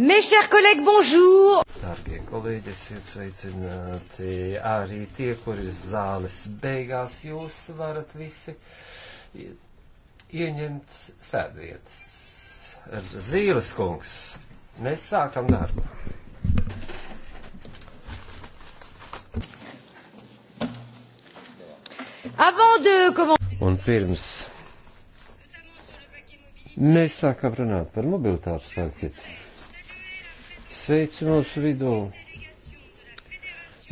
Mes chers collègues, bonjour! Darbie kolēģi, esiet sveicināti arī tie, kuri zāles beigās jūs varat visi ieņemt sēdvietas. Zīles kungs, mēs sākam darbu. Un pirms mēs sākam runāt par mobilitātes paketi Sveicu mūsu vidū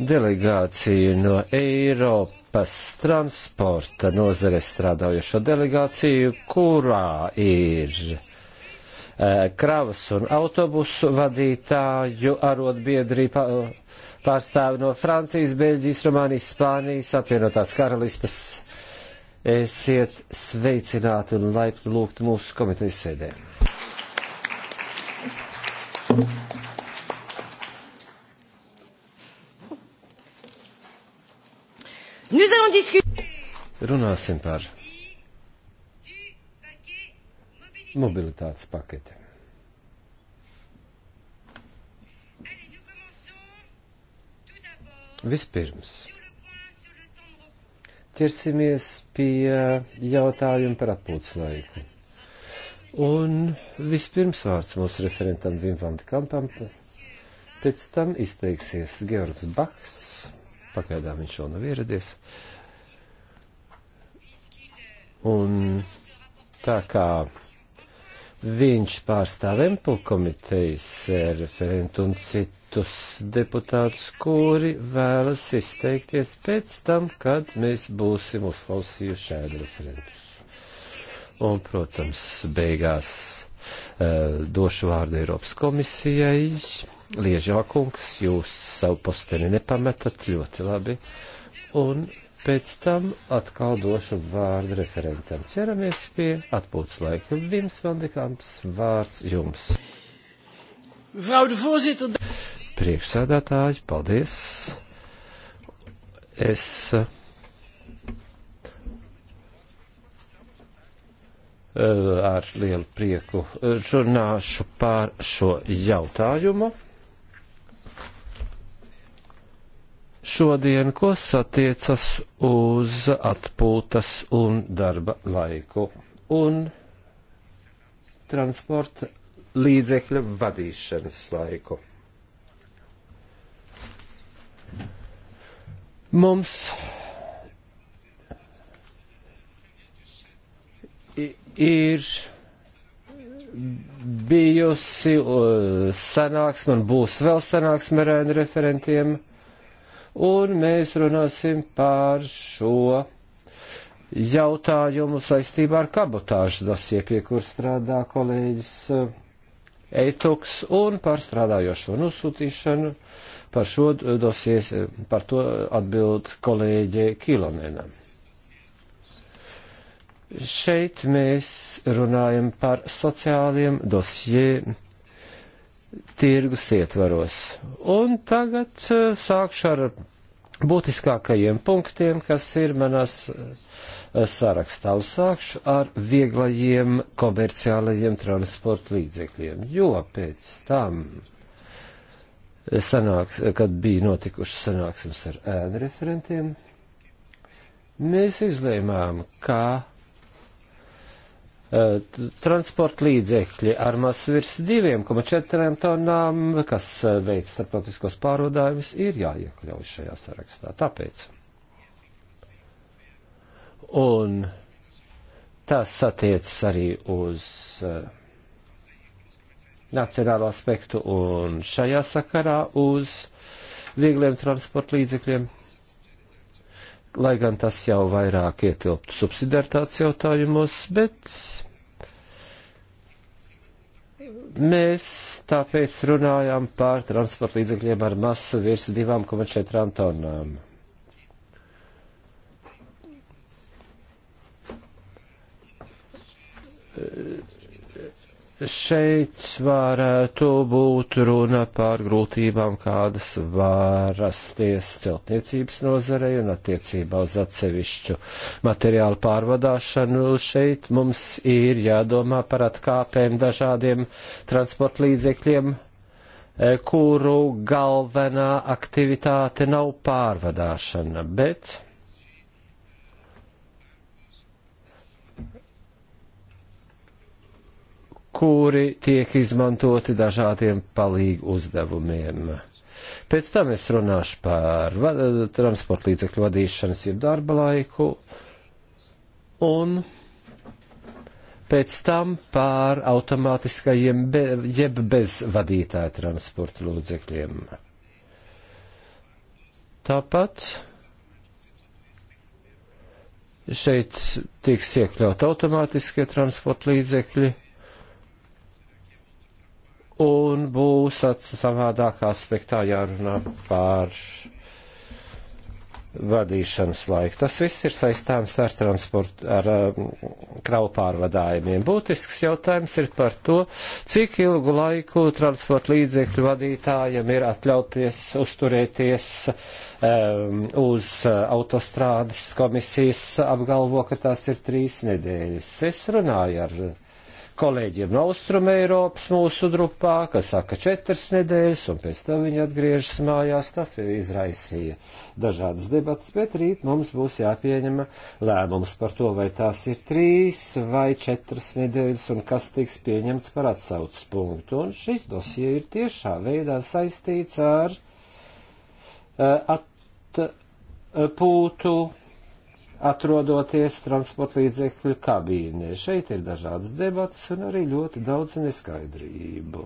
delegāciju no Eiropas transporta nozare strādājošo delegāciju, kurā ir e, kravas un autobusu vadītāju arotbiedrība pārstāvi no Francijas, Beļģijas, Rumānijas, Spānijas, apvienotās karalistas. Esiet sveicināti un laipni lūgt mūsu komitejas sēdē. Thank you. Runāsim par mobilitātes paketi. Vispirms ķersimies pie jautājuma par atpūtas laiku. Un vispirms vārds mūsu referentam Vimvanda Kampam, pēc tam izteiksies Georgs Baks, Pagaidām viņš vēl nav ieradies. Un tā kā viņš pārstāv Empul komitejas eh, referentu un citus deputātus, kuri vēlas izteikties pēc tam, kad mēs būsim uzklausījuši šādu referentus. Un, protams, beigās uh, došu vārdu Eiropas komisijai Liežākungs, jūs savu posteni nepametat ļoti labi. Un pēc tam atkal došu vārdu referentam. Ķeramies pie atpūtas laika. Vims Vandekams, vārds jums. Priekšsēdētāji, paldies. Es. Eh, ar lielu prieku eh, runāšu pār šo jautājumu. šodien, kas attiecas uz atpūtas un darba laiku un transporta līdzekļa vadīšanas laiku. Mums ir bijusi sanāksme un būs vēl sanāksme ar referentiem un mēs runāsim par šo jautājumu saistībā ar kabotāžas dosie, pie kur strādā kolēģis eh, Eituks, un par strādājošo nosūtīšanu. Par šo dosies, eh, par to atbild kolēģe Kilonenam. Šeit mēs runājam par sociāliem dosjē tirgus ietvaros. Un tagad eh, sākšu ar būtiskākajiem punktiem, kas ir manas eh, sarakstā. Un sākšu ar vieglajiem komerciālajiem transporta līdzekļiem, jo pēc tam, sanāks, kad bija notikuši sanāksmes ar ēnu referentiem, mēs izlēmām, kā Eh, transporta līdzekļi ar masu virs 2,4 tonām, kas eh, veic starptautiskos pārvadājumus, ir jāiekļauj šajā sarakstā. Tāpēc. Un tas attiecas arī uz eh, nacionālo aspektu un šajā sakarā uz viegliem transporta līdzekļiem, lai gan tas jau vairāk ietilptu subsidiartāts jautājumos, bet Mēs tāpēc runājam par transporta līdzekļiem ar masu virs 2,4 tonām šeit varētu būt runa par grūtībām, kādas var rasties celtniecības nozarei un attiecībā uz atsevišķu materiālu pārvadāšanu. Šeit mums ir jādomā par atkāpēm dažādiem transporta līdzekļiem, e, kuru galvenā aktivitāte nav pārvadāšana, bet kuri tiek izmantoti dažādiem palīgu uzdevumiem. Pēc tam es runāšu par transporta līdzekļu vadīšanas, jeb darba laiku, un pēc tam pār automātiskajiem be, jeb bezvadītāju transporta līdzekļiem. Tāpat šeit tiks iekļaut automātiskie transporta līdzekļi un būs savādākā aspektā jārunā par vadīšanas laiku. Tas viss ir saistāms ar transportu, ar um, kravu pārvadājumiem. Būtisks jautājums ir par to, cik ilgu laiku transporta līdzekļu vadītājiem ir atļauties uzturēties um, uz uh, autostrādes komisijas apgalvo, ka tās ir trīs nedēļas. Es runāju ar kolēģiem no Austrum Eiropas mūsu grupā, kas saka četras nedēļas, un pēc tam viņi atgriežas mājās. Tas jau izraisīja dažādas debatas, bet rīt mums būs jāpieņem lēmums par to, vai tās ir trīs vai četras nedēļas, un kas tiks pieņemts par atsaucas punktu. Un šis dosie ir tiešā veidā saistīts ar uh, eh, atpūtu. Uh, atrodoties transporta līdzekļu kabīnē. Šeit ir dažādas debats un arī ļoti daudz neskaidrību.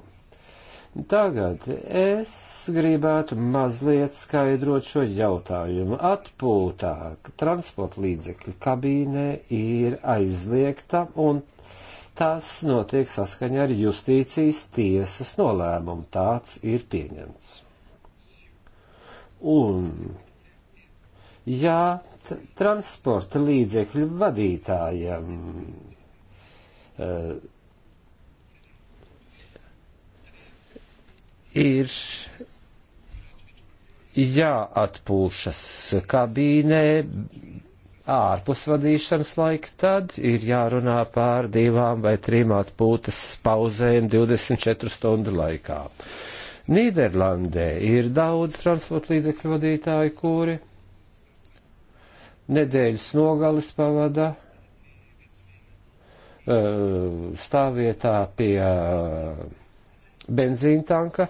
Tagad es gribētu mazliet skaidrot šo jautājumu. Atpūtā transporta līdzekļu kabīnē ir aizliegta un tas notiek saskaņā ar justīcijas tiesas nolēmumu. Tāds ir pieņemts. Un ja transporta līdzekļu vadītājiem uh, ir jāatpūšas kabīnē ārpus vadīšanas laika, tad ir jārunā pār divām vai trim atpūtas pauzēm 24 stundu laikā. Nīderlandē ir daudz transporta līdzekļu vadītāju, kuri nedēļas nogalis pavada eh, stāvvietā pie eh, benzīna tanka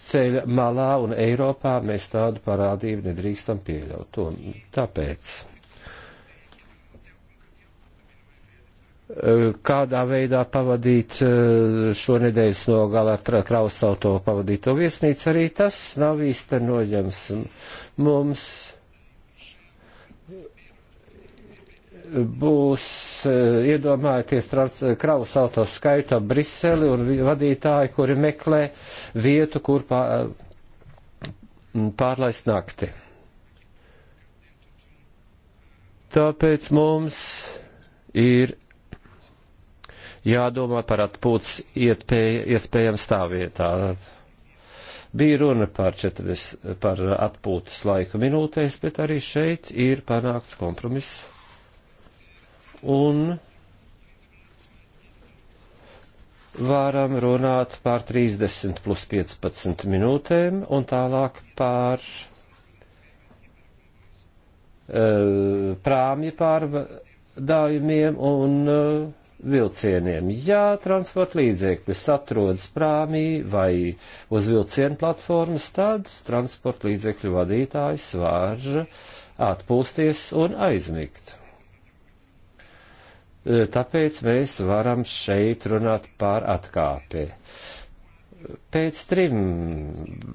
ceļa malā un Eiropā mēs tādu parādību nedrīkstam pieļaut. To, tāpēc kādā veidā pavadīt eh, šo nedēļas nogalē ar krausauto pavadīto viesnīcu, arī tas nav īstenojams. Mums būs, eh, iedomājieties, krausauto skaitu ap Briseli un vadītāji, kuri meklē vietu, kur pārlaist nakti. Tāpēc mums ir jādomā par atpūtas iespējām stāvvietā. Bija runa par, 40, par atpūtas laika minūtēs, bet arī šeit ir panākts kompromiss. Un varam runāt par 30 plus 15 minūtēm un tālāk par uh, prāmju pārvadājumiem un uh, vilcieniem. Ja transporta līdzeklis atrodas prāmī vai uz vilcienu platformas, tad transporta līdzekļu vadītājs var atpūsties un aizmigt. E, tāpēc mēs varam šeit runāt par atkāpi. Pēc trim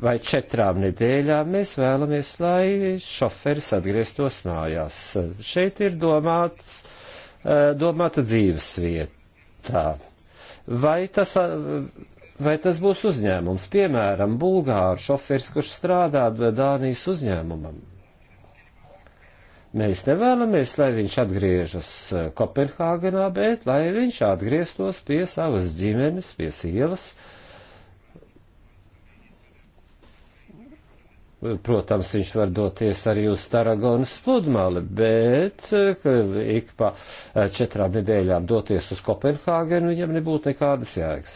vai četrām nedēļām mēs vēlamies, lai šoferis atgrieztos mājās. Šeit ir domāts uh, Eh, domāta dzīves vietā. Vai tas eh, Vai tas būs uzņēmums, piemēram, bulgāru šoferis, kurš strādā Dānijas uzņēmumam? Mēs nevēlamies, lai viņš atgriežas eh, Kopenhāgenā, bet lai viņš atgrieztos pie savas ģimenes, pie sievas, uh, Protams, viņš var doties arī uz Taragonas pludmali, bet eh, ik pa eh, četrām nedēļām doties uz Kopenhāgenu viņam nebūtu nekādas jēgas.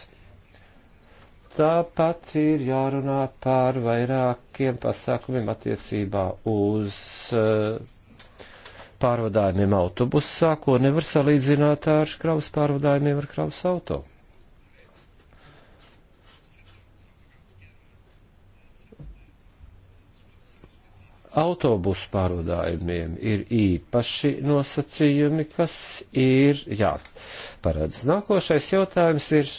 Tāpat ir jārunā par vairākiem pasākumiem attiecībā uz eh, pārvadājumiem autobusā, ko nevar salīdzināt ar kravas pārvadājumiem ar kravas automašīnu. autobusu pārvadājumiem ir īpaši nosacījumi, kas ir jāparedz. Nākošais jautājums ir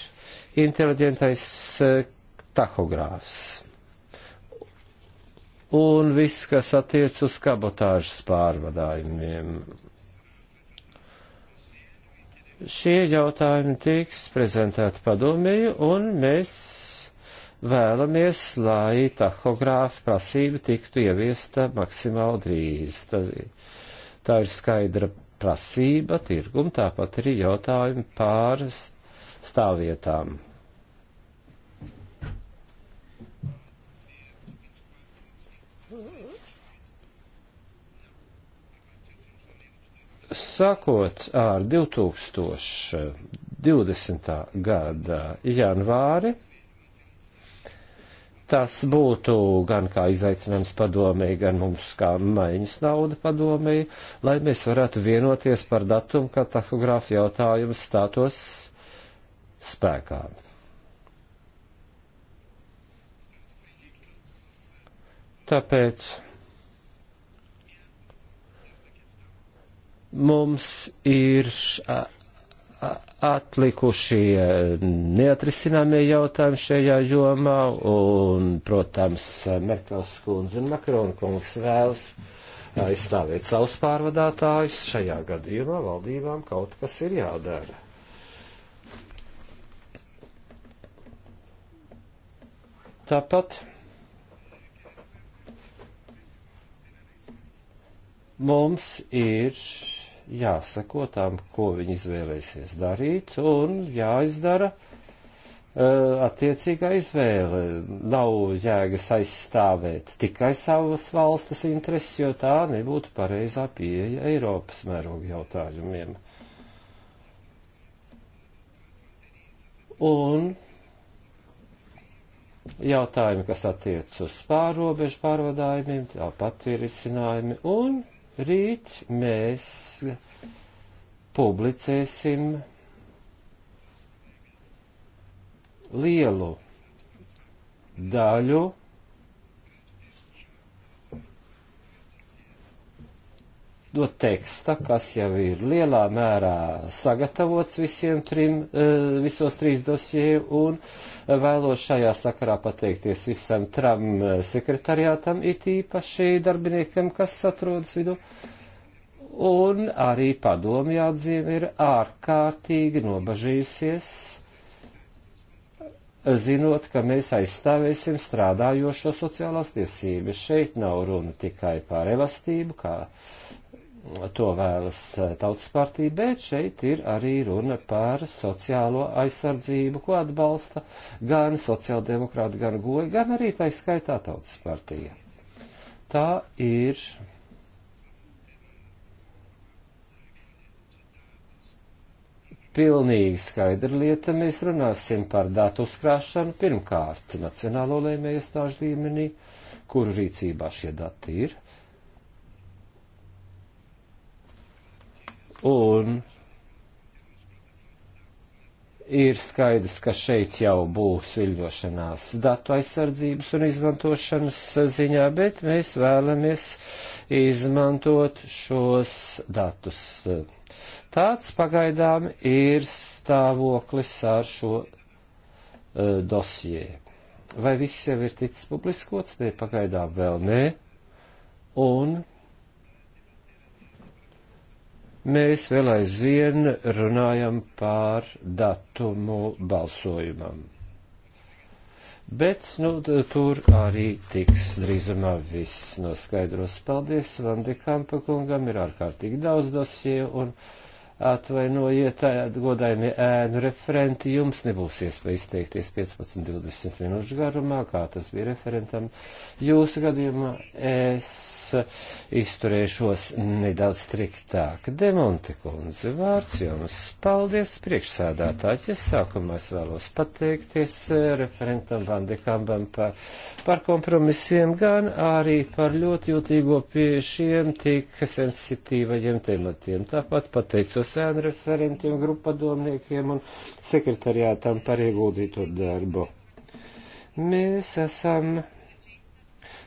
inteliģentais eh, tahogrāfs. Un viss, kas attiec uz kabotāžas pārvadājumiem. Šie jautājumi tiks prezentēti padomēju, un mēs vēlamies, lai tahogrāfa prasība tiktu ieviesta maksimāli drīz. Tā, tā ir skaidra prasība tirgum, tāpat arī jautājumi pār stāvvietām. Sākot ar 2020. gada janvāri, tas būtu gan kā izaicinājums padomēji, gan mums kā maiņas nauda padomēji, lai mēs varētu vienoties par datumu, kad tahogrāfa jautājums stātos spēkā. Tāpēc mums ir atlikušie neatrisināmie jautājumi šajā jomā, un, protams, Merkels kundze un Makrona kungs vēlas aizstāvēt uh, savus pārvadātājus. Šajā gadījumā valdībām kaut kas ir jādara. Tāpat mums ir jāsako tam, ko viņi izvēlēsies darīt, un jāizdara e, attiecīgā izvēle. Nav jēgas aizstāvēt tikai savas valstis intereses, jo tā nebūtu pareizā pieeja Eiropas mēroga jautājumiem. Un jautājumi, kas attiec uz pārobežu pārvadājumiem, tāpat ir izcinājumi, un Rīt mēs publicēsim lielu daļu no teksta, kas jau ir lielā mērā sagatavots visiem trim, e, visos trīs dosijai, un vēlos šajā sakarā pateikties visam tram e, sekretariātam, it īpaši darbiniekam, kas atrodas vidū. Un arī padomju atzīme ir ārkārtīgi nobažījusies, zinot, ka mēs aizstāvēsim strādājošo sociālās tiesības. Šeit nav runa tikai par elastību, kā to vēlas eh, tautas partija, bet šeit ir arī runa par sociālo aizsardzību, ko atbalsta gan sociāldemokrāti, gan goji, gan arī tā skaitā tautas partija. Tā ir pilnīgi skaidra lieta. Mēs runāsim par datu uzkrāšanu pirmkārt nacionālo lēmēju iestāžu līmenī, kuru rīcībā šie dati ir Un ir skaidrs, ka šeit jau būs viļņošanās datu aizsardzības un izmantošanas ziņā, bet mēs vēlamies izmantot šos datus. Tāds pagaidām ir stāvoklis ar šo uh, e, dosjē. Vai viss jau ir ticis publiskots? Nē, pagaidām vēl nē. Un mēs vēl aizvien runājam pār datumu balsojumam. Bet, nu, tur arī tiks drīzumā viss noskaidros. Paldies, Vandekampa kungam, ir ārkārtīgi daudz dosie un. Atvainojiet, godājumie ēnu referenti, jums nebūs iespēja izteikties 15-20 minūšu garumā, kā tas bija referentam. Jūsu gadījumā es izturēšos nedaudz striktāk. Demonte kundze, vārds jums. Paldies, priekšsēdētāji. Es sākumā es vēlos pateikties referentam Vandekambam par, par kompromisiem, gan arī par ļoti jūtīgo pie šiem tik sensitīvajiem tematiem. Tāpat pateicos sēnu referentiem, grupadomniekiem un sekretariātam par ieguldīto darbu. Mēs esam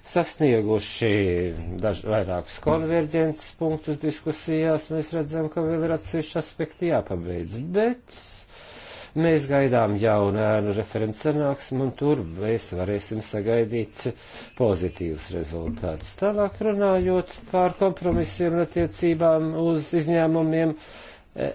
sasnieguši daž, vairākus konverģences punktus diskusijās, mēs redzam, ka vēl ir atsevišķi aspekti jāpabeidz, bet mēs gaidām jaunu ēnu referents sanāksmu un tur mēs varēsim sagaidīt pozitīvus rezultātus. Tālāk runājot par kompromisiem un attiecībām uz izņēmumiem. Uh, Eh,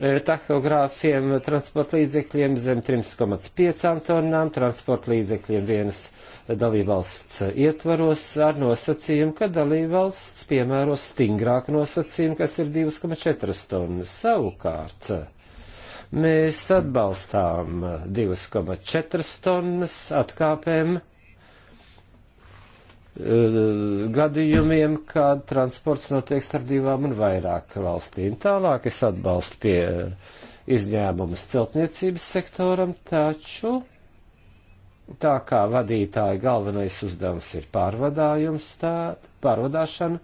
eh, tahogrāfiem, transporta līdzekļiem zem 3,5 tonnām, transporta līdzekļiem vienas eh, dalībvalsts ietvaros ar nosacījumu, ka dalībvalsts piemēro stingrāku nosacījumu, kas ir 2,4 tonnas. Savukārt, mēs atbalstām 2,4 tonnas atkāpēm Eh, gadījumiem, kad transports notiek starp divām un vairāk valstīm. Tālāk es atbalstu pie eh, izņēmumus celtniecības sektoram, taču tā kā vadītāja galvenais uzdevums ir pārvadājums, tā, pārvadāšana,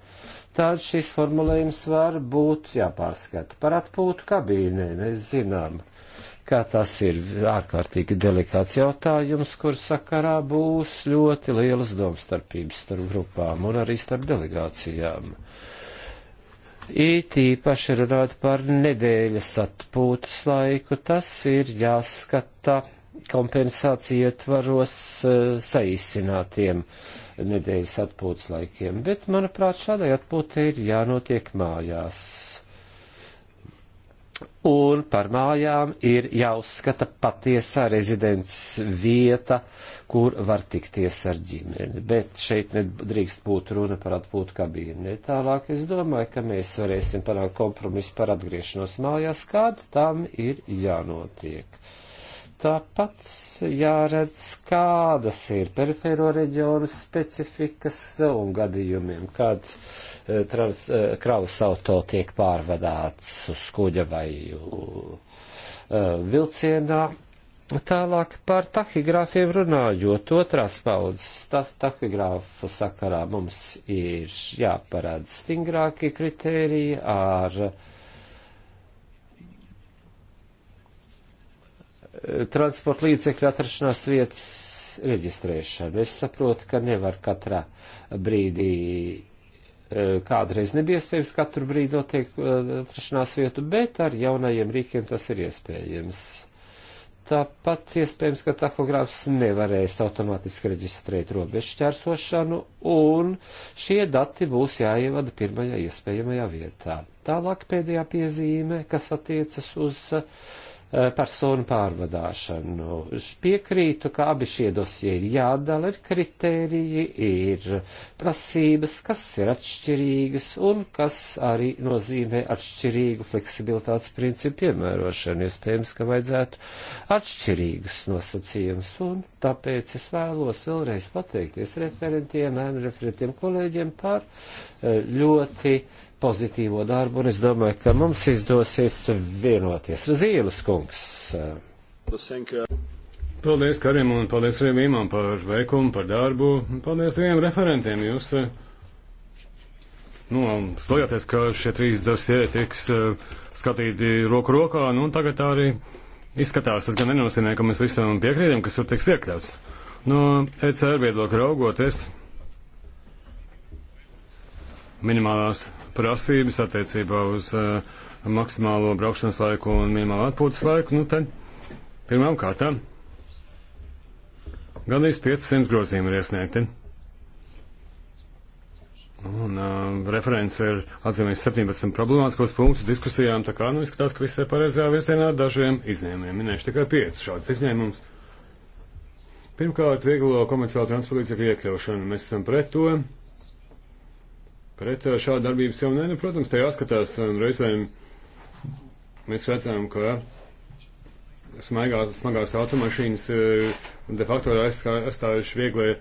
tad šis formulējums var būt jāpārskata par atpūtu kabīnēm. Mēs zinām, ka tas ir ārkārtīgi delikāts jautājums, kur sakarā būs ļoti lielas domstarpības starp grupām un arī starp delegācijām. It īpaši runāt par nedēļas atpūtas laiku, tas ir jāskata kompensāciju ietvaros eh, saīsinātiem nedēļas atpūtas laikiem, bet, manuprāt, šādai atpūtē ir jānotiek mājās un par mājām ir jāuzskata patiesā rezidents vieta, kur var tikties ar ģimeni. Bet šeit nedrīkst būt runa par atpūtu kabīni. Tālāk es domāju, ka mēs varēsim panākt kompromisu par atgriešanos mājās, kāds tam ir jānotiek. Tāpat jāredz, kādas ir perifēro reģionu specifikas un gadījumiem, kad eh, trans, eh, kravas auto tiek pārvadāts uz kuģa vai eh, vilcienā. Tālāk par tahigrāfiem runājot, otrās paudzes tahigrāfu sakarā mums ir jāparāda stingrākie kritēriji ar uh, transporta līdzekļu atrašanās vietas reģistrēšanu. Es saprotu, ka nevar katrā brīdī e, kādreiz nebija iespējams katru brīdi noteikt e, atrašanās vietu, bet ar jaunajiem rīkiem tas ir iespējams. Tāpat iespējams, ka tahogrāfs nevarēs automātiski reģistrēt robežu šķērsošanu, un šie dati būs jāievada pirmajā iespējamajā vietā. Tālāk pēdējā piezīme, kas attiecas uz uh, Eh, personu pārvadāšanu. Piekrītu, ka abi šie dosie ir jādala, ir kritēriji, ir prasības, kas ir atšķirīgas un kas arī nozīmē atšķirīgu fleksibilitātes principu piemērošanu. Iespējams, ka vajadzētu atšķirīgus nosacījumus un tāpēc es vēlos vēlreiz pateikties referentiem, referentiem kolēģiem par eh, ļoti pozitīvo darbu, un es domāju, ka mums izdosies vienoties. Zīles kungs. Paldies Karim un paldies Revīmam par veikumu, par darbu. Paldies diviem referentiem. Jūs eh, nu, slogāties, ka šie trīs dosie tiks eh, skatīti roku rokā, nu, un tagad tā arī izskatās. Tas gan nenozīmē, ka mēs visam piekrītam, kas tur tiks iekļauts. No ECR viedokļa raugoties minimālās prasības attiecībā uz uh, maksimālo braukšanas laiku un minimālo atpūtas laiku, nu te pirmām kārtām gandrīz 500 grozījumi ir iesniegti. Un uh, referents ir atzīmējis 17 problemātiskos punktus diskusijām, tā kā nu izskatās, ka viss ir pareizajā virzienā ar dažiem izņēmumiem. Minēšu tikai 5 šādus izņēmumus. Pirmkārt, vieglo komerciālo transportlīdzekļu iekļaušanu. Mēs esam pret to pret šādu darbības jau nē, nu, protams, te jāskatās un reizēm mēs redzam, ka smaigās, smagās automašīnas de facto ir aizstājuši vieglie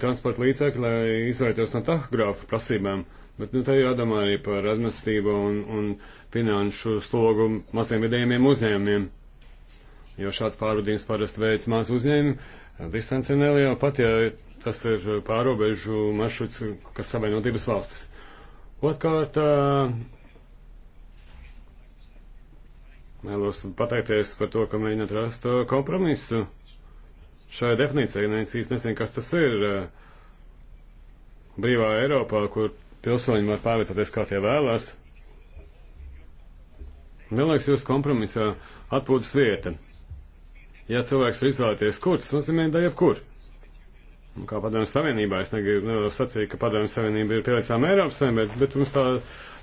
transporta līdzekļi, lai izvairītos no tahogrāfu prasībām. Bet nu, te jādomā arī par atmestību un, un finanšu slogu maziem vidējiem uzņēmumiem. Jo šāds pārvadījums parasti veids mazu uzņēmumu, distanci neliela, pat ja Tas ir pārobežu maršruts, kas savieno divas valstis. Otkārt, vēlos pateikties par to, ka mēģināt rast kompromisu šai definīcijai. Neviens īsti nezin, kas tas ir. Brīvā Eiropā, kur pilsoņi var pārvietoties, kā tie vēlās. Vienlaiks jūs kompromisā atpūtas vieta. Ja cilvēks var izvēlēties, kur tas nozīmē, da jebkur. Ja kā padomju savienībā. Es negribu sacīt, ka padomju savienība ir pieveicām Eiropas saimē, bet, bet mums tā,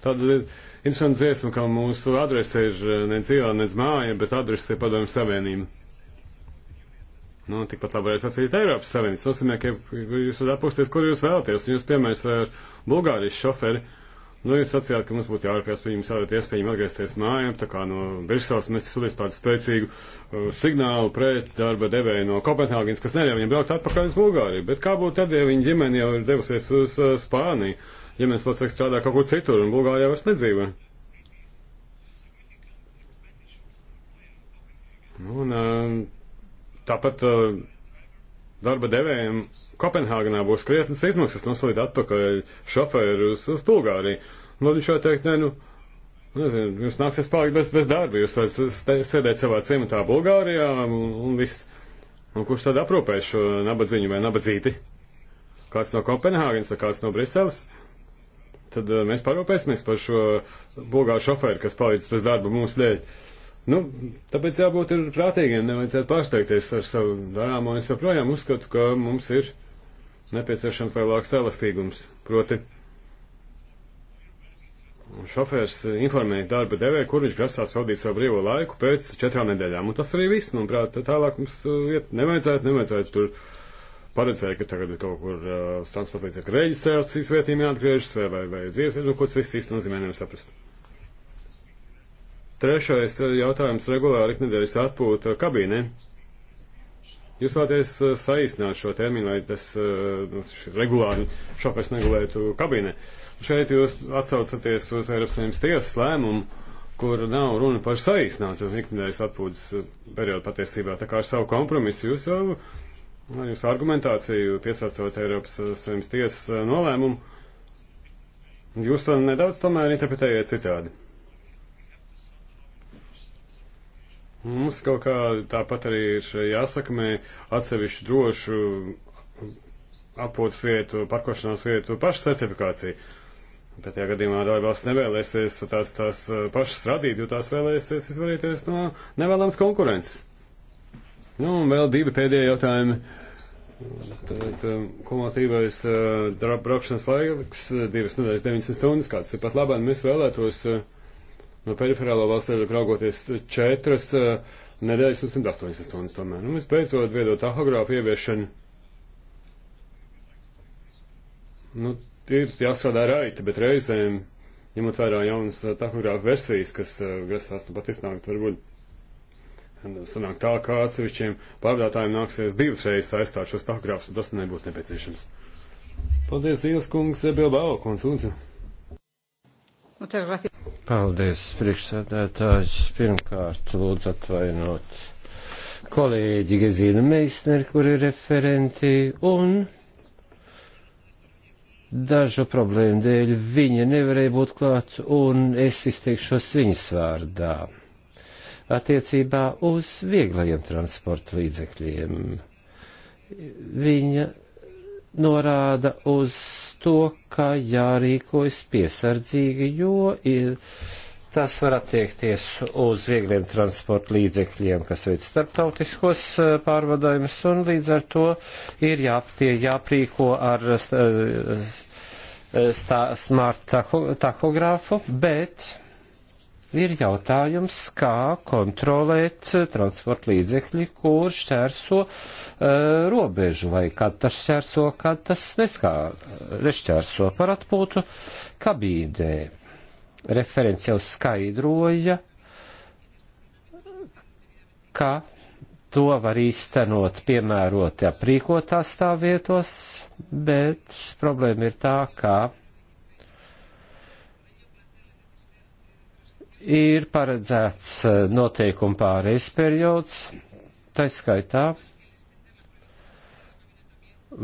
tāda interesanta dziesma, ka mūsu adrese ir eh, ne dzīvē, ne māja, bet adrese ir padomju savienība. Nu, tikpat labi varēs sacīt Eiropas Savienības. Tas nozīmē, ka jūs varat apusties, kur jūs vēlaties. Jūs, piemēram, ar Bulgārijas šoferi, uh, Nu, jūs sacījāt, ka mums būtu jārūpējas par viņiem, jādod iespēju atgriezties mājām, tā kā no Briseles mēs sūtījām tādu spēcīgu uh, signālu pret darba devēju no Kopenhāgenes, kas neļauj viņiem braukt atpakaļ uz Bulgāriju. Bet kā būtu tad, ja viņa ģimene jau ir devusies uz uh, Spāniju, ģimenes locekļi strādā kaut kur citur un Bulgārijā vairs nedzīvo? Nu, un uh, tāpat. Uh, darba devējiem Kopenhāgenā būs krietnas izmaksas nosūtīt atpakaļ šoferu uz, uz Bulgāriju. Nu, viņš jau teikt, ne, nu, nezinu, jūs nāksies palikt bez, bez darba, jūs varat sēdēt savā ciematā Bulgārijā un, un viss. Un nu, kurš tad aprūpēs šo nabadzīņu vai nabadzīti? Kāds no Kopenhāgenes vai kāds no Briseles? Tad eh, mēs parūpēsimies par šo bulgāru šoferu, kas palicis bez darba mūsu dēļ. Uh, Nu, tāpēc jābūt ir prātīgiem, nevajadzētu pārsteigties ar savu darāmo. Es joprojām uzskatu, ka mums ir nepieciešams lielāks elastīgums. Proti, šofērs informēja darba devēju, kur viņš grasās pavadīt savu brīvo laiku pēc četrām nedēļām. Un tas arī viss, manuprāt, tālāk mums uh, iet nevajadzētu, nevajadzētu tur paredzēt, ka tagad ir kaut kur uh, transportlīdzekļu reģistrācijas vietīm jāatgriežas vai, vai, vai dzīves, nu, ko tas viss īsti nozīmē, nevar saprast. Trešais jautājums - regulāri iknedēļas atpūta kabīnē. Jūs vēlaties eh, saīsināt šo terminu, lai tas eh, nu, regulāri šoferis negulētu kabīnē. Šeit jūs atsaucaties uz Eiropas Savienības tiesas lēmumu, kur nav runa par saīsinātu ikdienas atpūtas eh, periodu patiesībā. Tā kā ar savu kompromisu jūs jau, nu, jūsu argumentāciju piesaucot Eiropas Savienības tiesas nolēmumu, jūs to nedaudz tomēr interpretējat citādi. Mums kaut kā tāpat arī ir jāsakmē atsevišķu drošu apūtas vietu, parkošanās vietu pašsertifikāciju. Bet tajā gadījumā dalībvalsts nevēlēsies tās, tās pašas radīt, jo tās vēlēsies izvairīties no nevēlams konkurences. Nu, un vēl divi pēdējie jautājumi. Tad um, kumulatīvais uh, braukšanas laiks, divas nedēļas, 90 stundas, kāds ir pat labāk, mēs vēlētos. Uh, no periferālā valsts viedokļa raugoties četras eh, nedēļas un 108 stundas tomēr. Un visbeidzot, viedo tahogrāfu ieviešana. Nu, ir jāstrādā raiti, bet reizēm, ņemot vērā jaunas eh, tahogrāfu versijas, kas eh, grasās nu pat iznākt, varbūt sanāk tā, ka atsevišķiem pārvadātājiem nāksies divas reizes aizstāt šos tahogrāfus, un tas nebūs nepieciešams. Paldies, Ielas kungs, Bilbao, konsultants. Muchas gracias. Paldies, priekšsēdētājs. Pirmkārt, lūdzu atvainot kolēģi Gezīnu Meisneri, kur ir referenti, un dažu problēmu dēļ viņa nevarēja būt klāt, un es izteikšos viņas vārdā attiecībā uz vieglajiem transporta līdzekļiem. Viņa norāda uz to, ka jārīkojas piesardzīgi, jo ir, tas var attiekties uz viegliem transporta līdzekļiem, kas veic starptautiskos e, pārvadājumus, un līdz ar to ir jāptie, jāprīko ar e, stā, e, smart tahogrāfu, bet ir jautājums, kā kontrolēt transporta līdzekļi, kur šķērso uh, robežu, vai kad tas šķērso, kad tas neskā, nešķērso par atpūtu kabīdē. Referents jau skaidroja, ka to var īstenot piemēroti aprīkotās stāvvietos, bet problēma ir tā, ka ir paredzēts eh, noteikuma pārejas periods, tā skaitā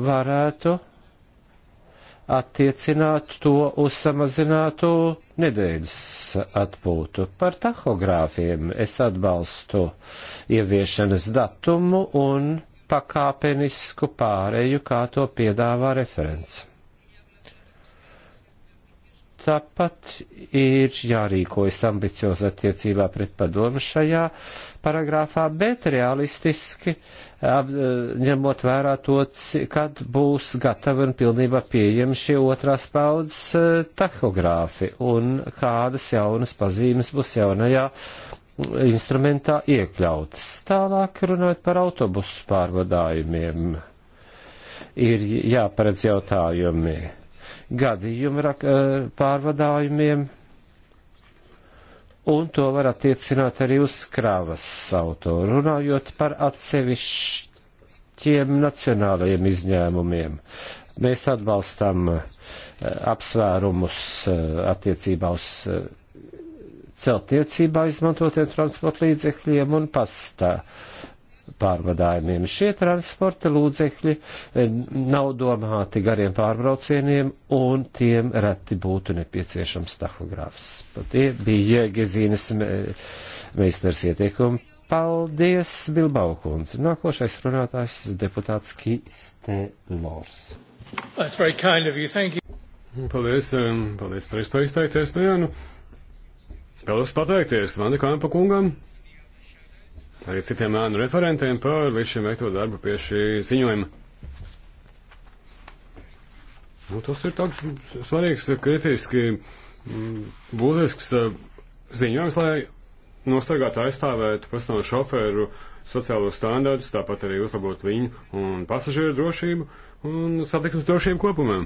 varētu attiecināt to uz samazinātu nedēļas atpūtu. Par tahogrāfiem es atbalstu ieviešanas datumu un pakāpenisku pāreju, kā to piedāvā referents. Tāpat ir jārīkojas ambiciozi attiecībā pret padomu šajā paragrāfā, bet realistiski ap, ņemot vērā to, kad būs gatavi un pilnībā pieejami šie otrās paudzes e, tahogrāfi un kādas jaunas pazīmes būs jaunajā instrumentā iekļautas. Tālāk runājot par autobusu pārvadājumiem, ir jāparedz jautājumi gadījumu eh, pārvadājumiem, un to var attiecināt arī uz krāvas autoru, runājot par atsevišķiem nacionālajiem izņēmumiem. Mēs atbalstam eh, apsvērumus eh, attiecībā uz celtniecībā izmantotiem transporta līdzekļiem un pastā pārvadājumiem. Šie transporta lūdzekļi e, nav domāti gariem pārbraucieniem, un tiem reti būtu nepieciešams tahogrāfs. Tie bija Gezīnas me, meistars ieteikumi. Paldies, Bilbao kundze. Nākošais runātājs deputāts Kiste Lors. That's very kind of you. Thank you. Paldies, paldies par iespēju izteikties. Nu, jā, nu, vēlos pateikties Vanda Kampa kungam arī citiem ēnu referentiem par līdz šim veikto darbu pie šī ziņojuma. Nu, tas ir tāds svarīgs, kritiski mm, būtisks eh, ziņojums, lai nostargātu aizstāvētu personālu šoferu sociālo standārtus, tāpat arī uzlabot viņu un pasažieru drošību un satiksmes drošību kopumā.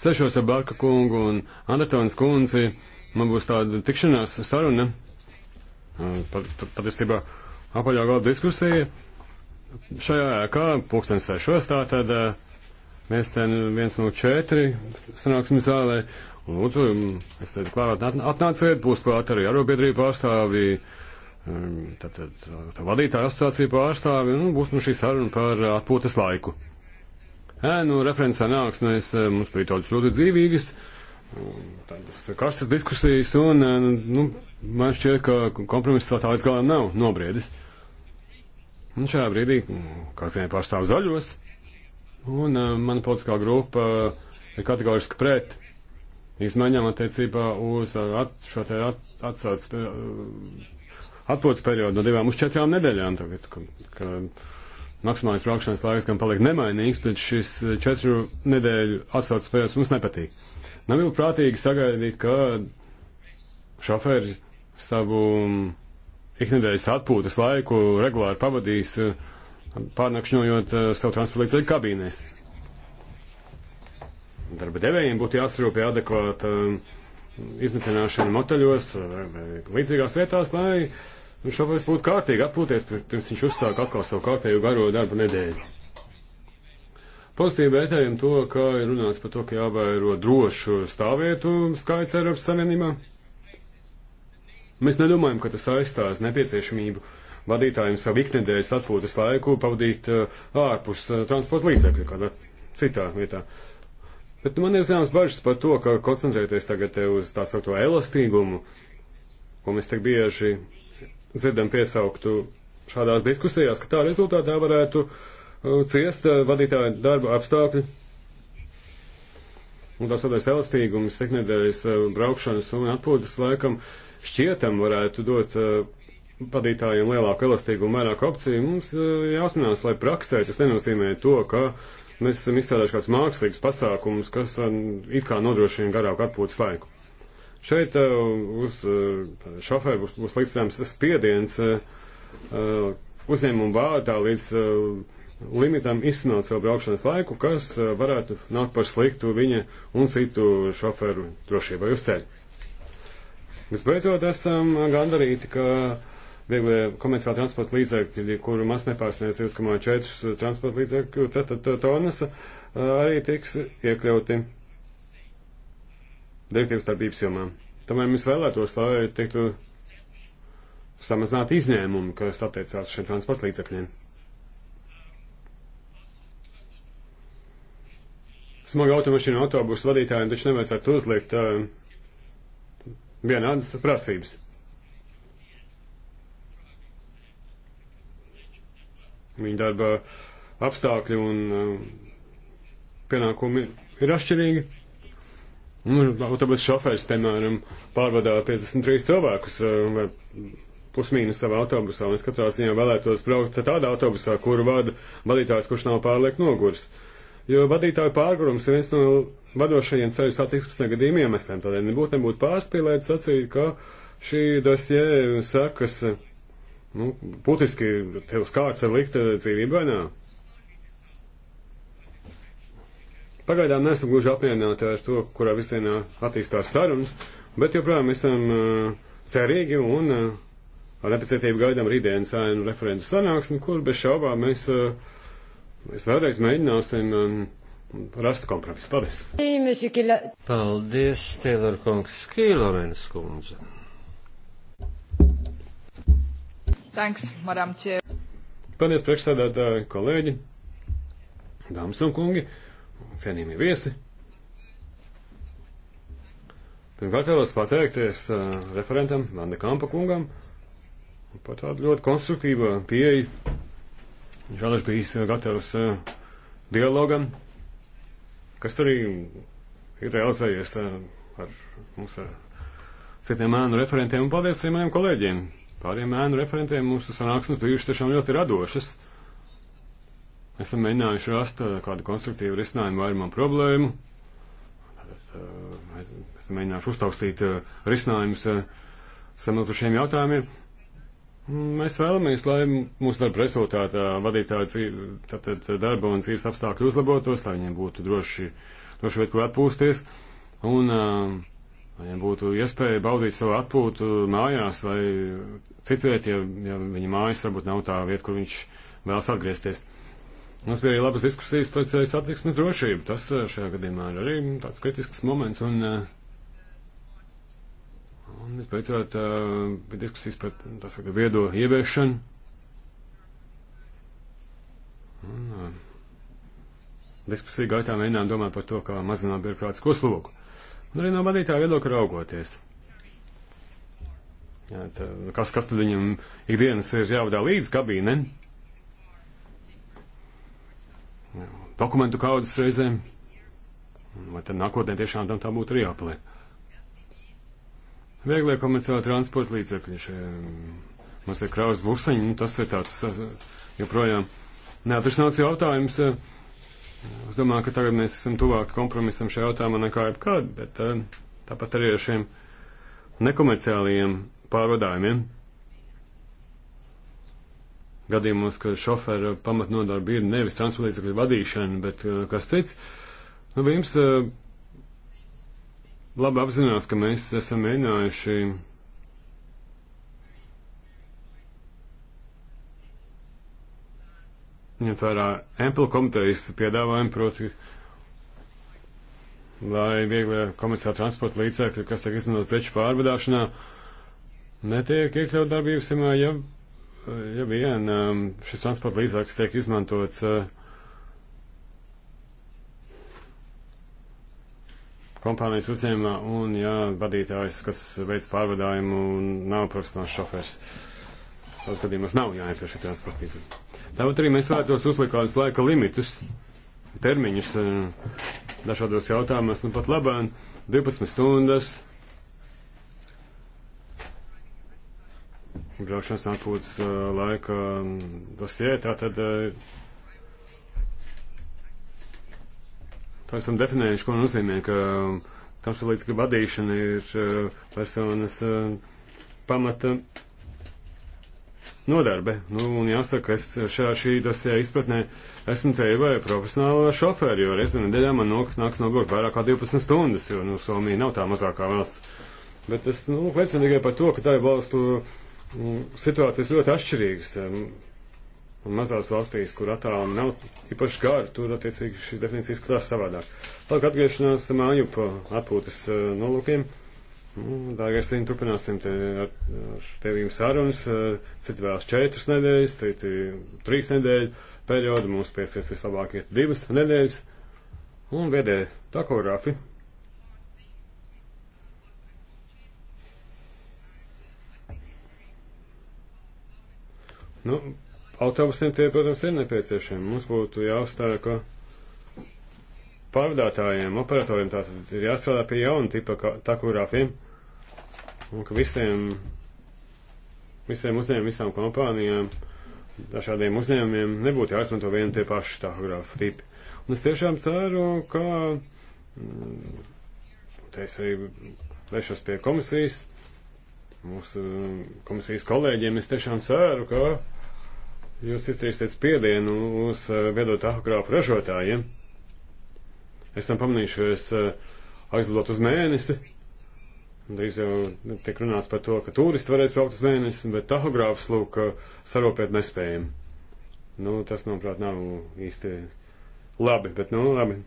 sešos ar Barka kungu un Andertons kundzi man būs tāda tikšanās saruna, patiesībā apaļā galda diskusija. Šajā ēkā pulkstens sešos tātad mēs ten viens no četri sanāksim zālē. Un lūdzu, es teicu, klārāt atnāciet, būs klāt arī arobiedrība pārstāvī, tātad tā vadītāja asociācija pārstāvī, un nu, būs nu šī saruna par atpūtas laiku ēnu referents sanāksmēs. Eh, mums bija tādas ļoti dzīvīgas, tādas karstas diskusijas, un eh, nu, nu, man šķiet, ka kompromiss vēl tā līdz galam nav nobriedis. Un šajā brīdī, mm, kā zinām, pārstāv zaļos, un eh, mana politiskā grupa ir kategoriski pret izmaiņām attiecībā uz at, šo te at, atsauc, atpūtas periodu no divām uz četrām nedēļām tagad, ka, ka maksimālais braukšanas laiks gan paliek nemainīgs, bet šis eh, četru nedēļu atsaucas periods mums nepatīk. Nav jau prātīgi sagaidīt, ka šoferi savu mm, iknedēļas atpūtas laiku regulāri pavadīs, eh, pārnakšņojot eh, savu transporta līdzekļu kabīnēs. Darba devējiem būtu jāsarūpē adekvāta mm, izmitināšana moteļos vai līdzīgās vietās, lai Nu, šobrīd būtu kārtīgi atpūties, pirms viņš uzsāk atkal savu kārtējo garo darbu nedēļu. Pozitīvi vērtējam to, ka ir runāts par to, ka jāvēro drošu stāvvietu skaits Eiropas Savienībā. Mēs nedomājam, ka tas aizstās nepieciešamību vadītājiem savu iknedēļas atpūtas laiku pavadīt uh, ārpus uh, transporta līdzekļa kādā citā vietā. Bet nu, man ir zināms bažas par to, ka koncentrēties tagad uz tā saucamo elastīgumu, ko mēs tik bieži dzirdam piesauktu šādās diskusijās, ka tā rezultātā varētu uh, ciest uh, vadītāju darba apstākļi. Un tās tādais elastīgums, sekmedēļas uh, braukšanas un atpūtas laikam šķietam varētu dot vadītājiem lielāku elastīgumu, vairāk opciju. Mums jāuzmanās, lai praksē tas nenozīmē to, ka mēs esam izstrādājuši kāds mākslīgs pasākums, kas it kā nodrošina garāku atpūtas laiku. Šeit eh, uz eh, šoferu būs, būs līdzsams spiediens eh, uzņēmumu vārdā līdz limitam izsnāt savu braukšanas laiku, kas varētu nākt par sliktu viņa un citu šoferu drošībai uz ceļa. Visbeidzot, esam gandarīti, ka vieglie komerciāli transporta līdzekļi, kuru maz nepārsniedz 2,4 transporta līdzekļu, tad, tad, tad tonas, arī tiks iekļauti direktīvas darbības jomā. Tomēr mēs vēlētos, lai tiktu samazināt izņēmumu, kas attiecās šiem transporta līdzekļiem. Smaga automašīna autobusu vadītājiem taču nevajadzētu uzlikt uh, vienādas prasības. Viņa darba apstākļi un uh, pienākumi ir atšķirīgi. Nu, autobusu šoferis, piemēram, pārvadā 53 cilvēkus eh, vai pusmīnus savā autobusā, un es katrā ziņā vēlētos braukt tādā autobusā, kuru vada vadītājs, kurš nav pārliek noguris. Jo vadītāju pārgurums ir viens no vadošajiem ceļu satiksmes negadījuma iemesliem, tādēļ nebūtu, nebūtu pārspīlēt sacīt, ka šī dosie sekas, nu, būtiski tev skārts ir likta dzīvība vai nē. Pagaidām neesam gluži apmierināti ar to, kurā virzienā attīstās sarunas, bet joprojām esam cerīgi un ar nepacietību gaidām rītdienas ēnu referentu sanāksmi, kur bez šaubām mēs, mēs vēlreiz mēģināsim rast kompromisu. Paldies! Paldies, Teilor kungs, Kīlovenes kundze! Thanks, Madam Chair. Paldies, priekšsēdētāji, kolēģi, dāmas un kungi! cienījamie viesi. Pirmkārt, vēlos pateikties uh, referentam Vanda Kampa kungam par tādu ļoti konstruktīvu pieeju. Viņš vēl ir bijis gatavs uh, dialogam, kas arī ir realizējies uh, ar mums ar uh, citiem ēnu referentiem un paldies arī maniem kolēģiem. Pāriem ēnu referentiem mūsu sanāksmes bijušas tiešām ļoti radošas. Uh, esam mēģinājuši rast uh, kādu konstruktīvu risinājumu vairumam problēmu. Uh, mēs esam mēģinājuši uztaustīt uh, risinājumus samilzušiem jautājumiem. Mm, mēs vēlamies, lai mūsu darba rezultātā vadītāja darba un dzīves apstākļi uzlabotos, lai viņiem būtu droši, droši vieta, kur atpūsties, un lai viņiem būtu iespēja baudīt savu atpūtu mājās vai citviet, ja, ja viņa mājas varbūt nav tā vieta, kur viņš vēlas atgriezties. Mums bija arī labas diskusijas par ceļu satiksmes drošību. Tas eh, šajā gadījumā ir arī mm, tāds kritisks moments. Un, eh, un visbeidzot, eh, bija diskusijas par mm, tā saka, viedo ieviešanu. Un, diskusiju gaitā mēģinām domāt par to, kā mazināt birokrātisko slogu. Un arī no vadītāja viedokļa raugoties. Jā, tā, nu, kas, kas tad viņam ikdienas ir jāvadā līdz kabīnei? dokumentu kaudzes reizēm. Vai tad nākotnē tiešām tam tā būtu arī jāpaliek? Vieglie komerciāli transporta līdzekļi, šie mums ir kraus busiņi, nu tas ir tāds uh, joprojām neatrisināts jautājums. Uh. Es domāju, ka tagad mēs esam tuvāk kompromisam šajā jautājumā nekā jebkad, bet uh, tāpat arī ar šiem nekomerciālajiem pārvadājumiem. Ja? gadījumos, ka šofera pamatnodarbi ir nevis transportlīdzekļu vadīšana, bet uh, kas cits. Nu, Vims uh, labi apzinās, ka mēs esam mēģinājuši ņemt vērā Apple komitejas piedāvājumu, proti, lai vieglie komerciāli transporta līdzekļi, kas tiek izmantot preču pārvadāšanā, netiek iekļaut darbības, ja Eh, ja vien ehm, šis transporta līdzeklis tiek izmantots eh, kompānijas uzņēmumā un, ja vadītājs, kas veic pārvadājumu, nav profesionāls šofērs. Tādos gadījumos nav jāiekļauj šī transporta līdzekļa. Tāpat arī mēs vēlētos uzlikt kādus laika limitus, termiņus eh, dažādos jautājumos, nu pat labāk 12 stundas graušanas atpūtas laika dosie, tā tad tā esam definējuši, ko nozīmē, ka kapsulītiska vadīšana ir personas pamata nodarbe. Nu, un jāsaka, es šajā šī dosijā izpratnē esmu te vai profesionāla šofēri, jo reizē nedēļā man nokas nāks nogurt vairāk kā 12 stundas, jo, nu, Somija nav tā mazākā valsts. Bet es, nu, liecinu tikai par to, ka tā ir valstu Nu, situācijas ļoti atšķirīgas. Um, un mazās valstīs, kur attālumi nav īpaši gari, tur attiecīgi šīs definīcijas skatās savādāk. Tālāk atgriešanās māju pa atpūtas uh, nolūkiem. Nu, dārgais Sīn, turpināsim te ar, ar tevīm sarunas. Uh, citi vēlas četras nedēļas, citi trīs nedēļu periodu. Mums pēcies vislabāk iet divas nedēļas. Un vedē takogrāfi Nu, autobusiem tie, protams, ir nepieciešami. Mums būtu jāuzstāja, ka pārvadātājiem, operatoriem tātad ir jāstrādā pie jauna tipa takurāfiem, un ka visiem, visiem uzņēmumiem, visām kompānijām, dažādiem uzņēmumiem nebūtu jāizmanto vienu tie paši takurāfu tipi. Un es tiešām ceru, ka, mm, te es arī vēršos pie komisijas, mūsu mm, komisijas kolēģiem, es tiešām ceru, ka jūs izdarīsiet spiedienu uz eh, viedot tahogrāfu ražotājiem. Es tam pamanīšu, es eh, aizlidot uz mēnesi. Drīz jau tiek runāts par to, ka turisti varēs braukt uz mēnesi, bet tahogrāfs lūk eh, sarūpēt nespējam. Nu, tas, manuprāt, nav īsti labi, bet nu labi.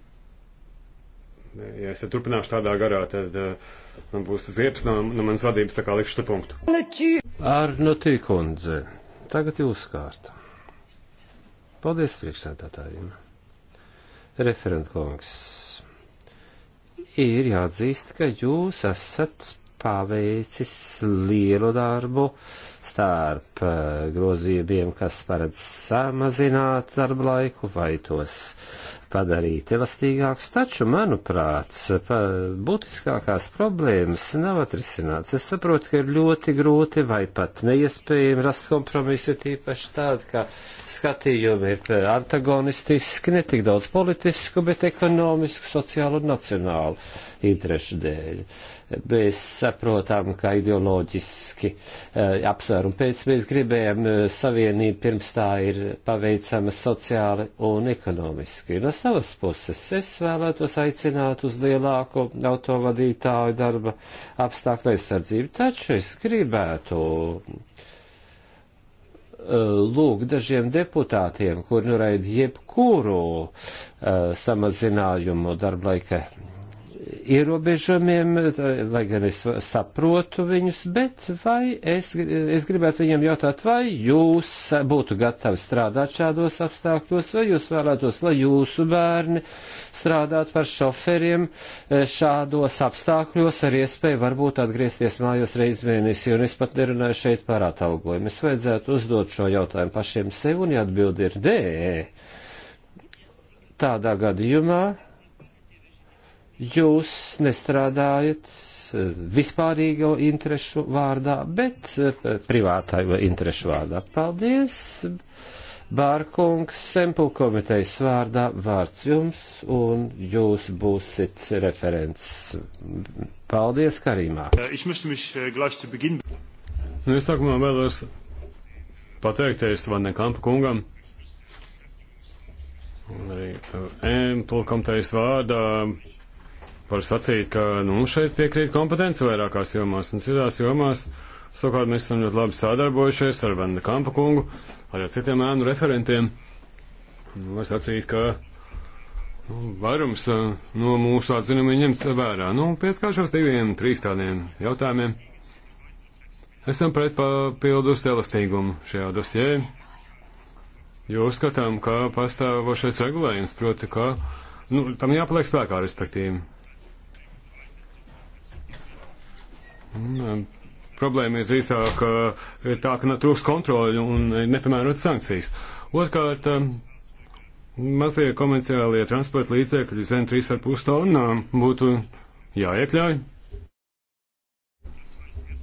Ja es te turpināšu tādā garā, tad uh, man būs ziepes no, no manas vadības, tā kā likšu te punktu. Ar notīkundze, nu, tagad jūs kārta. Paldies priekšsēdētājiem. Referentkungs, ir jāatzīst, ka jūs esat paveicis lielu darbu starp eh, grozījumiem, kas paredz samazināt darba laiku vai tos padarīt elastīgāks, taču, manuprāt, būtiskākās problēmas nav atrisināts. Es saprotu, ka ir ļoti grūti vai pat neiespējami rast kompromisu, tīpaši tādu, ka skatījumi ir antagonistiski, ne tik daudz politisku, bet ekonomisku, sociālu un nacionālu interešu dēļ. Mēs saprotam, ka ideoloģiski e, apsvērumu pēc mēs gribējam e, eh, savienību pirms tā ir paveicama sociāli un ekonomiski. Un es savas puses es vēlētos aicināt uz lielāku autovadītāju darba apstākļu aizsardzību, taču es gribētu eh, lūgt dažiem deputātiem, kur noraida nu jebkuru uh, samazinājumu darba laika ierobežojumiem, lai gan es saprotu viņus, bet vai es, es gribētu viņiem jautāt, vai jūs būtu gatavi strādāt šādos apstākļos, vai jūs vēlētos, lai jūsu bērni strādātu par šoferiem e, šādos apstākļos ar iespēju varbūt atgriezties mājās reiz mēnesī, un es pat nerunāju šeit par atalgojumu. Es vajadzētu uzdot šo jautājumu pašiem sev, un ja atbildi ir nē, tādā gadījumā jūs nestrādājat eh, vispārīgo interešu vārdā, bet eh, privātā interešu vārdā. Paldies! Bārkungs, Sempul komitejas vārdā vārds jums, un jūs būsit referents. Paldies, Karīmā. Eh, nu, es sākumā vēlos pateikties Vanekampa kungam, un arī Empul komitejas vārdā varu sacīt, ka nu, šeit piekrīt kompetence vairākās jomās un citās jomās. Savukārt mēs esam ļoti labi sadarbojušies ar Vanda Kampa kungu, arī ar citiem ēnu referentiem. Nu, var sacīt, ka nu, vairums eh, no mūsu atzinumi ņemts vērā. Nu, pieskāršos diviem, trīs tādiem jautājumiem. Esam pret papildus elastīgumu šajā dosjē, jo uzskatām, ka pastāvošais regulējums, proti, ka nu, tam jāpaliek spēkā, respektīvi. Un, um, problēma ir drīzāk ir tā, ka trūks kontroli un nepiemērot sankcijas. Otkārt, um, mazie komerciālie transporta līdzekļi zem 3,5 tonnām būtu jāiekļauj.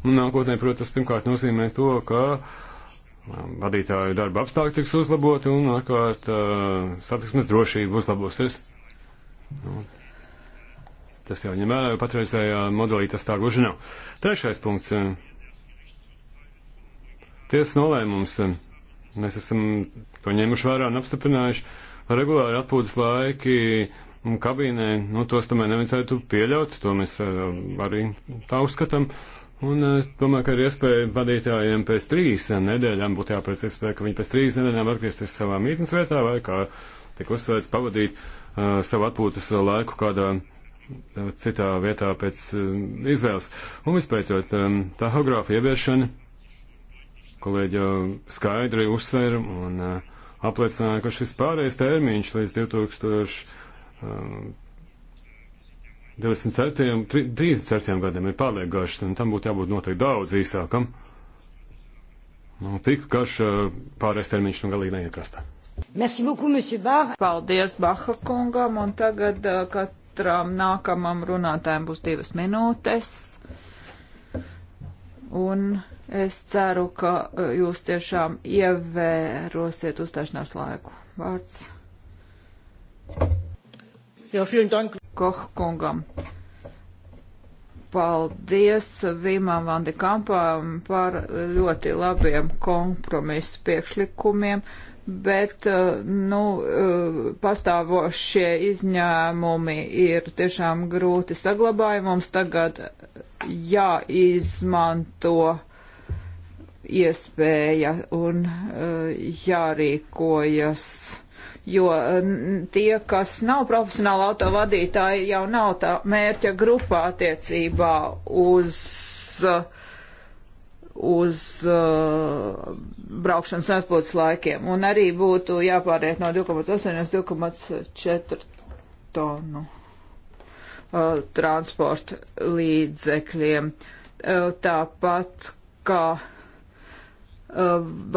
Un nākotnē, protams, pirmkārt nozīmē to, ka um, vadītāju darba apstākļi tiks uzlaboti un, ārkārt, uh, satiksmes drošība uzlabosies. Un Tas jau ņem vērā, jo patreizējā modelī tas tā gluži nav. Trešais punkts. Tiesas nolēmums. Mēs esam to ņēmuši vērā un apstiprinājuši. Regulāri atpūtas laiki kabīnē, nu tos tomēr nevajadzētu pieļaut, to mēs eh, arī tā uzskatām. Un es eh, domāju, ka ir iespēja vadītājiem pēc trīs eh, nedēļām būt jāpēc iespēja, ka viņi pēc trīs nedēļām atgriezties savā mītnes vietā vai kā tik uzsvērts pavadīt uh, savu atpūtas laiku kādā citā vietā pēc izvēles. Un vispēcot, tahogrāfa ieviešana, kolēģi jau skaidri uzsver un apliecināja, ka šis pārējais termiņš līdz 2000. 27, 37 gadiem ir pārlieku garš, un tam būtu jābūt noteikti daudz īsākam. Nu, tik garš pārējais termiņš nu galīgi neiekrastā. Merci beaucoup, monsieur Bach. Paldies Baha kungam, un tagad, kad katram nākamam runātājam būs divas minūtes. Un es ceru, ka e, jūs tiešām ievērosiet uzstāšanās laiku. Vārds. Jā, vielen dank. Koh kungam. Paldies Vimam Vandikampam par ļoti labiem kompromisu priekšlikumiem. Uh, bet uh, nu, uh, pastāvošie izņēmumi ir tiešām grūti saglabājumi. Mums tagad jāizmanto iespēja un uh, jārīkojas. Jo tie, kas nav profesionāli autovadītāji, jau nav tā mērķa grupā attiecībā uz uh, uz uh, braukšanas un atpūtas laikiem. Un arī būtu jāpāriet no 2,8 uz 2,4 tonu uh, transporta līdzekļiem. Uh, tāpat kā uh,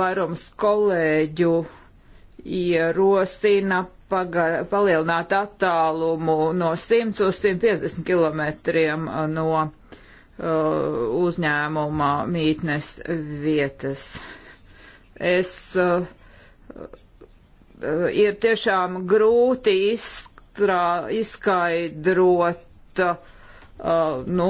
vairums kolēģu ierosina pagar, palielināt attālumu no 100 uz 150 km uh, no Uh, uzņēmuma mītnes vietas. Es, uh, uh, ir tiešām grūti izstrā, izskaidrot, nu,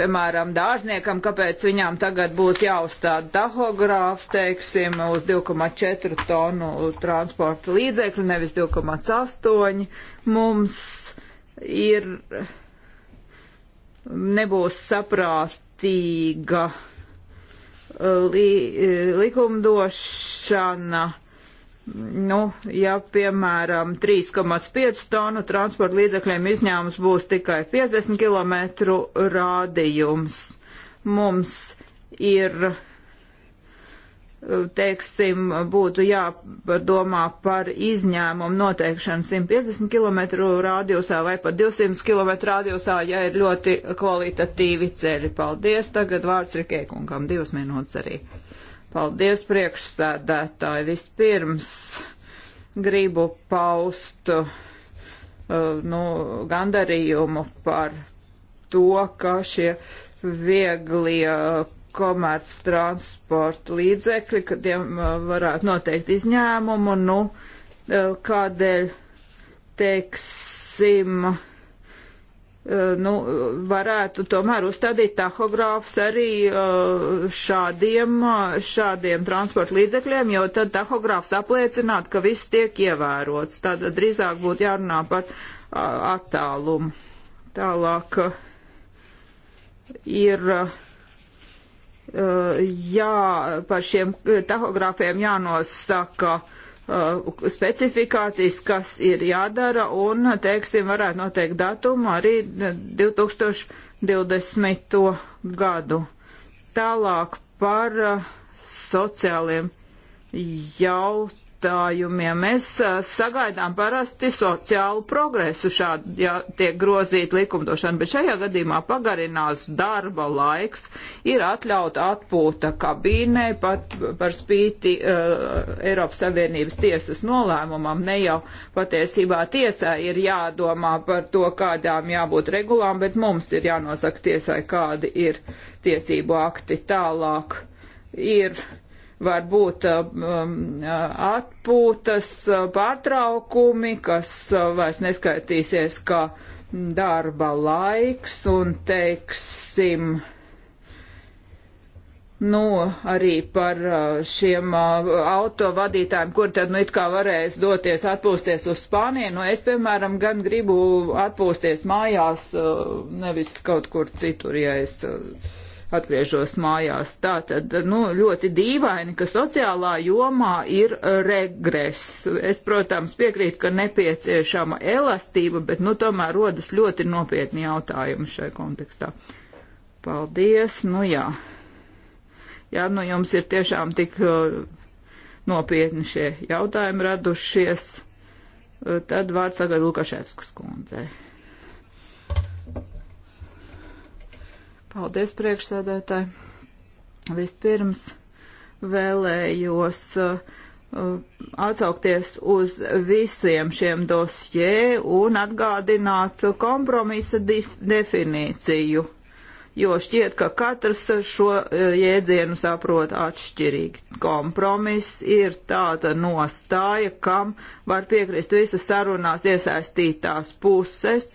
piemēram, dārzniekam, kāpēc viņām tagad būtu jāuzstāda tahogrāfs, teiksim, uz 2,4 tonu transporta līdzekļu, nevis 2,8. Mums ir nebūs saprātīga uh, li, uh, likumdošana. Nu, ja, piemēram, 3,5 tonu transporta līdzekļiem izņēmums būs tikai 50 km rādījums, mums ir uh, teiksim, būtu jāpadomā par izņēmumu noteikšanu 150 km rādījusā vai pat 200 km rādījusā, ja ir ļoti kvalitatīvi ceļi. Paldies, tagad vārds Rikēkungam, divas minūtes arī. Paldies priekšsēdētāji. Vispirms gribu paust uh, nu, gandarījumu par to, ka šie vieglie komerc transporta līdzekļi, ka tiem uh, varētu noteikt izņēmumu, nu, uh, kādēļ, teiksim, uh, nu, varētu tomēr uzstādīt tahogrāfus arī šādiem, šādiem transporta līdzekļiem, jo tad tahogrāfs apliecinātu, ka viss tiek ievērots. Tad drīzāk būtu jārunā par attālumu. Tālāk ir uh, Uh, jā, par šiem tahogrāfiem jānosaka uh, specifikācijas, kas ir jādara, un, teiksim, varētu noteikt datumu arī 2020. gadu. Tālāk par uh, sociāliem jautājumiem jautājumiem. Mēs sagaidām parasti sociālu progresu šādi, ja tiek grozīt likumdošana, bet šajā gadījumā pagarinās darba laiks, ir atļauta atpūta kabīnē, pat par spīti uh, Eiropas Savienības tiesas nolēmumam, ne jau patiesībā tiesā ir jādomā par to, kādām jābūt regulām, bet mums ir jānosaka tiesai, kādi ir tiesību akti tālāk. Ir var būt uh, um, uh, atpūtas uh, pārtraukumi, kas vairs neskaitīsies kā darba laiks un teiksim, Nu, arī par šiem autovadītājiem, kur tad nu it kā varēs doties atpūsties uz Spāniju. Nu, es, piemēram, gan gribu atpūsties mājās, nevis kaut kur citur, ja es atgriežos mājās. Tā tad, nu, ļoti dīvaini, ka sociālā jomā ir regress. Es, protams, piekrītu, ka nepieciešama elastība, bet, nu, tomēr rodas ļoti nopietni jautājumi šai kontekstā. Paldies, nu jā. Jā, nu jums ir tiešām tik uh, nopietni šie jautājumi radušies. Uh, tad vārds tagad Lukaševskas kundzei. Paldies, priekšsēdētāji. Vispirms vēlējos uh, atsaukties uz visiem šiem dosjē un atgādināt kompromisa definīciju jo šķiet, ka katrs šo e, jēdzienu saprot atšķirīgi. Kompromiss ir tāda nostāja, kam var piekrist visas sarunās iesaistītās puses,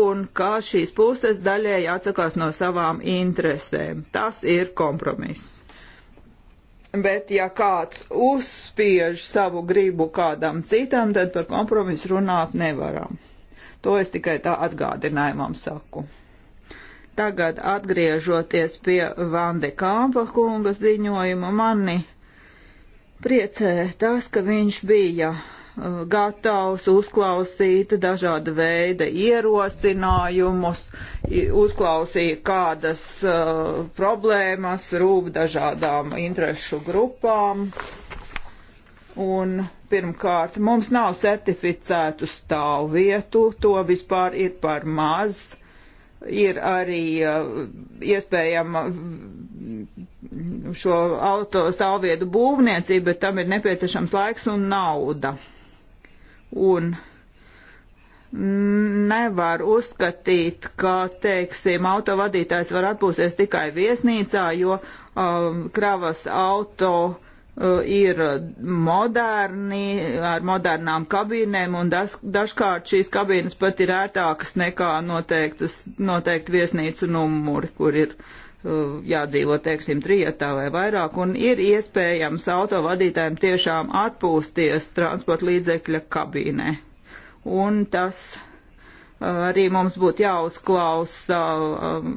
un ka šīs puses daļēji atsakās no savām interesēm. Tas ir kompromiss. Bet, ja kāds uzspiež savu gribu kādam citam, tad par kompromisu runāt nevaram. To es tikai tā atgādinājumam saku. Tagad atgriežoties pie Vande Kāmpa kunga ziņojuma, mani priecē tas, ka viņš bija uh, gatavs uzklausīt dažāda veida ierosinājumus, uzklausīja kādas uh, problēmas, rūp dažādām interešu grupām. Un pirmkārt, mums nav certificētu stāvvietu, to vispār ir par maz. Uh, ir arī uh, iespējama mm, šo auto stāvvietu būvniecība, bet tam ir nepieciešams laiks un nauda. Un nevar uzskatīt, ka, teiksim, autovadītājs var atpūsties tikai viesnīcā, jo um, kravas auto Eh, ir moderni, ar modernām kabīnēm, un das, dažkārt šīs kabīnes pat ir ērtākas nekā noteiktas, noteikti viesnīcu numuri, kur ir uh, eh, jādzīvo, teiksim, trijatā vai vairāk, un ir iespējams autovadītājiem tiešām atpūsties transporta līdzekļa kabīnē. Un tas uh, arī mums būtu jāuzklausa uh,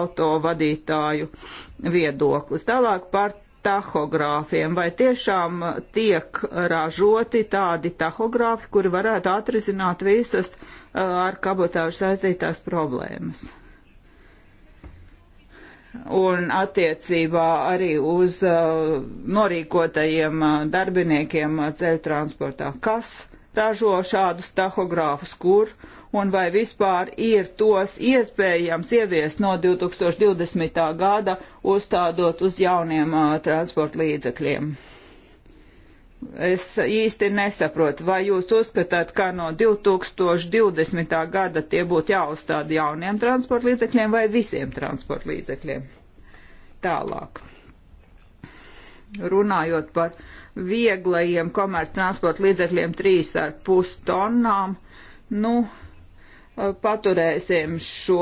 autovadītāju viedoklis. Tālāk par tahogrāfiem, vai tiešām tiek ražoti tādi tahogrāfi, kuri varētu atrisināt visas uh, ar kabotāžu saistītās problēmas. Un attiecībā arī uz uh, norīkotajiem uh, darbiniekiem ceļu transportā. Kas ražo šādus tahogrāfus, kur un vai vispār ir tos iespējams ieviest no 2020. gada, uzstādot uz jauniem uh, transporta līdzekļiem. Es īsti nesaprotu, vai jūs uzskatāt, ka no 2020. gada tie būtu jāuzstāda jauniem transporta līdzekļiem vai visiem transporta līdzekļiem. Tālāk. Runājot par vieglajiem komerc transporta līdzekļiem 3,5 tonnām, nu, uh, Uh, paturēsim šo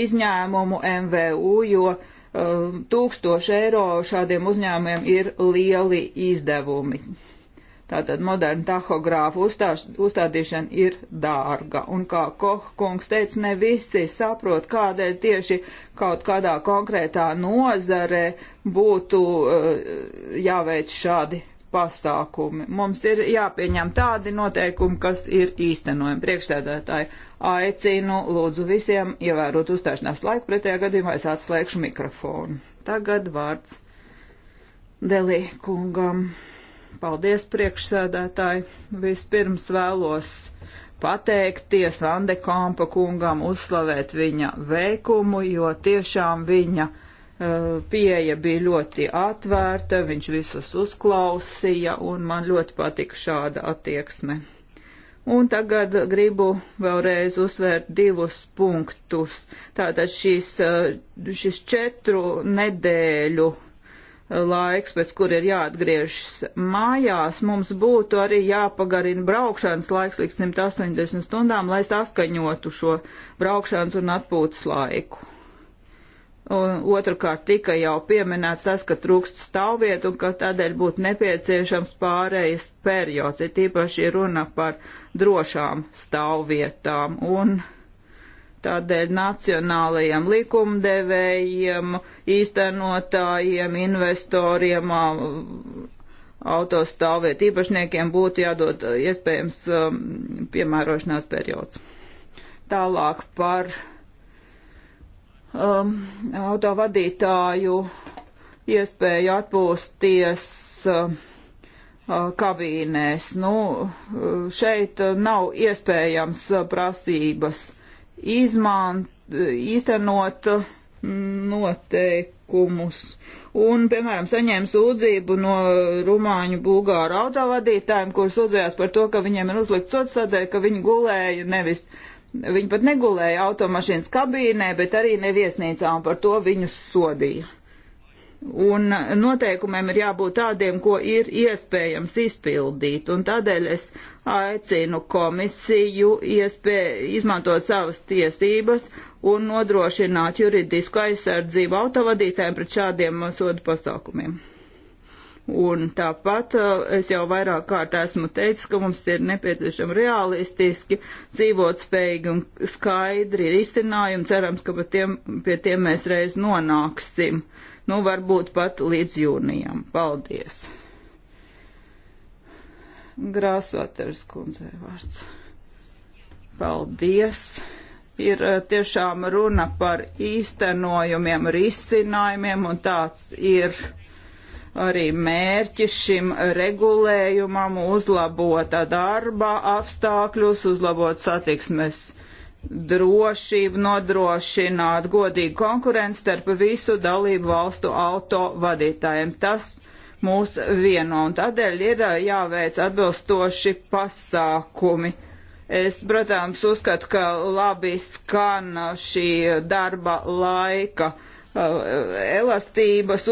izņēmumu MVU, jo um, tūkstoši eiro šādiem uzņēmumiem ir lieli izdevumi. Tātad moderna tahogrāfa uzstāš, uzstādīšana ir dārga. Un kā Koha kungs teica, ne visi saprot, kādēļ tieši kaut kādā konkrētā nozare būtu uh, jāveic šādi pasākumi. Mums ir jāpieņem tādi noteikumi, kas ir īstenojami. Priekšsēdētāji aicinu lūdzu visiem ievērot uzstāšanās laiku, pretējā gadījumā es atslēgšu mikrofonu. Tagad vārds Delī kungam. Paldies, priekšsēdētāji. Vispirms vēlos pateikties Vandekampa kungam, uzslavēt viņa veikumu, jo tiešām viņa Eh, pieeja bija ļoti atvērta, viņš visus uzklausīja, un man ļoti patika šāda attieksme. Un tagad gribu vēlreiz uzsvērt divus punktus. Tātad šīs, eh, šis četru nedēļu eh, laiks, pēc kur ir jāatgriežas mājās, mums būtu arī jāpagarina braukšanas laiks līdz 180 stundām, lai saskaņotu šo braukšanas un atpūtas laiku. Un otrkārt tika jau pieminēts tas, ka trūkst stāvvietu un ka tādēļ būtu nepieciešams pārējais periods, ir tīpaši runa par drošām stāvvietām. Un tādēļ nacionālajiem likumdevējiem, īstenotājiem, investoriem, autostāvvietu īpašniekiem būtu jādod iespējams um, piemērošanās periods. Tālāk par um, autovadītāju iespēju atpūsties um, uh, kabīnēs. Nu, šeit nav iespējams uh, prasības izmant, īstenot uh, noteikumus. Un, piemēram, saņēma sūdzību no rumāņu bulgāru autovadītājiem, kur sūdzējās par to, ka viņiem ir uzlikts sots tādēļ, ka viņi gulēja nevis uh, Viņi pat negulēja automašīnas kabīnē, bet arī neviesnīcā un par to viņus sodīja. Un noteikumiem ir jābūt tādiem, ko ir iespējams izpildīt. Un tādēļ es aicinu komisiju iespē, izmantot savas tiesības un nodrošināt juridisku aizsardzību autovadītājiem pret šādiem sodu pasākumiem. Un tāpat uh, es jau vairāk kārt esmu teicis, ka mums ir nepieciešama realistiski, dzīvotspējīgi un skaidri risinājumi. Cerams, ka tiem, pie tiem mēs reiz nonāksim. Nu, varbūt pat līdz jūnijam. Paldies! Grāsoters kundzei vārds. Paldies! ir uh, tiešām runa par īstenojumiem, risinājumiem, un tāds ir arī mērķis šim regulējumam uzlabot darba apstākļus, uzlabot satiksmes drošību, nodrošināt godīgu konkurenci starp visu dalību valstu auto vadītājiem. Tas mūs vieno un tādēļ ir jāveic atbilstoši pasākumi. Es, protams, uzskatu, ka labi skan šī darba laika elastības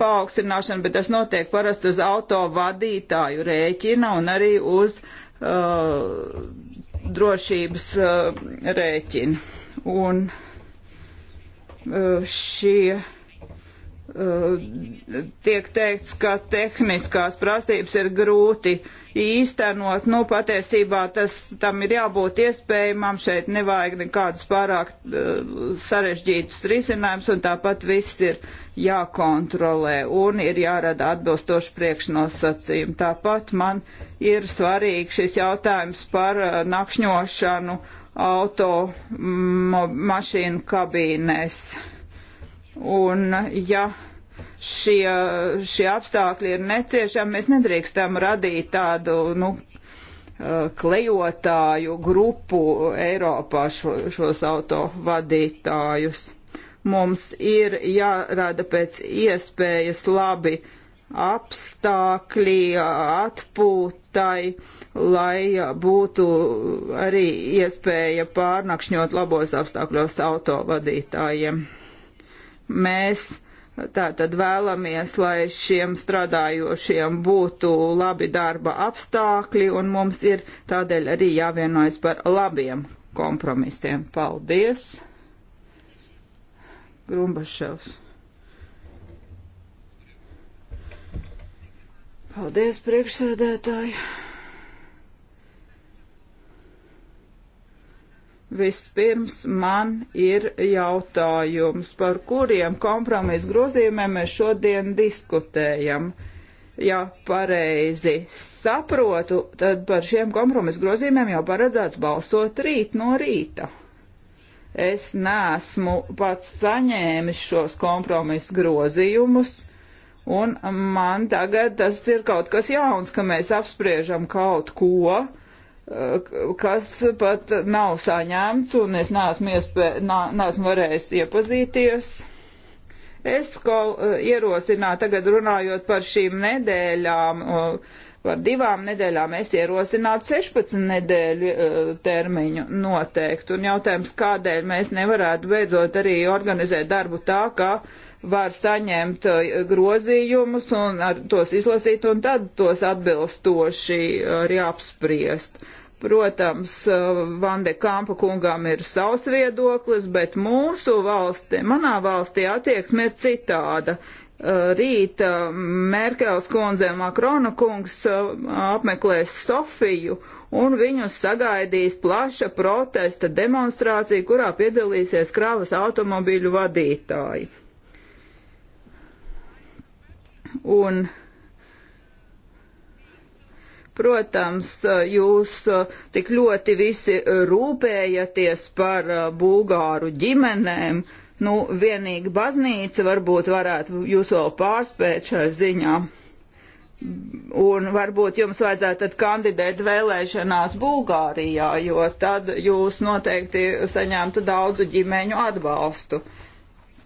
paaugstināšanu, bet tas notiek parasti uz auto vadītāju rēķina un arī uz uh, drošības uh, rēķina. Un uh, šie. Uh, tiek teikts, ka tehniskās prasības ir grūti uh, īstenot. Nu, patiesībā tas tam ir jābūt iespējamam, šeit nevajag nekādus pārāk uh, sarežģītus risinājumus, un tāpat viss ir jākontrolē un ir jārada atbilstoši priekšnosacījumi. Tāpat man ir svarīgi šis jautājums par uh, nakšņošanu auto mašīnu kabīnēs. Un, ja šie, šie apstākļi ir neciešami. Mēs nedrīkstam radīt tādu nu, eh, klejotāju grupu Eiropā šo, šos autovadītājus. Mums ir jārada pēc iespējas labi apstākļi atpūtai, lai būtu arī iespēja pārnakšņot labos apstākļos autovadītājiem. Mēs uh, Tātad vēlamies, lai šiem strādājošiem būtu labi darba apstākļi, un mums ir tādēļ arī jāvienojas par labiem kompromisiem. Paldies! Grumbaševs. Paldies, priekšsēdētāji! Vispirms man ir jautājums, par kuriem kompromisu grozījumiem mēs šodien diskutējam. Ja pareizi saprotu, tad par šiem kompromisu grozījumiem jau paredzēts balsot rīt no rīta. Es nesmu pats saņēmis šos kompromisu grozījumus, un man tagad tas ir kaut kas jauns, ka mēs apspriežam kaut ko, uh, kas pat nav saņemts, un es neesmu, iespē, neesmu varējis iepazīties. Es ierosināju, tagad runājot par šīm nedēļām, par divām nedēļām, es ierosinātu 16 nedēļu e, termiņu noteikti. Un jautājums, kādēļ mēs nevarētu beidzot arī organizēt darbu tā, ka var saņemt e, grozījumus un tos izlasīt un tad tos atbilstoši e, arī apspriest. Uh, Protams, eh, Vande Kampa kungam ir savs viedoklis, bet mūsu valstī, manā valstī attieksme ir citāda. Eh, rīt eh, Merkels kundze Makrona kungs apmeklēs Sofiju un viņus sagaidīs plaša protesta demonstrācija, kurā piedalīsies kravas automobīļu vadītāji. Un uh, Protams, jūs eh, tik ļoti visi eh, rūpējaties par eh, bulgāru ģimenēm. Nu, vienīgi baznīca varbūt varētu jūs vēl pārspēt šai ziņā. Un varbūt jums vajadzētu tad kandidēt vēlēšanās Bulgārijā, jo tad jūs noteikti saņemtu daudzu ģimeņu atbalstu.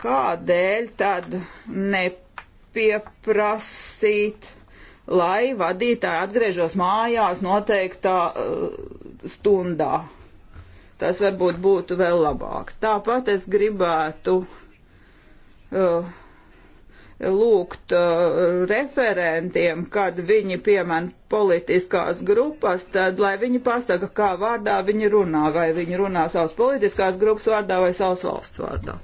Kādēļ tad nepieprasīt? lai vadītāji atgriežos mājās noteiktā uh, stundā. Tas varbūt būtu vēl labāk. Tāpat es gribētu uh, lūgt uh, referentiem, kad viņi piemin politiskās grupas, tad lai viņi pasaka, kā vārdā viņi runā, vai viņi runā savas politiskās grupas vārdā vai savas valsts vārdā.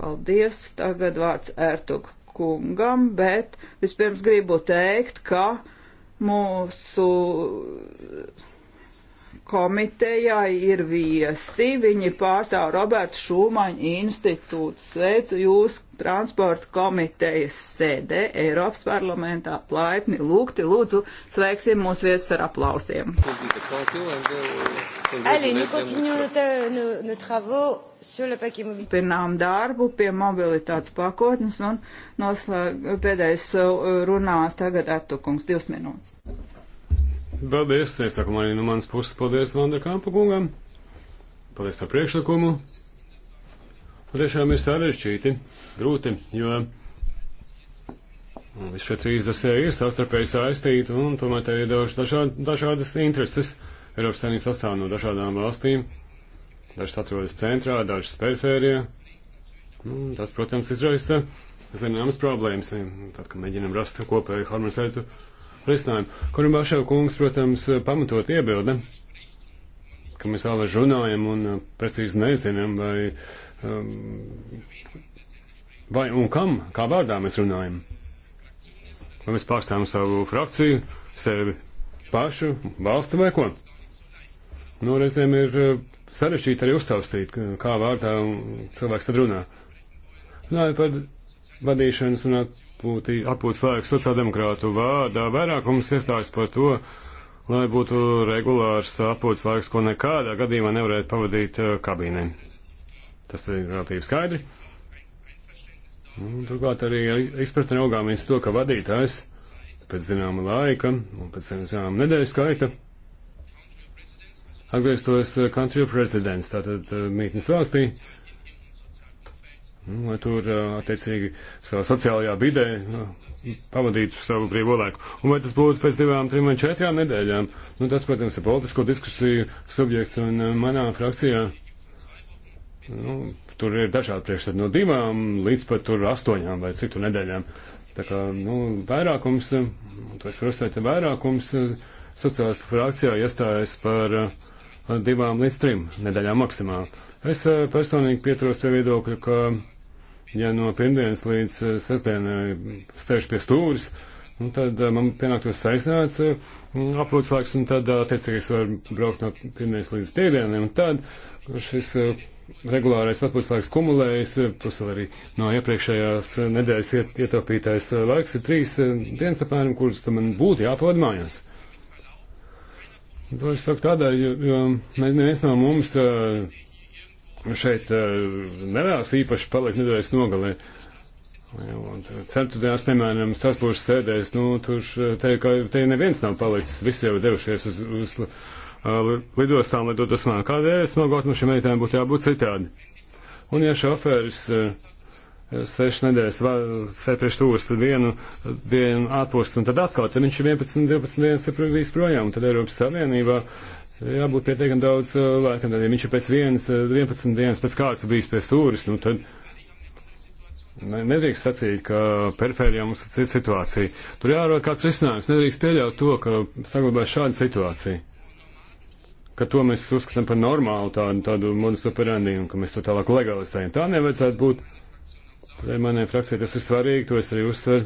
Paldies, tagad vārds Ertuga kungam, bet vispirms gribu teikt, ka mūsu komitejai ir viesi, viņi pārstāv Roberta Šūmaņa institūtu. Sveicu jūs transporta komitejas sēdē Eiropas parlamentā laipni lūgti. Lūdzu, sveiksim mūsu viesus ar aplausiem. Uh, Allez, nous continuons nos travaux Turpinām darbu pie mobilitātes pakotnes un noslēg, pēdējais uh, runās tagad attukums divas minūtes. Paldies, es saku arī no manas puses paldies Vanderkampu kungam. Paldies par priekšlikumu. Tiešām ir sarežģīti, grūti, jo viss šie trīs dosē ir savstarpēji saistīti un tomēr te ir dažādas intereses. Eiropas Savienība sastāv no dažādām valstīm, Dažas atrodas centrā, dažas perifērijā. Nu, tas, protams, izraisa zināmas problēmas, tad, kad mēģinam rast kopēju harmonizētu risinājumu. Kurumbašev kungs, protams, pamatot iebilda, ka mēs vēl runājam un uh, precīzi nezinām, vai, um, vai un kam, kā vārdā mēs runājam. Vai mēs pārstāvam savu frakciju, sevi pašu, valsti vai ko? Nu, reizēm ir uh, sarežģīti arī uztaustīt, kā vārdā cilvēks tad runā. Runāju par vadīšanas un atpūtī, atpūtas laiku sociāldemokrātu vārdā. Vairākums iestājas par to, lai būtu regulārs atpūtas laiks, ko nekādā gadījumā nevarētu pavadīt eh, kabīnē. Tas ir relatīvi skaidri. Un, turklāt arī izpratne augāmies to, ka vadītājs pēc zināma laika un pēc zināma nedēļas skaita atgrieztos eh, country of residence, tātad eh, mītnes valstī, nu, lai tur eh, attiecīgi savā sociālajā vidē nu, pavadītu savu brīvo laiku. Un vai tas būtu pēc divām, trim vai četrām nedēļām? Nu, tas, protams, ir politisko diskusiju subjekts un manā frakcijā. Nu, tur ir dažādi priekšstati no divām līdz pat tur astoņām vai citu nedēļām. Tā kā, nu, vairākums, to es varu uzsvērt, vairākums sociālās frakcijā iestājas par uh, divām līdz trim nedēļām maksimāli. Es eh, personīgi pieturos pie viedokļa, ka, ja no pirmdienas līdz eh, sestdienai steigšu pie stūris, un nu tad eh, man pienāktos saistināts aprūts laiks, un tad, attiecīgi, es varu braukt no pirmdienas līdz piekdienai, un tad šis regulārais atpūtas laiks kumulējas, plus arī no iepriekšējās nedēļas ietaupītais laiks ir trīs dienas apmēram, kuras man būtu jāpavada mājās. Nu, to es saku tādēļ, jo, jo neviens no mums šeit nevēlas īpaši palikt nedēļas nogalē. Ceturtdienās, piemēram, Strasbūras sēdēs, nu, tur te, ka, te neviens nav palicis, visi jau devušies uz, uz lidostām, lai dotos man kādēļ, smagot no šiem meitēm būtu jābūt citādi. Un ja šoferis uh, sešu nedēļas sēpēšu tūrs, tad vienu, vienu atpūst, un tad atkal, tad viņš ir 11, 12 dienas ir bijis projām, tad Eiropas Savienībā jābūt pietiekam daudz uh, laika, tad ja viņš ir pēc vienas, 11 uh, dienas pēc kārtas bijis pēc tūris, nu tad ne, nedrīkst sacīt, ka perifērijā mums ir cita situācija. Tur jārod kāds risinājums, nedrīkst pieļaut to, ka saglabās šādu situāciju ka to mēs uzskatām par normālu tādu, tādu modus operandi un ka mēs to tālāk legalizējam. Tā nevajadzētu būt. Tādēļ manai frakcijai tas ir svarīgi, to es arī uzsveru.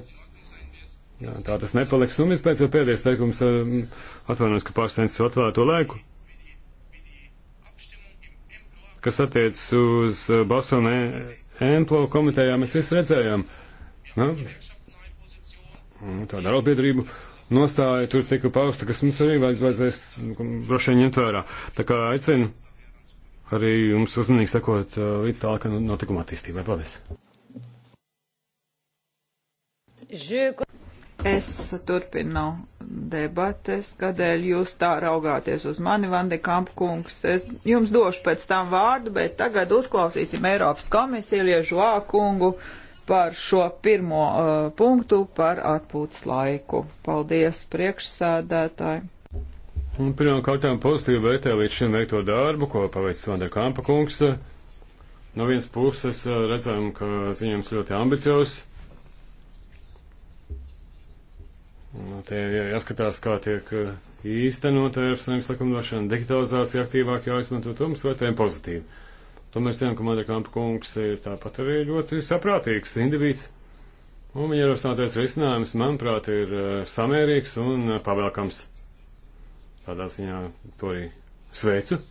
Jā, tā tas nepaliks. Un nu, vispēc jau pēdējais teikums um, atvainojos, ka pārsteidz atvēlēto laiku. Kas attiec uz uh, Basona Emplo komitejā, mēs visi redzējām. Nu, tā darbiedrību nostāja tur tika pausta, kas mums arī vajadz, vajadzēs nu, droši vien ņemt vērā. Tā kā aicinu arī jums uzmanīgi sekot uh, līdz tālākam notikuma attīstībai. Paldies! Es turpinu debates, kādēļ jūs tā raugāties uz mani, Vande Kampkungs. Es jums došu pēc tam vārdu, bet tagad uzklausīsim Eiropas komisiju Liežuā kungu par šo pirmo uh, punktu par atpūtas laiku. Paldies, priekšsēdētāji! Un pirmkārt, pozitīvi vērtēju līdz šim veikto darbu, ko paveicis Vande Kampa kungs. No vienas puses uh, redzam, ka ziņojums ļoti ambiciozs Nu, te jāskatās, kā tiek eh, īstenot Eiropas Savienības likumdošana, digitalizācija aktīvāk jāizmanto, to mums vērtējam pozitīvi. To mēs zinām, ka Madrakampa kungs ir tāpat arī ļoti saprātīgs individs. Un viņa ierosinātais risinājums, manuprāt, ir eh, samērīgs un eh, pavēlkams. Tādā ziņā to arī sveicu.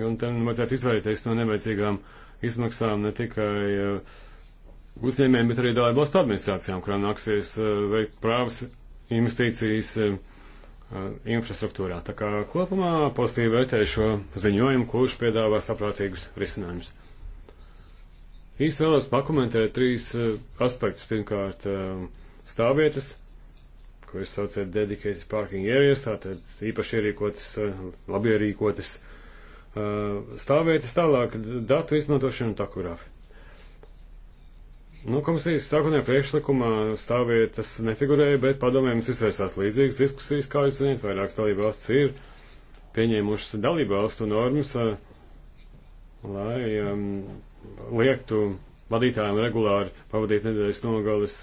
Un tam vajadzētu izvairīties no nevajadzīgām izmaksām ne tikai uzņēmējiem, bet arī dalībvalstu administrācijām, kurām nāksies veikt prāvas investīcijas eh, eh, infrastruktūrā. Tā kā kopumā pozitīvi vērtēju šo ziņojumu, kurš piedāvā saprātīgus risinājumus. Īsti vēlos pakomentēt trīs eh, aspektus. Pirmkārt, stāvvietas, ko jūs saucat dedicated parking areas, tātad īpaši ierīkotas, labierīkotas stāvvietas, tālāk datu izmantošana un takurāfi. Nu, komisijas sākotnējā priekšlikumā stāvvietas nefigurēja, bet padomē mums izvērsās līdzīgas diskusijas, kā jūs zināt, vairākas dalībvalstis ir pieņēmušas dalībvalstu normas, lai um, liektu vadītājiem regulāri pavadīt nedēļas nogalas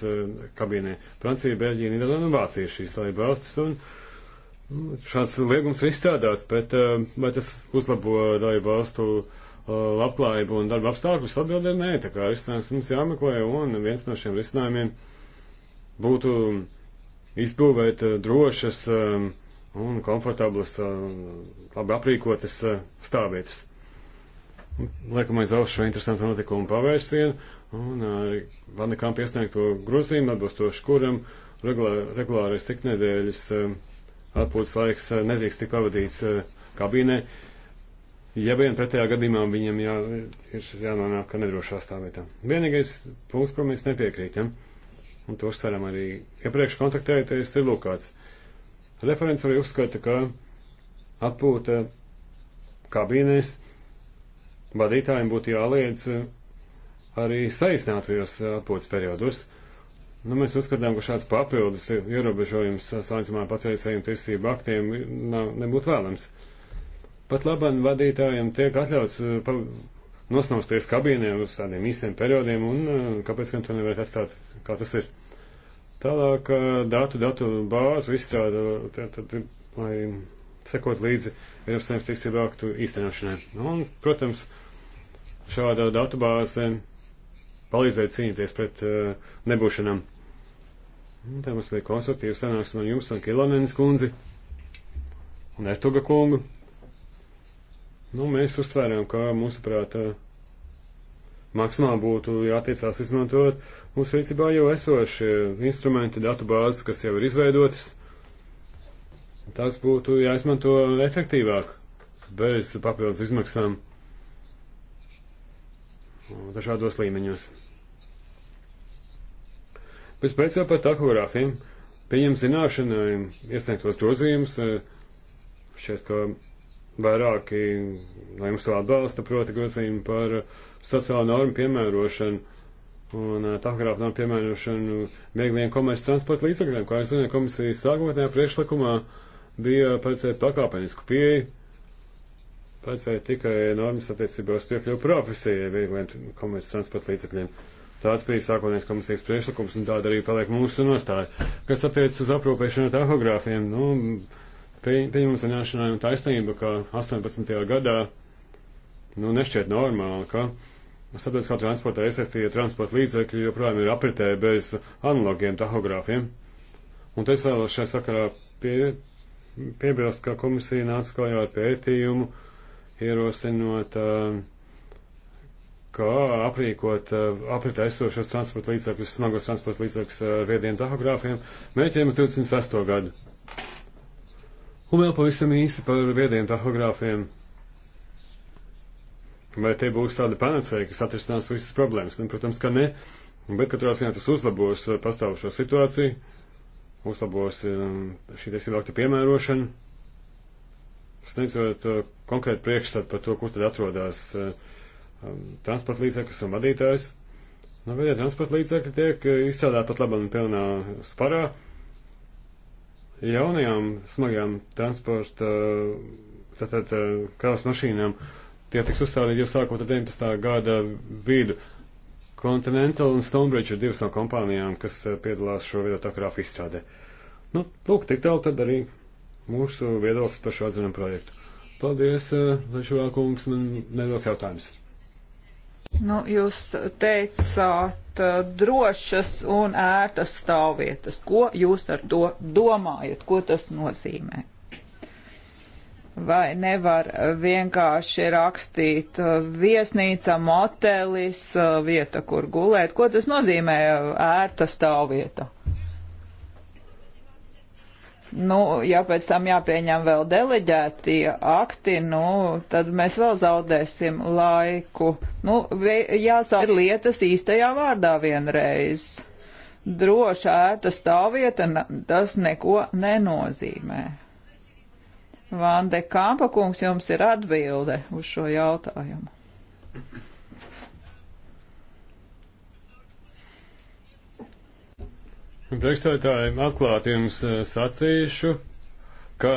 kabīnē. Francija, Beļģija, Nīderlanda un Vācija ir šīs dalībvalstis. Un, nu, Šāds liegums ir izstrādāts, bet vai tas uzlabo dalību valstu Uh, labklājību un darba apstākļus, atbildi ir nē, tā kā risinājums mums jāmeklē, un viens no šiem risinājumiem būtu izbūvēt uh, drošas um, un komfortablas, uh, labi aprīkotas stāvvietas. Liekam aiz auss šo interesantu notikumu pavērsienu un arī Vandekām piesniegto grozījumu atbilstoši kuram regulā, regulārais tiknedēļas um, atpūtas laiks nedrīkst tik pavadīts kabīnē. Uh, Ja vien pretējā gadījumā viņam jā, ir jānonāk nedrošā stāvvietā. Vienīgais punkts, kuram mēs nepiekrītam, ja? un to uzsveram arī iepriekš ja kontaktējoties, ir lūkāts. Referents arī uzskata, ka atpūta kabīnēs vadītājiem būtu jāliedz arī saīsinātajos atpūtas periodos. Nu, mēs uzskatām, ka šāds papildus ierobežojums saistībā ar patreizējiem tiesību aktiem nav, nebūtu vēlams. Uh, Pat labam vadītājiem tiek atļauts eh, nosnausties kabīnē uz tādiem īstiem periodiem, un eh, kāpēc gan to nevar atstāt, kā tas ir. Tālāk eh, datu, datu bāzu izstrāda, tad, tad, lai sekot līdzi Eiropas Savienības tiesību aktu īstenošanai. Un, protams, šāda datu bāze palīdzēja cīnīties pret uh, nebūšanām. Un tā mums bija konstruktīva sanāksme ar jums, un Kilonenes kundzi, un Ertuga kungu. Nu, mēs uzsvērām, ka mūsuprāt eh, maksimāli būtu jātiecās izmantot mūsu rīcībā jau esošie instrumenti, datu bāzes, kas jau ir izveidotas. Tas būtu jāizmanto efektīvāk, bez papildus izmaksām dažādos līmeņos. Pēc pēc jau par tahogrāfiem pieņem zināšanai iesniegtos grozījumus. Eh, šķiet, ka vairāki no jums to atbalsta, proti, grozījumi par sociālo normu piemērošanu un eh, tahogrāfu normu piemērošanu viegliem komerces transporta līdzakļiem. Kā jūs zināt, komisijas sākotnējā priekšlikumā bija paredzēt pakāpenisku pieeju, paredzēt tikai normas attiecībā uz piekļuvu profesijai viegliem komerces transporta līdzakļiem. Tāds bija sākotnējais komisijas priekšlikums, un tāda arī paliek mūsu nostāja. Kas attiecas uz aprūpēšanu tahogrāfiem, nu, Pieņemam zināšanai un taisnība, ka 18. gadā nu, nešķiet normāli, ka sabiedriskā transporta iesaistīja transporta līdzekļi joprojām ir apritē bez analogiem tahogrāfiem. Un te es vēl šajā sakarā pie, piebilst, ka komisija nāca klajā ar pētījumu, ierosinot, kā aprīkot apritē esošos transporta līdzekļus, smagos transporta līdzekļus ar viediem tahogrāfiem, mēķējums 26. gadu. Un vēl pavisam īsi par viediem tahogrāfiem. Vai tie būs tādi panacēji, kas atrisinās visas problēmas? Nu, protams, ka nē, bet katrā ziņā tas uzlabos eh, pastāvošo situāciju, uzlabos eh, šī tiesību akta piemērošanu, sniedzot eh, konkrētu priekšstatu par to, kur tad atrodas um, transporta līdzeklis un vadītājs. Nu, veidē transporta līdzekļi tiek izstrādāti pat labam pilnā sparā jaunajām smagām transporta tātad, eh, kravas mašīnām. Tie tiks uzstādīti jau sākot ar 19. gada vidu. Continental un Stonebridge ir divas no kompānijām, kas eh, piedalās šo videotakrāfu izstrādē. Nu, lūk, tik tālu tad arī mūsu viedoklis par šo atzinumu projektu. Paldies, eh, Lešvākungs, man neliels jautājums. Nu, jūs teicāt eh, drošas un ērtas stāvvietas. Ko jūs ar to domājat? Ko tas nozīmē? Vai nevar vienkārši rakstīt eh, viesnīca, motelis, eh, vieta, kur gulēt? Ko tas nozīmē ērta stāvvieta? Nu, ja pēc tam jāpieņem vēl deleģētie akti, nu, tad mēs vēl zaudēsim laiku. Nu, jāsāk lietas īstajā vārdā vienreiz. Droša ēta stāvvieta, tas neko nenozīmē. Vande Kampa kungs, jums ir atbilde uz šo jautājumu. Priekšstādātāji, atklāti jums eh, sacīšu, ka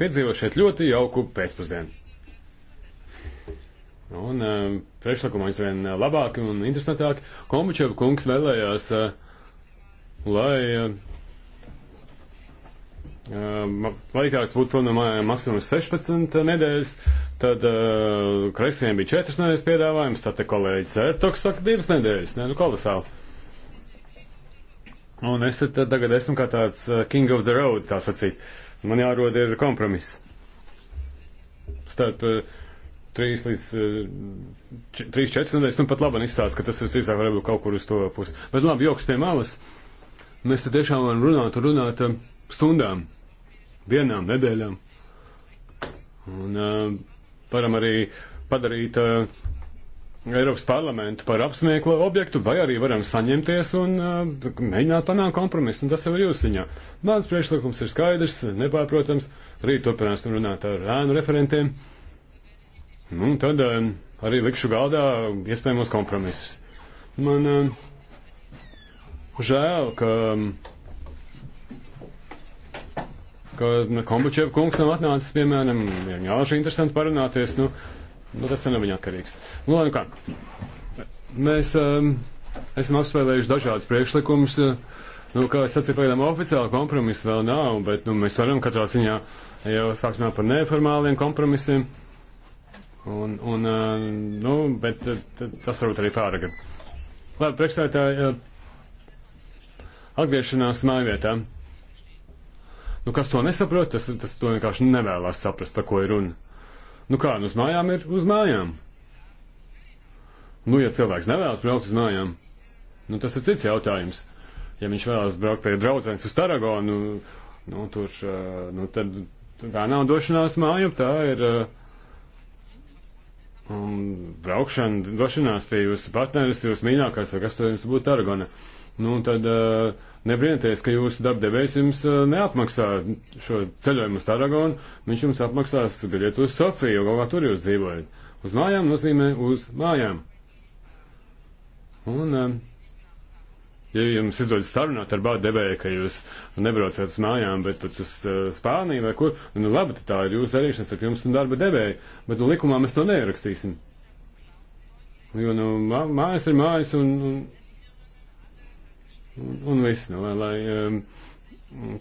piedzīvošiet ļoti jauku pēcpusdienu. Un eh, priekšlikumā aizvien labāk un interesantāk. Kombučeva kungs vēlējās, eh, lai Laikās būtu, protams, maksimums 16 nedēļas, tad uh, kreisiem bija 4 nedēļas piedāvājums, tad te kolēģis Ertoks saka 2 nedēļas, ne, nu kolosāli. Un es tad tagad esmu kā tāds uh, king of the road, tā sacīt. Man jārod ir kompromiss. Starp uh, 3 līdz 4 uh, nedēļas, nu pat labi izstāsta, ka tas visdrīzāk varētu būt kaut kur uz to pusi. Bet labi, joks pie malas. Mēs te tiešām varam runāt un runāt um, stundām, dienām, nedēļām. Un uh, varam arī padarīt uh, Eiropas parlamentu par apsmieklo objektu, vai arī varam saņemties un uh, mēģināt panākt kompromisu, un tas jau ir jūsu ziņā. Mans priekšlikums ir skaidrs, nepārprotams, rīt turpināsim runāt ar ēnu referentiem, nu, un tad uh, arī likšu galdā iespējamos kompromisus. Man uh, žēl, ka, um, ka Kombučev kungs nav atnācis, piemēram, ir jāži interesanti parunāties, nu, uh, Nu, tas ir no viņa atkarīgs. Nu, nu kā. Mēs um, esam apspēlējuši dažādus priekšlikumus. Uh, nu, kā es sacīju, pagaidām oficiāli kompromisu vēl nav, bet nu, mēs varam katrā ziņā jau sākt runāt par neformāliem kompromisiem. Un, un, uh, nu, bet uh, tas varbūt arī pāragri. Labi, priekšstādātāji, uh, atgriešanās mājvietā. Nu, kas to nesaprot, tas, tas to vienkārši nevēlas saprast, par ko ir runa. Nu kā, nu uz mājām ir uz mājām. Nu, ja cilvēks nevēlas braukt uz mājām, nu tas ir cits jautājums. Ja viņš vēlas braukt pie draudzenes uz Taragonu, nu, nu tur, eh, nu tad tā nav došanās mājām, tā ir eh, um, braukšana, došanās pie jūsu partneris, jūsu mīļākais, vai kas to jums būtu Taragona. Nu, tad uh, Nebrīnīties, ka jūsu darbdevējs jums eh, neapmaksā šo ceļojumu uz Tarragonu, viņš jums apmaksās biļeti uz Sofiju, jo galvā tur jūs dzīvojat. Uz mājām nozīmē uz mājām. Un, eh, ja jums izdodas sarunāt ar bādu devēju, ka jūs nebraucat uz mājām, bet pat uz eh, Spāniju vai kur, nu, nu labi, tad tā ir jūsu darīšana starp jums un darba devēju, bet nu, likumā mēs to neierakstīsim. Jo, nu, mājas ir mājas un. un un viss, nu, lai, lai um,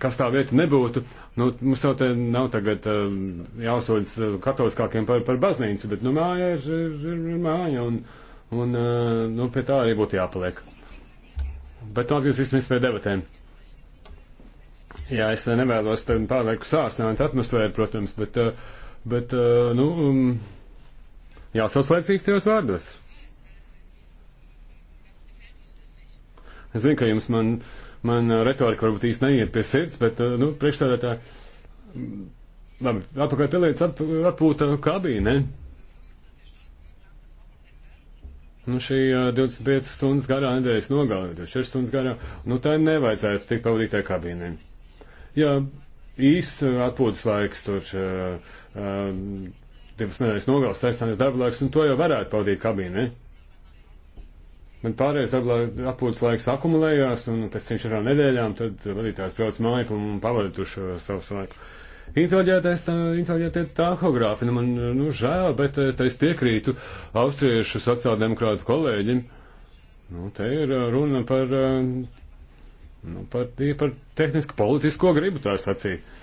kas tā vieta nebūtu. Nu, mums jau te nav tagad um, jāuztodas uh, katoliskākiem par, par baznīcu, bet, nu, māja ir, ir, ir, ir māja, un, un, uh, nu, pie tā arī būtu jāpaliek. Bet nu, atgriezīsimies pie debatēm. Jā, es nevēlos tam pārlieku sāsnāt atmosfēru, protams, bet, uh, bet nu, um, jāsauslēdz īstajos vārdos. Es zinu, ka jums man, man uh, retorika varbūt īsti neiet pie sirds, bet, uh, nu, priekšstādātā, mm, labi, apakaļ pieliec ap, atpūta kabīne. Nu, šī 25 uh, stundas garā nedēļas nogāja, 24 stundas garā, nu, tā nevajadzētu tik pavadītai kabīnei. Jā, īsts atpūtas laiks tur. Uh, uh, divas nedēļas nogalas saistāmies darba laiks, un to jau varētu pavadīt kabīne. Ne? Man pārējais darba apgūtas laiks akumulējās, un pēc tam četrām nedēļām tad vadītājs brauc māju un pavadīja tur šo savu laiku. Inteliģētais, inteliģētie tahogrāfi, nu man, nu, žēl, bet eh, te es piekrītu austriešu sociāldemokrātu kolēģim. Nu, te ir eh, runa par, eh, nu, par, par tehnisku politisko gribu, tā sacīt.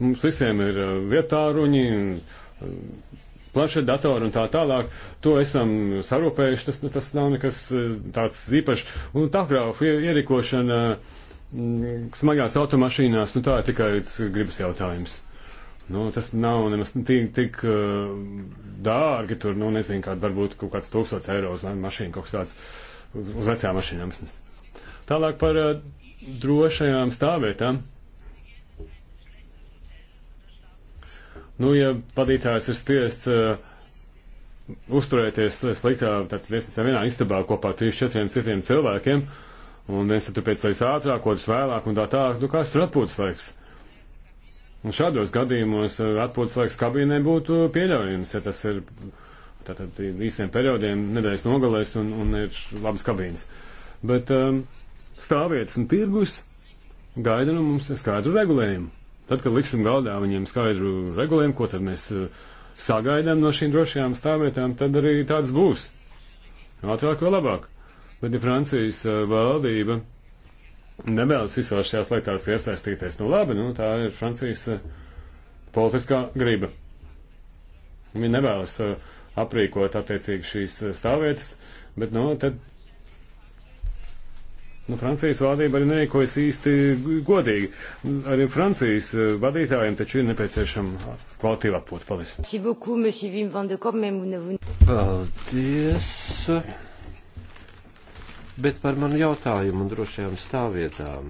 Mums visiem ir vietāruņi, plaša datora un tā tālāk, to esam sarūpējuši, tas, tas nav nekas eh, tāds īpašs. Un tahrāfu ierīkošana mm, smagās automašīnās, nu tā ir tikai gribas jautājums. Nu, tas nav nemaz tik, tik uh, dārgi, tur, nu, nezinu, kāda varbūt kaut kāds tūkstots eiro uz mašīnu, kaut kas tāds uz vecām mašīnām. Tālāk par uh, drošajām stāvvietām. Uh, Nu, ja vadītājs ir spiests uh, uzturēties sliktā, tad viesnīcā vienā istabā kopā ar 3-4 citiem cilvēkiem, un viens tur pēc laiks ātrāk, otrs vēlāk, un tā tā, nu kāds tur atpūtas laiks? Un šādos gadījumos uh, atpūtas laiks kabīnē būtu pieļaujams, ja tas ir tātad īsiem periodiem, nedēļas nogalēs un, un ir labas kabīnes. Bet um, stāvvietas un tirgus gaida no mums skaidru regulējumu. Tad, kad liksim galdā viņiem skaidru regulējumu, ko tad mēs eh, sagaidām no šīm drošajām stāvvietām, tad arī tāds būs. Ātrāk vai labāk. Bet, ja Francijas eh, valdība nevēlas visās šajās lietās iesaistīties, nu labi, nu tā ir Francijas eh, politiskā griba. Viņi nevēlas aprīkot attiecīgi šīs stāvvietas, bet, nu, tad Nu, Francijas valdība arī nerīkojas īsti godīgi. Arī Francijas eh, vadītājiem taču ir nepieciešama kvalitīva apot. Paldies. Paldies. Bet par manu jautājumu un drošajām stāvvietām.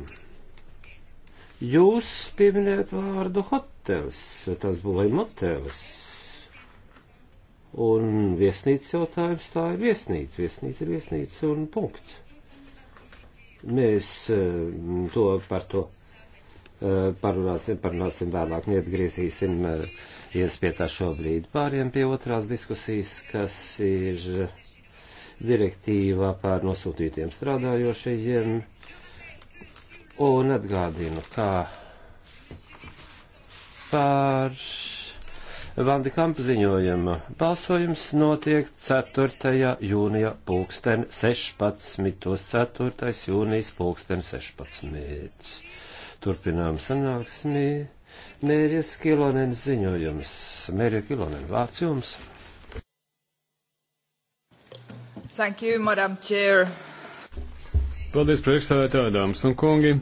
Jūs pieminējat vārdu hotels, tas būvēja motels. Un viesnīca jautājums tā ir viesnīca, viesnīca ir viesnīca un punkts. Mēs eh, to par to eh, parunāsim, parunāsim vēlāk, neatgriezīsim eh, iespietā šobrīd. Pāriem pie otrās diskusijas, kas ir direktīvā par nosūtītiem strādājošajiem. Un atgādinu, kā par Vandikamp ziņojuma. Balsojums notiek 4. jūnija pulksten 16. 4. jūnijas pulksten 16. Turpinām sanāksmī. Mērijas Kilonen ziņojums. Mērija Kilonen, vārds jums. Thank you, Madam Chair. Paldies, priekšstādātāji, dāmas un kungi.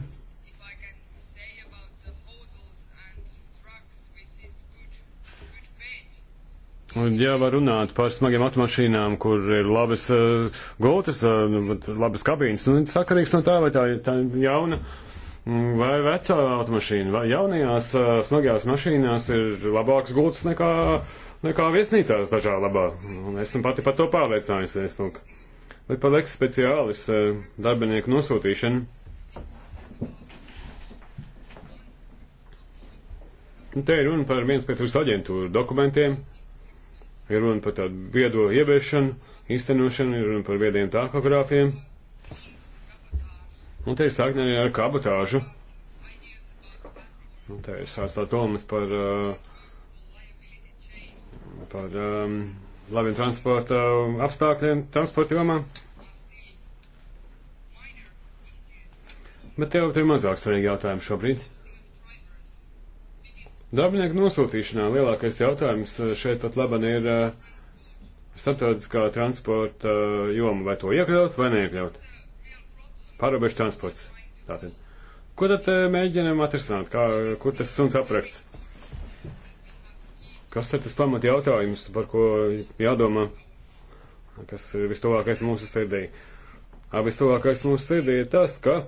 Un, ja var runāt par smagiem automašīnām, kur ir labas uh, gultas, uh, labas kabīnes, nu, sakarīgs no tā, vai tā ir jauna mm, vai vecā automašīna, vai jaunajās uh, smagajās mašīnās ir labāks gultas nekā, nekā viesnīcās dažā labā. Un esmu pati par to pārliecinājusies. Lūk. Vai par leks speciālis uh, darbinieku nosūtīšanu? Un nu, te ir runa par viens pēc aģentūru dokumentiem, ir runa par tādu viedo ieviešanu, īstenošanu, ir runa par viediem tahogrāfiem. Un te ir sākni arī ar kabotāžu. Un te ir sāstās domas par, eh, par um, labiem transporta apstākļiem, transporta jomā. Bet tev ir mazāk svarīgi jautājumi šobrīd. Darbinieku nosūtīšanā lielākais jautājums eh, šeit pat laban ir eh, starptautiskā transporta eh, joma, vai to iekļaut vai neiekļaut. Pārobežu transports. Tātad. Ko tad mēģinam atrisināt? Kā, kur tas suns aprakts? Kas ir tas pamat jautājums, par ko jādomā, kas ir vistuvākais mūsu sirdī? Abistuvākais mūsu sirdī ir tas, ka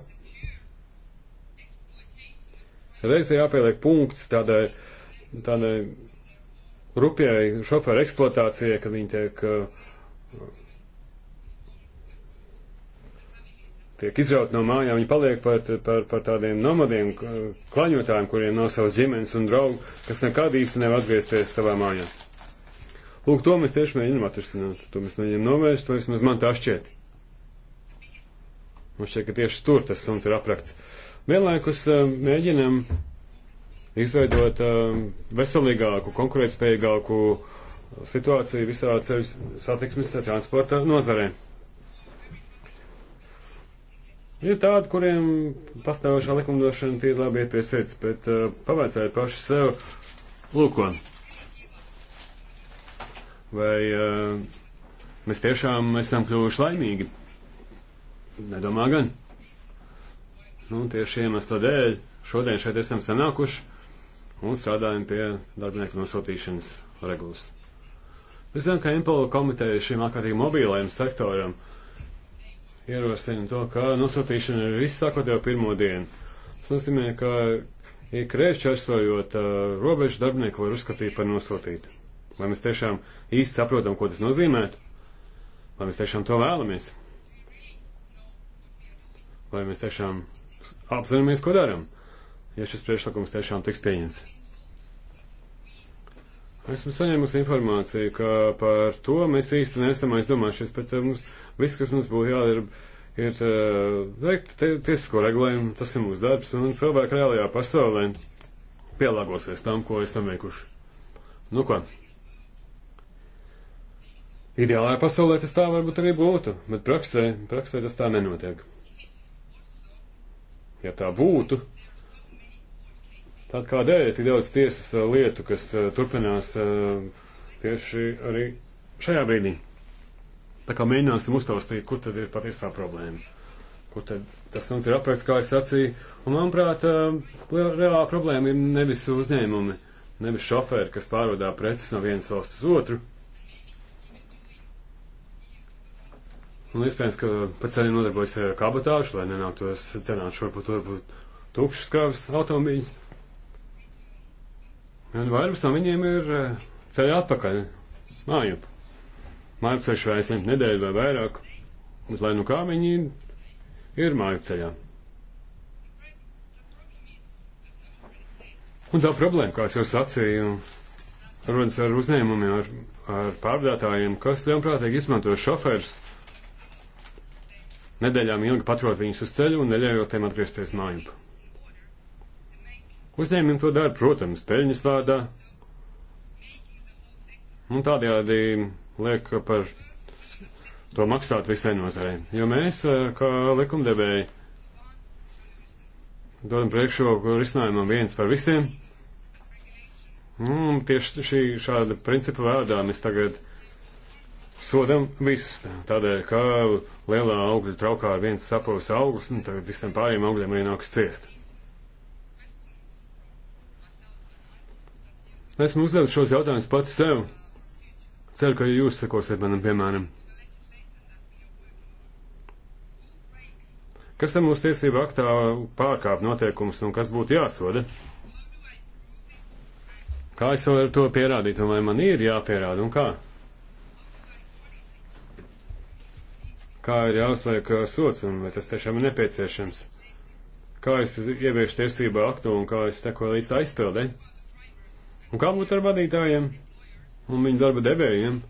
Reiz ir jāpieliek punkts tādai, tādai rupjai šoferu eksploatācijai, kad viņi tiek, uh, tiek izraut no mājām, viņi paliek par, par, par tādiem nomadiem, klaņotājiem, kuriem nav savas ģimenes un draugu, kas nekad īsti nevar atgriezties savā mājā. Lūk, to mēs tieši mēģinām atrisināt, to mēs mēģinām novērst, vai vismaz man tā šķiet. Man šķiet, ka tieši tur tas suns ir aprakts. Uh, Vienlaikus eh, mēģinam izveidot eh, veselīgāku, konkurētspējīgāku situāciju visā ceļu satiksmes transporta nozarē. Ir tādi, kuriem pastāvošā likumdošana tie labi iet pie sirds, bet uh, eh, pavaicājiet paši sev, lūko, vai uh, mēs tiešām esam kļuvuši laimīgi? Nedomā gan. Nu, tieši iemesla dēļ šodien šeit esam sanākuši un strādājam pie darbinieku nosūtīšanas regulas. Mēs zinām, ka Impolo komiteja šim ārkārtīgi mobīlajam sektoram ierosina to, ka nosūtīšana ir viss sākot jau pirmo dienu. Tas nozīmē, ka ik reiz čersojot uh, robežu darbinieku var uzskatīt par nosūtītu. Vai mēs tiešām īsti saprotam, ko tas nozīmē? Vai mēs tiešām to vēlamies? Vai mēs tiešām apzināmies, ko darām, ja šis priekšlikums tiešām tiks pieņemts. Esmu saņēmusi informāciju, ka par to mēs īsti nesam aizdomājušies, bet eh, mums viss, kas mums būtu jādara, ir eh, veikt tiesisko regulējumu, tas ir mūsu darbs, un cilvēki reālajā pasaulē pielāgosies tam, ko esam veikuši. Nu ko? Ideālajā pasaulē tas tā varbūt arī būtu, bet praksē, praksē tas tā nenotiek ja tā būtu, tad kādēļ ir tik daudz tiesas uh, lietu, kas uh, turpinās uh, tieši arī šajā brīdī? Tā kā mēģināsim uztaustīt, kur tad ir patiesā problēma. Kur tad tas mums ir aprēķis, kā es sacīju. Un, manuprāt, reālā problēma ir nevis uzņēmumi, nevis šoferi, kas pārvadā preces no vienas valsts uz otru, Un nu, iespējams, ka pats arī nodarbojas ar kabatāšu, lai nenāktos cenāt šo pat varbūt tukšas kravas automobīļus. Un vairums no viņiem ir eh, ceļā atpakaļ, mājup. Mājup ceļš vai esam nedēļu vai vairāk, uz lai nu kā viņi ir mājup ceļā. Un tā problēma, kā es jau sacīju, rodas ar uzņēmumiem, ar, ar pārdātājiem, kas ļaunprātīgi izmanto šoferus nedēļām ilgi patrot viņus uz ceļu un neļaujot tiem atgriezties mājup. Uzņēmumi to dara, protams, peļņas vārdā, un tādējādi liek par to maksāt visai nozarei. Jo mēs, eh, kā likumdevēji, dodam priekšroku risinājumam viens par visiem. Un tieši šī šāda principa vērdā mēs tagad sodam visus. Tādēļ, ka lielā augļa traukā ir viens sapūs augsts, un tagad visiem pārējiem augļiem arī nāks ciest. Esmu uzdevis šos jautājumus pats sev. Ceru, ka jūs sekosiet manam piemēram. Kas tam mūsu tiesību aktā pārkāp noteikumus un kas būtu jāsoda? Kā es varu to pierādīt un vai man ir jāpierāda un kā? kā ir jāuzliek uh, sots un vai tas tiešām ir nepieciešams. Kā es ieviešu tiesību aktu un kā es sekoju līdz tā izpildē. Un kā būtu ar vadītājiem un viņu darba devējiem,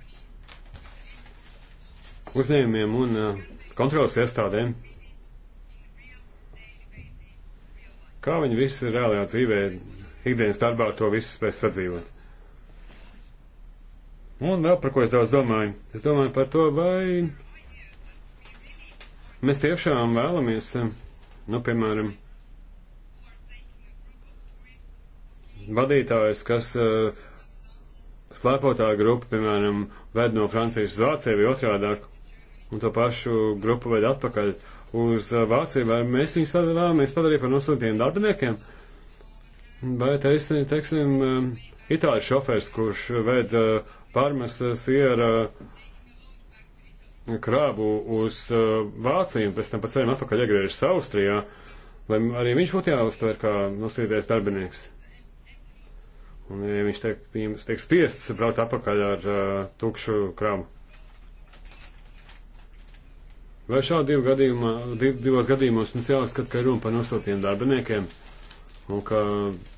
uzņēmumiem un uh, kontrolas iestādēm? Kā viņi visi reālajā dzīvē, ikdienas darbā to visu spēj sadzīvot? Un vēl par ko es daudz domāju? Es domāju par to, vai Mēs tiešām vēlamies, nu, piemēram, vadītājs, kas uh, slēpotā grupa, piemēram, ved no Francijas uz Vāciju vai otrādāk, un to pašu grupu ved atpakaļ uz eh, Vāciju, vai mēs viņus vēlamies padarīt par nosūtījiem darbiniekiem, vai, teiksim, teiksim eh, itāļu šofers, kurš ved pārmestas iera kravu uz uh, Vāciju un pēc tam pa ceļam atpakaļ iegriežas Austrijā, lai arī viņš būtu jāuztver kā nosūtītais darbinieks. Un ja viņš tiek, tiek spiests braukt atpakaļ ar uh, tukšu kravu. Vai šādi divi gadījumā, div, divos gadījumos mums jāuzskata, ka runa par nosūtiem darbiniekiem un ka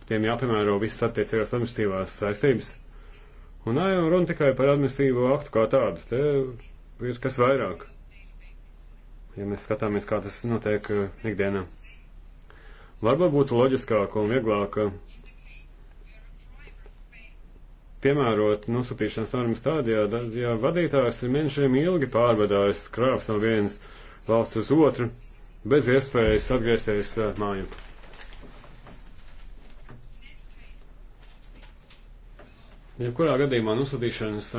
tiem jāpiemēro visas attiecīgās administratīvās saistības? Un nē, runa tikai par administratīvo aktu kā tādu. Te ir kas vairāk, ja mēs skatāmies, kā tas notiek eh, ikdienā. Varbūt būtu loģiskāk un vieglāk eh, piemērot nosūtīšanas normas tādējā, ja, ja vadītājs ir mēnešiem ilgi pārvadājis krāps no vienas valsts uz otru, bez iespējas atgriezties eh, māju. Jebkurā gadījumā nosūtīšanas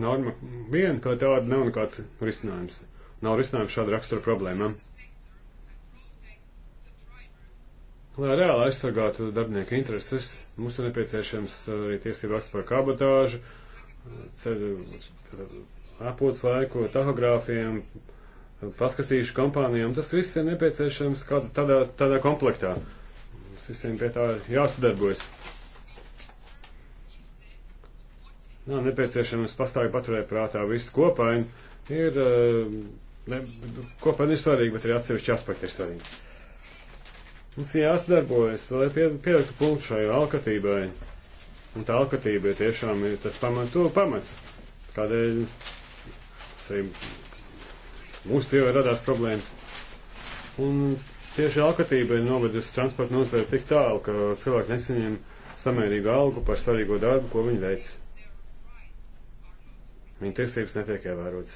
norma viena kā tāda nav nekāds risinājums. Nav risinājums šāda rakstura problēmām. Lai reāli aizsargātu darbinieku intereses, mums ir nepieciešams uh, arī tiesību akts par kabotāžu, uh, ceļu uh, apūtas laiku, tahogrāfiem, paskatījušu kompānijām. Tas viss ir nepieciešams kādā, tādā, tādā komplektā. Mums visiem pie tā jāsadarbojas. nav nepieciešams pastāvīgi paturēt prātā visu kopainu. Ir, eh, ne, kopaina ir svarīga, bet arī atsevišķi aspekti ir svarīgi. Mums jāsadarbojas, lai pieliktu punktu šai alkatībai. Un tā alkatība ir tiešām ir tas pamat, to pamats, kādēļ arī mūsu dzīvē radās problēmas. Un tieši alkatība ir novedusi transporta nozari tik tālu, ka cilvēki nesaņem samērīgu algu par svarīgo darbu, ko viņi veica. Viņa tiesības netiek ievērotas.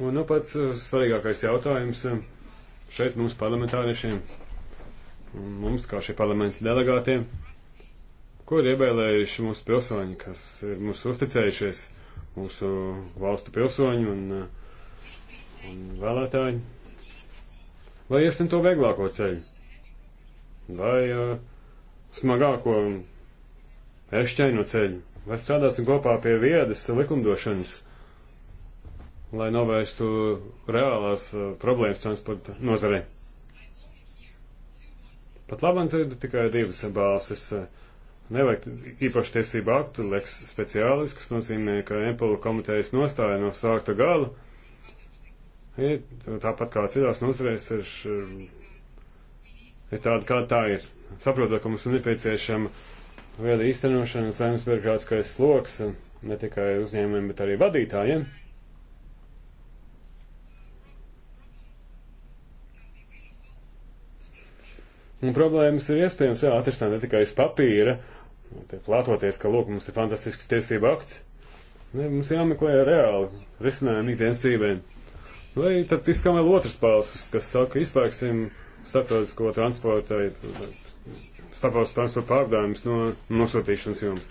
Un nu, pats uh, svarīgākais jautājums um, šeit mums parlamentāriešiem, mums kā šie parlamenta delegātiem, ko ir ievēlējuši mūsu pilsoņi, kas ir mūsu uzticējušies, mūsu valstu pilsoņi un, uh, un vēlētāji. Vai iesim to vieglāko ceļu? Vai uh, smagāko un ešķēņu ceļu, vai strādāsim kopā pie viedas likumdošanas, lai novērstu reālās uh, problēmas transporta nozarē. Pat labam dzirdu tikai divas balsis. Nevajag īpaši tiesību aktu, leks speciālis, kas nozīmē, ka Empulu komitejas nostāja no sākta gala. Ir, tāpat kā citās nozarēs ir, ir tāda, kā tā ir. Saprotu, ka mums ir nepieciešama uh, Vēl īstenošana, saimnes birokrātiskais sloks ne tikai uzņēmumiem, bet arī vadītājiem. Un problēmas ir iespējams jā, atrast ne tikai uz papīra, plātoties, ka lūk, mums ir fantastisks tiesība akts. Ne, mums jāmeklē reāli risinājumi ikdienas dzīvē. Vai tad izskan vēl otrs pauses, kas saka, izslēgsim starptautisko transportu starpvalstu transporta pārvadājumus no nosūtīšanas jums.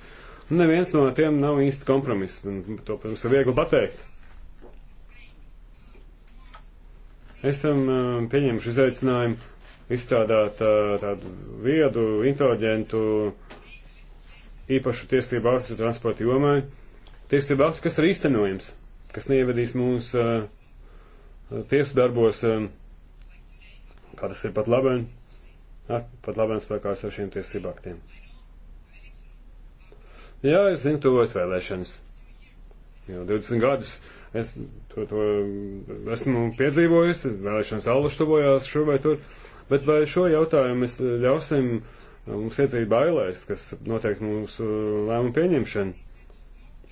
Neviens no tiem nav īsts kompromiss, un to, protams, ir viegli pateikt. Es tam um, pieņemšu izaicinājumu izstrādāt uh, tādu viedu, inteliģentu, īpašu tiesību aktu transporta jomai. Tiesību aktu, kas ir īstenojams, kas neievedīs mūsu uh, tiesu darbos, um, kā tas ir pat labi ar pat labāk spēkā esošiem tiesību aktiem. Jā, es zinu, tuvojas vēlēšanas. Jau 20 gadus es to, to esmu piedzīvojis, vēlēšanas alluši tuvojās šur vai tur, bet vai šo jautājumu mēs ļausim mums iedzīt bailēs, kas noteikti mūsu lēmumu pieņemšanu?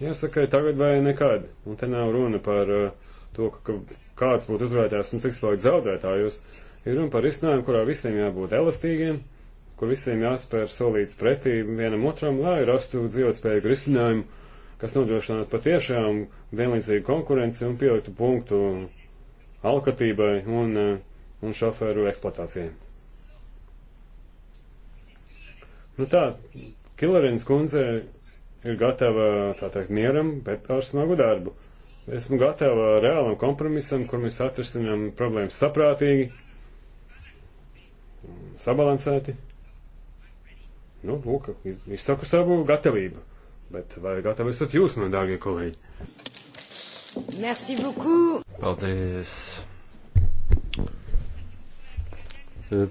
Jāsaka, tagad vai nekad. Un te nav runa par uh, to, ka kāds būtu uzvarētājs un cik spēlēt zaudētājus. Uh, Ir runa par risinājumu, kurā visiem jābūt elastīgiem, kur visiem jāspēr solīts pretī vienam otram, lai rastu dzīvotspējīgu risinājumu, kas nodrošinātu patiešām vienlīdzīgu konkurenci un pieliktu punktu alkatībai un, eh, un šoferu eksploatācijai. Nu tā, Kilarins kundze ir gatava, tā teikt, mieram, bet ar smagu darbu. Esmu gatava reālam kompromisam, kur mēs atrisinām problēmas saprātīgi sabalansēti. Nu, lūk, izsaku savu gatavību. Bet vai gatavi esat jūs, man nu, dārgie kolēģi? Merci beaucoup! Paldies!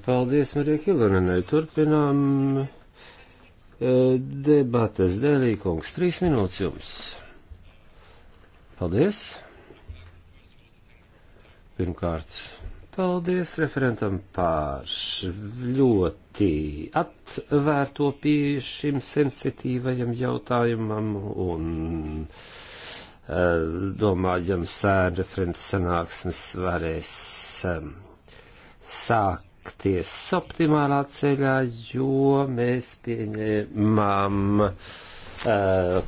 Paldies, Marija Kilonenai. Turpinām e, debates. Dēlīkungs, trīs minūtes jums. Paldies! Pirmkārt, Paldies referentam par ļoti atvērto pieeju šim sensitīvajam jautājumam un eh, domājam sēna referenta sanāksmes varēs ehm, sākties optimālā ceļā, jo mēs pieņēmām eh,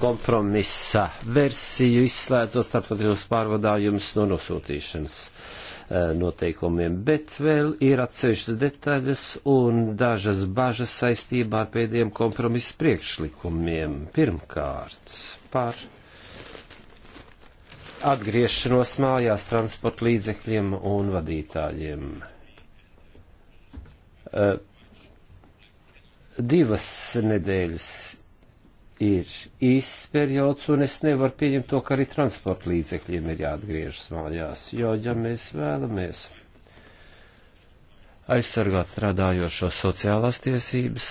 kompromisa versiju izslēdzot starptautiskos pārvadājumus no nosūtīšanas. Uh, Eh, noteikumiem, bet vēl ir atsevišķas detaļas un dažas bažas saistībā ar pēdējiem kompromisu priekšlikumiem. Pirmkārt, par atgriešanos mājās transporta līdzekļiem un vadītājiem. Eh, divas nedēļas ir īsts periods, un es nevaru pieņemt to, ka arī transporta līdzekļiem ir jāatgriežas mājās, jo, ja mēs vēlamies aizsargāt strādājošo sociālās tiesības,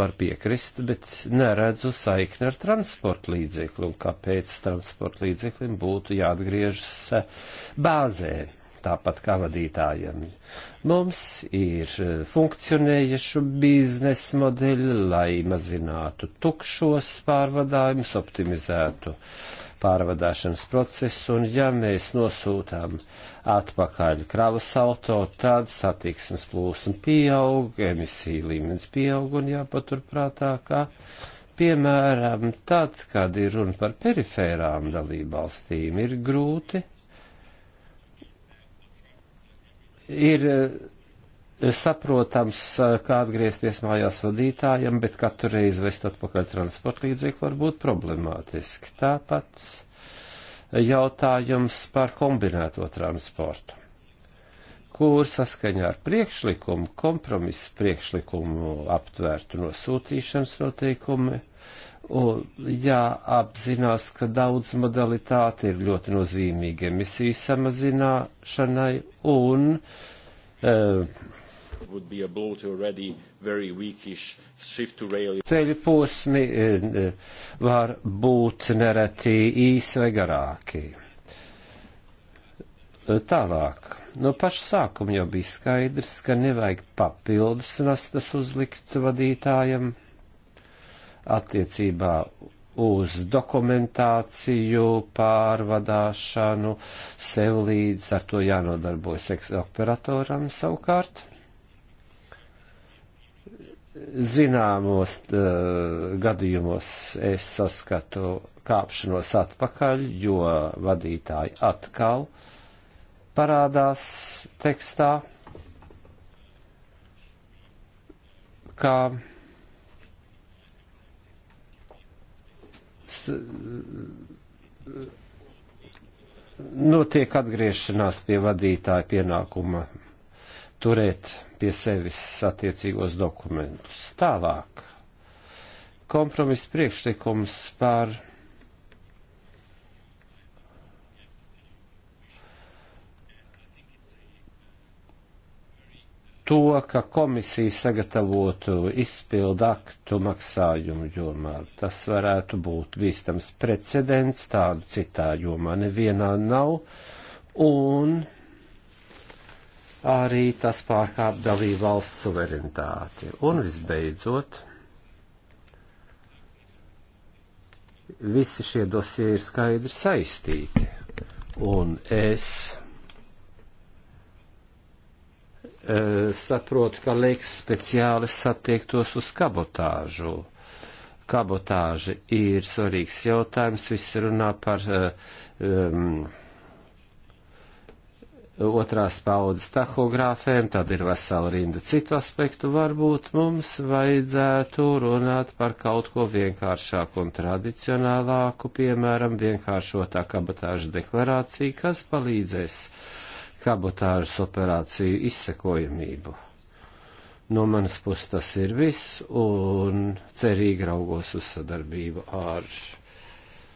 var piekrist, bet neredzu saikni ar transporta līdzekli, un kāpēc transporta līdzeklim būtu jāatgriežas bāzē tāpat kā vadītājiem. Mums ir funkcionējuši biznesa modeļi, lai mazinātu tukšos pārvadājumus, optimizētu pārvadāšanas procesu, un ja mēs nosūtām atpakaļ kravas auto, tad satiksmes plūsma pieaug, emisija līmenis pieaug, un jāpaturprātā, ka piemēram, tad, kad ir runa par perifērām dalībvalstīm, ir grūti ir eh, saprotams, eh, kā atgriezties mājās vadītājam, bet katru reizi vest atpakaļ transporta līdzekli var būt problemātiski. Tāpat eh, jautājums par kombinēto transportu, kur saskaņā ar priekšlikumu, kompromisu priekšlikumu aptvērtu nosūtīšanas noteikumi Un jāapzinās, ka daudz modalitāti ir ļoti nozīmīgi emisiju samazināšanai un uh, ceļu posmi e, e, var būt nereti īsi vai garāki. Tālāk, no paša sākuma jau bija skaidrs, ka nevajag papildus nastas uzlikt vadītājam attiecībā uz dokumentāciju, pārvadāšanu, sev līdz ar to jānodarbojas eksoperatoram savukārt zināmos uh, gadījumos es saskatu kāpšanos atpakaļ, jo vadītāji atkal parādās tekstā, kā Eh, notiek nu, atgriešanās pie vadītāja pienākuma turēt pie sevis attiecīgos dokumentus. Tālāk kompromiss priekšlikums par to, ka komisija sagatavotu izpildu aktu maksājumu jomā. Tas varētu būt bīstams precedents, tādu citā jomā nevienā nav, un arī tas pārkāp dalību valsts suverenitāti. Un visbeidzot, visi šie dosie ir skaidri saistīti, un es Eh, saprotu, ka leiks speciālis attiektos uz kabotāžu. Kabotāži ir svarīgs jautājums, viss runā par um, otrās paudzes tahogrāfiem, tad ir vesela rinda citu aspektu. Varbūt mums vajadzētu runāt par kaut ko vienkāršāku un tradicionālāku, piemēram, vienkāršotā kabotāža deklarācija, kas palīdzēs uh, kabotāžas operāciju izsekojamību. No manas puses tas ir viss, un cerīgi raugos uz sadarbību ar,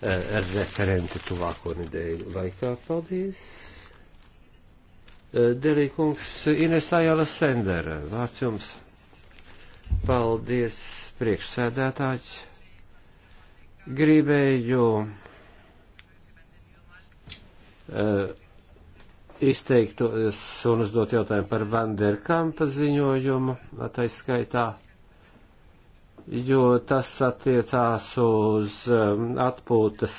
eh, ar referenti tuvāko nedēļu laikā. Paldies! Eh, Delīkungs Inesā Jāla Sendera, vārds jums. Paldies, priekšsēdētāji. Gribēju uh, izteiktos un uzdot jautājumu par Vanderkampa ziņojumu, taiskaitā, jo tas attiecās uz um, atpūtas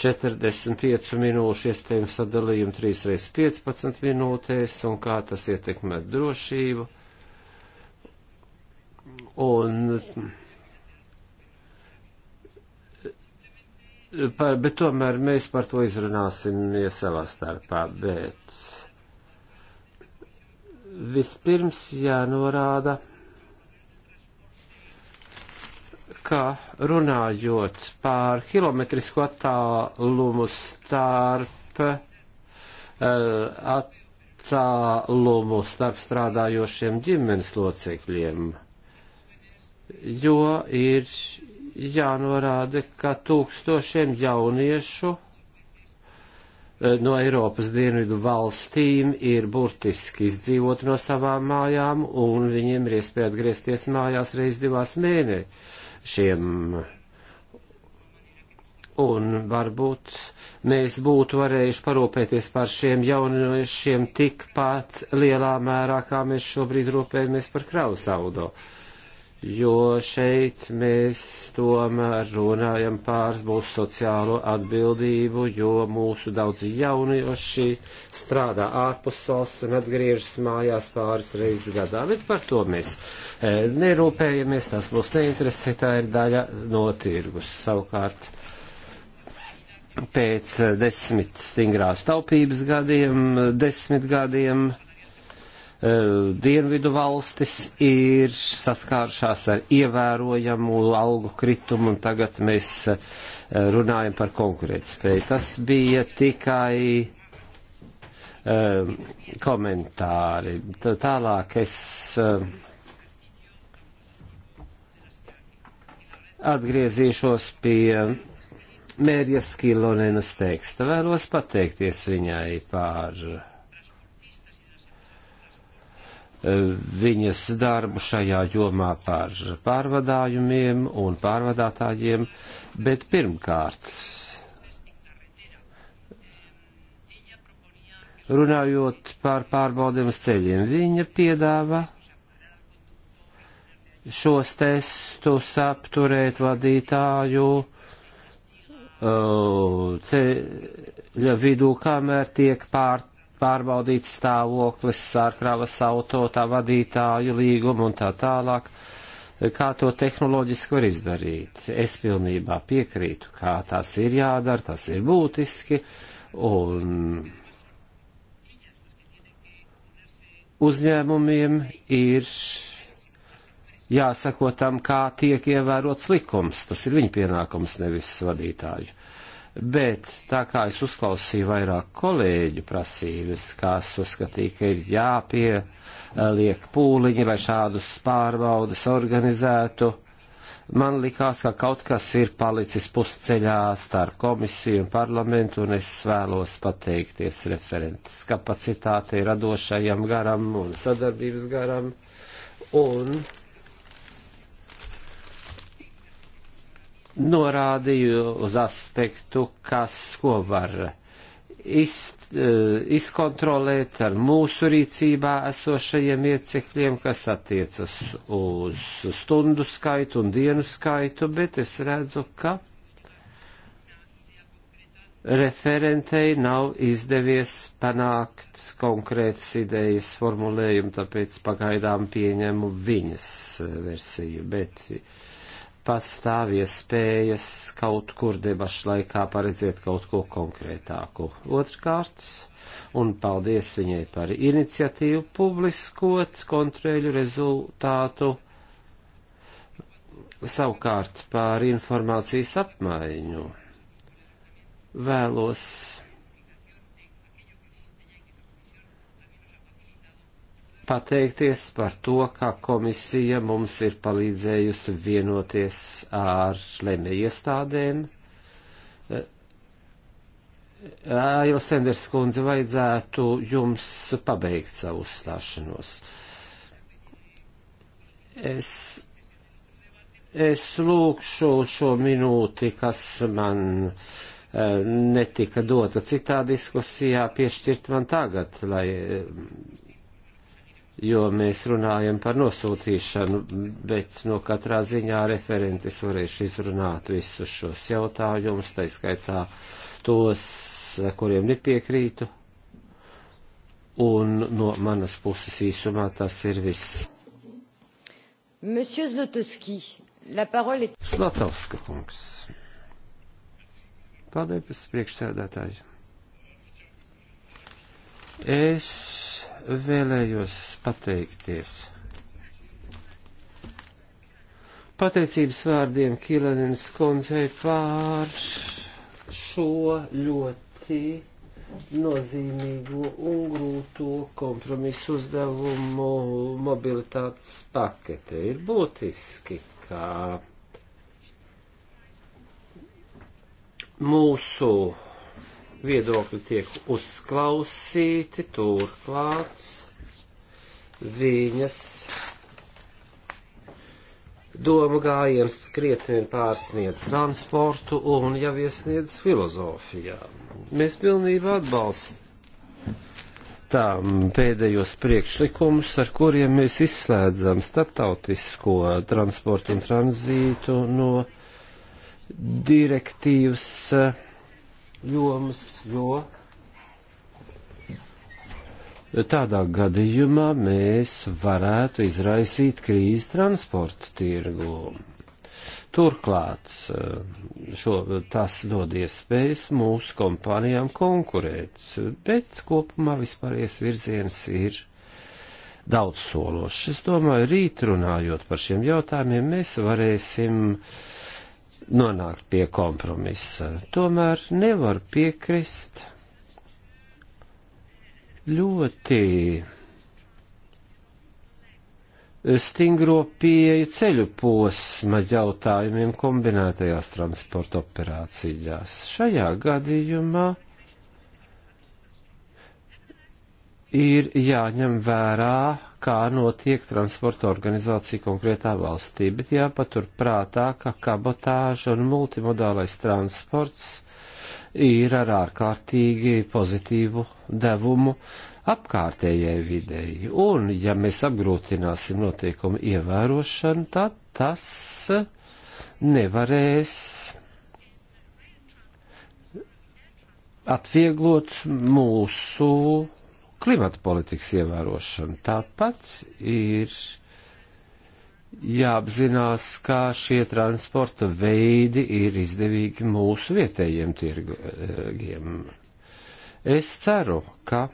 45 uh, minūšu iespējams sadalījumu 3x15 minūtēs un kā tas ietekmē drošību. Un Par, bet tomēr mēs par to izrunāsimies savā starpā, bet vispirms jānorāda, ka runājot pār kilometrisko attālumu starp uh, attālumu starp strādājošiem ģimenes locekļiem, jo ir jānorāda, ka tūkstošiem jauniešu eh, no Eiropas dienvidu valstīm ir burtiski izdzīvot no savām mājām, un viņiem ir iespēja atgriezties mājās reiz divās mēnešiem. Un varbūt mēs būtu varējuši parūpēties par šiem jauniešiem tikpat lielā mērā, kā mēs šobrīd rūpējamies par krausaudo. Uh, jo šeit mēs tomēr runājam pār mūsu sociālo atbildību, jo mūsu daudzi jaunieši strādā ārpus valsts un atgriežas mājās pāris reizes gadā, bet par to mēs e, nerūpējamies, tas mūs neinteresē, tā ir daļa no tirgus. Savukārt pēc eh, desmit stingrās taupības gadiem, desmit gadiem, Eh, dienvidu valstis ir saskāršās ar ievērojamu algu kritumu, un tagad mēs eh, runājam par konkurētspēju. Tas bija tikai um, komentāri. Tālāk es um, atgriezīšos pie Mērijas Kilonenas teksta. Vēlos pateikties viņai par viņas darbu šajā jomā par pārvadājumiem un pārvadātājiem, bet pirmkārt, runājot par pārbaudiem uz ceļiem, viņa piedāva šos testus apturēt vadītāju uh, ceļa vidū, kamēr tiek pār pārbaudīts stāvoklis ar kravas auto, tā vadītāju līgumu un tā tālāk. Kā to tehnoloģiski var izdarīt? Es pilnībā piekrītu, kā tas ir jādara, tas ir būtiski un uzņēmumiem ir jāsako tam, kā tiek ievērots likums. Tas ir viņa pienākums, nevis vadītāju bet tā kā es uzklausīju vairāk kolēģu prasības, kā es uzskatīju, ka ir jāpieliek pūliņi, lai šādus pārbaudas organizētu, man likās, ka kaut kas ir palicis pusceļā starp komisiju un parlamentu, un es vēlos pateikties referentes kapacitātei, radošajam garam un sadarbības garam. Un norādīju uz aspektu, kas ko var iz, eh, izkontrolēt ar mūsu rīcībā esošajiem iecekļiem, kas attiecas uz stundu skaitu un dienu skaitu, bet es redzu, ka referentei nav izdevies panākt konkrētas idejas formulējumu, tāpēc pagaidām pieņemu viņas eh, versiju, bet uh, pastāv iespējas kaut kur debašu laikā paredzēt kaut ko konkrētāku. Otrkārt, un paldies viņai par iniciatīvu publiskot kontroļu rezultātu. Savukārt par informācijas apmaiņu vēlos pateikties par to, ka komisija mums ir palīdzējusi vienoties ar lemēju iestādēm. Aila Senders kundze, vajadzētu jums pabeigt savu uzstāšanos. Es Es lūkšu šo minūti, kas man e, netika dota citā diskusijā, piešķirt man tagad, lai e, jo mēs runājam par nosūtīšanu, bet no katrā ziņā referentis varēšu izrunāt visus šos jautājumus, tā skaitā tos, kuriem nepiekrītu. Un no manas puses īsumā tas ir viss. Monsieur Zlotovski, la parole est... Zlotovska kungs. Paldies, priekšsēdētāji. Es vēlējos pateikties. Pateicības vārdiem Kilenins kundzei pār šo ļoti nozīmīgo un grūto kompromisu uzdevumu mobilitātes pakete. Ir būtiski, ka mūsu viedokļi tiek uzklausīti, turklāt viņas doma gājiens krietni pārsniedz transportu un jau iesniedz filozofijā. Mēs pilnībā atbalstām pēdējos priekšlikumus, ar kuriem mēs izslēdzam starptautisko transportu un tranzītu no direktīvas uh, jomas, jo tādā gadījumā mēs varētu izraisīt krīzi transporta tirgu. Turklāt eh, šo, tas dod iespējas mūsu kompānijām konkurēt, bet kopumā vispārējais virziens ir daudz sološs. Es domāju, rīt runājot par šiem jautājumiem, mēs varēsim uh, nonākt pie kompromisa. Tomēr nevar piekrist ļoti stingro pieeju ceļu posma jautājumiem kombinētajās transporta operācijās. Šajā gadījumā ir jāņem vērā, kā notiek transporta organizācija konkrētā valstī, bet jāpatur prātā, ka kabotāža un multimodālais transports ir ar ārkārtīgi pozitīvu devumu apkārtējai videi. Un, ja mēs apgrūtināsim notiekumu ievērošanu, tad tas nevarēs atvieglot mūsu klimata politikas ievērošanu. Tāpat ir jāapzinās, kā šie transporta veidi ir izdevīgi mūsu vietējiem tirgiem. Es ceru, ka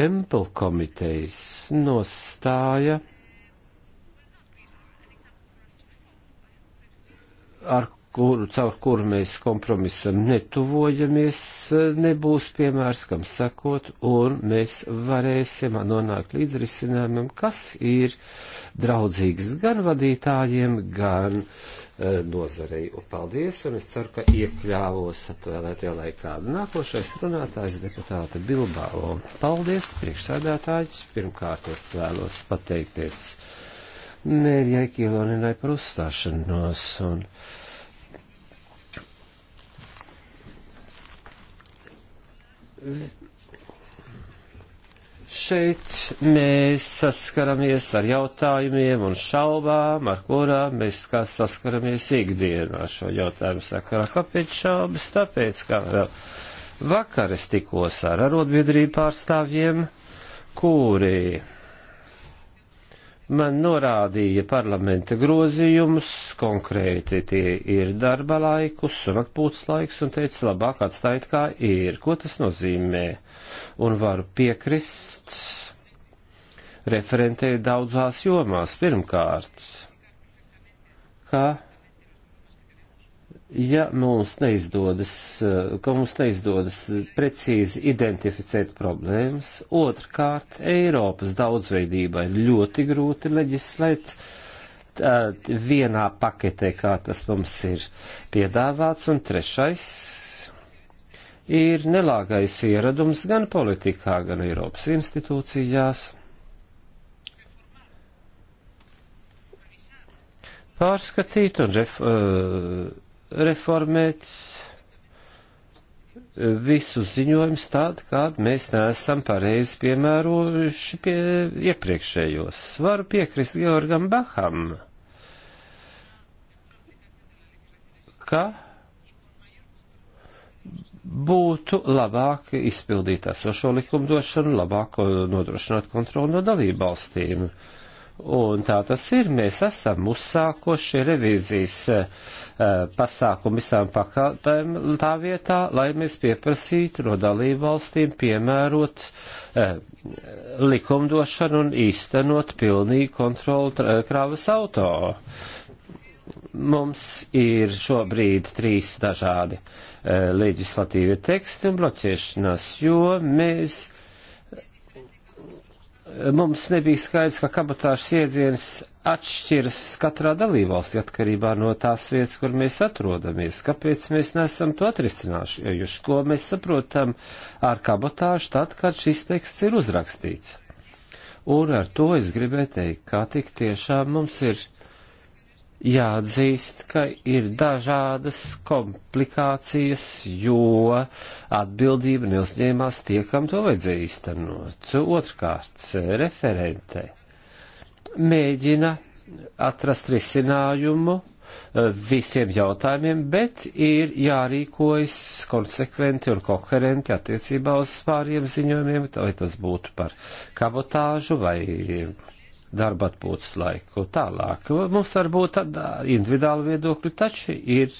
Empel komitejas nostāja ar kuru, caur kuru mēs kompromisam netuvojamies, nebūs piemērs, kam sakot, un mēs varēsim nonākt līdz risinājumam, kas ir draudzīgs gan vadītājiem, gan uh, nozarei. Un paldies, un es ceru, ka iekļāvos atvēlētajā laikā. Nākošais runātājs deputāte Bilbao. Paldies, priekšsēdētāji. Pirmkārt, es vēlos pateikties. Mērķai Kielonenai par uzstāšanos, un uh, Šeit mēs saskaramies ar jautājumiem un šaubām, ar kurām mēs kā saskaramies ikdienā šo jautājumu sakarā. Kāpēc šaubas? Tāpēc, ka vakar es tikos ar arotbiedrību pārstāvjiem, kuri man norādīja parlamenta grozījumus, konkrēti tie ir darba laikus un atpūtas laiks, un teica, labāk atstājiet kā ir. Ko tas nozīmē? Un varu piekrist referentē daudzās jomās. Pirmkārt, ka ja mums neizdodas, eh, ka mums neizdodas precīzi identificēt problēmas. Otrkārt, Eiropas daudzveidībai ļoti grūti leģislēt eh, vienā paketē, kā tas mums ir piedāvāts, un trešais ir nelāgais ieradums gan politikā, gan Eiropas institūcijās. Pārskatīt un ref, uh, reformēt eh, visu ziņojumus tādu, kādu mēs neesam pareizi piemērojuši pie iepriekšējos. Varu piekrist Georgam Baham, ka būtu labāk izpildīt esošo likumdošanu, labāk eh, nodrošināt kontroli no dalību valstīm. Uh, Un tā tas ir. Mēs esam uzsākoši revīzijas uh, pasākumu visām pakāpēm tā vietā, lai mēs pieprasītu no dalību valstīm piemērot uh, likumdošanu un īstenot pilnīgu kontroli kravas auto. Mums ir šobrīd trīs dažādi uh, eh, leģislatīvi teksti un bloķēšanās, jo mēs mums nebija skaidrs, ka kabatāšas iedziens atšķiras katrā dalībvalstī atkarībā no tās vietas, kur mēs atrodamies. Kāpēc mēs nesam to atrisinājuši? Ko mēs saprotam ar kabatāšu tad, kad šis teksts ir uzrakstīts? Un ar to es gribēju teikt, kā tik tiešām mums ir jāatzīst, ka ir dažādas komplikācijas, jo atbildība neuzņēmās tie, kam to vajadzēja īstenot. Otrkārt, referente mēģina atrast risinājumu eh, visiem jautājumiem, bet ir jārīkojas konsekventi un koherenti attiecībā uz pāriem ziņojumiem, vai tas būtu par kabotāžu vai darba atpūtas laiku. Tālāk mums var būt individuāli viedokļi, taču ir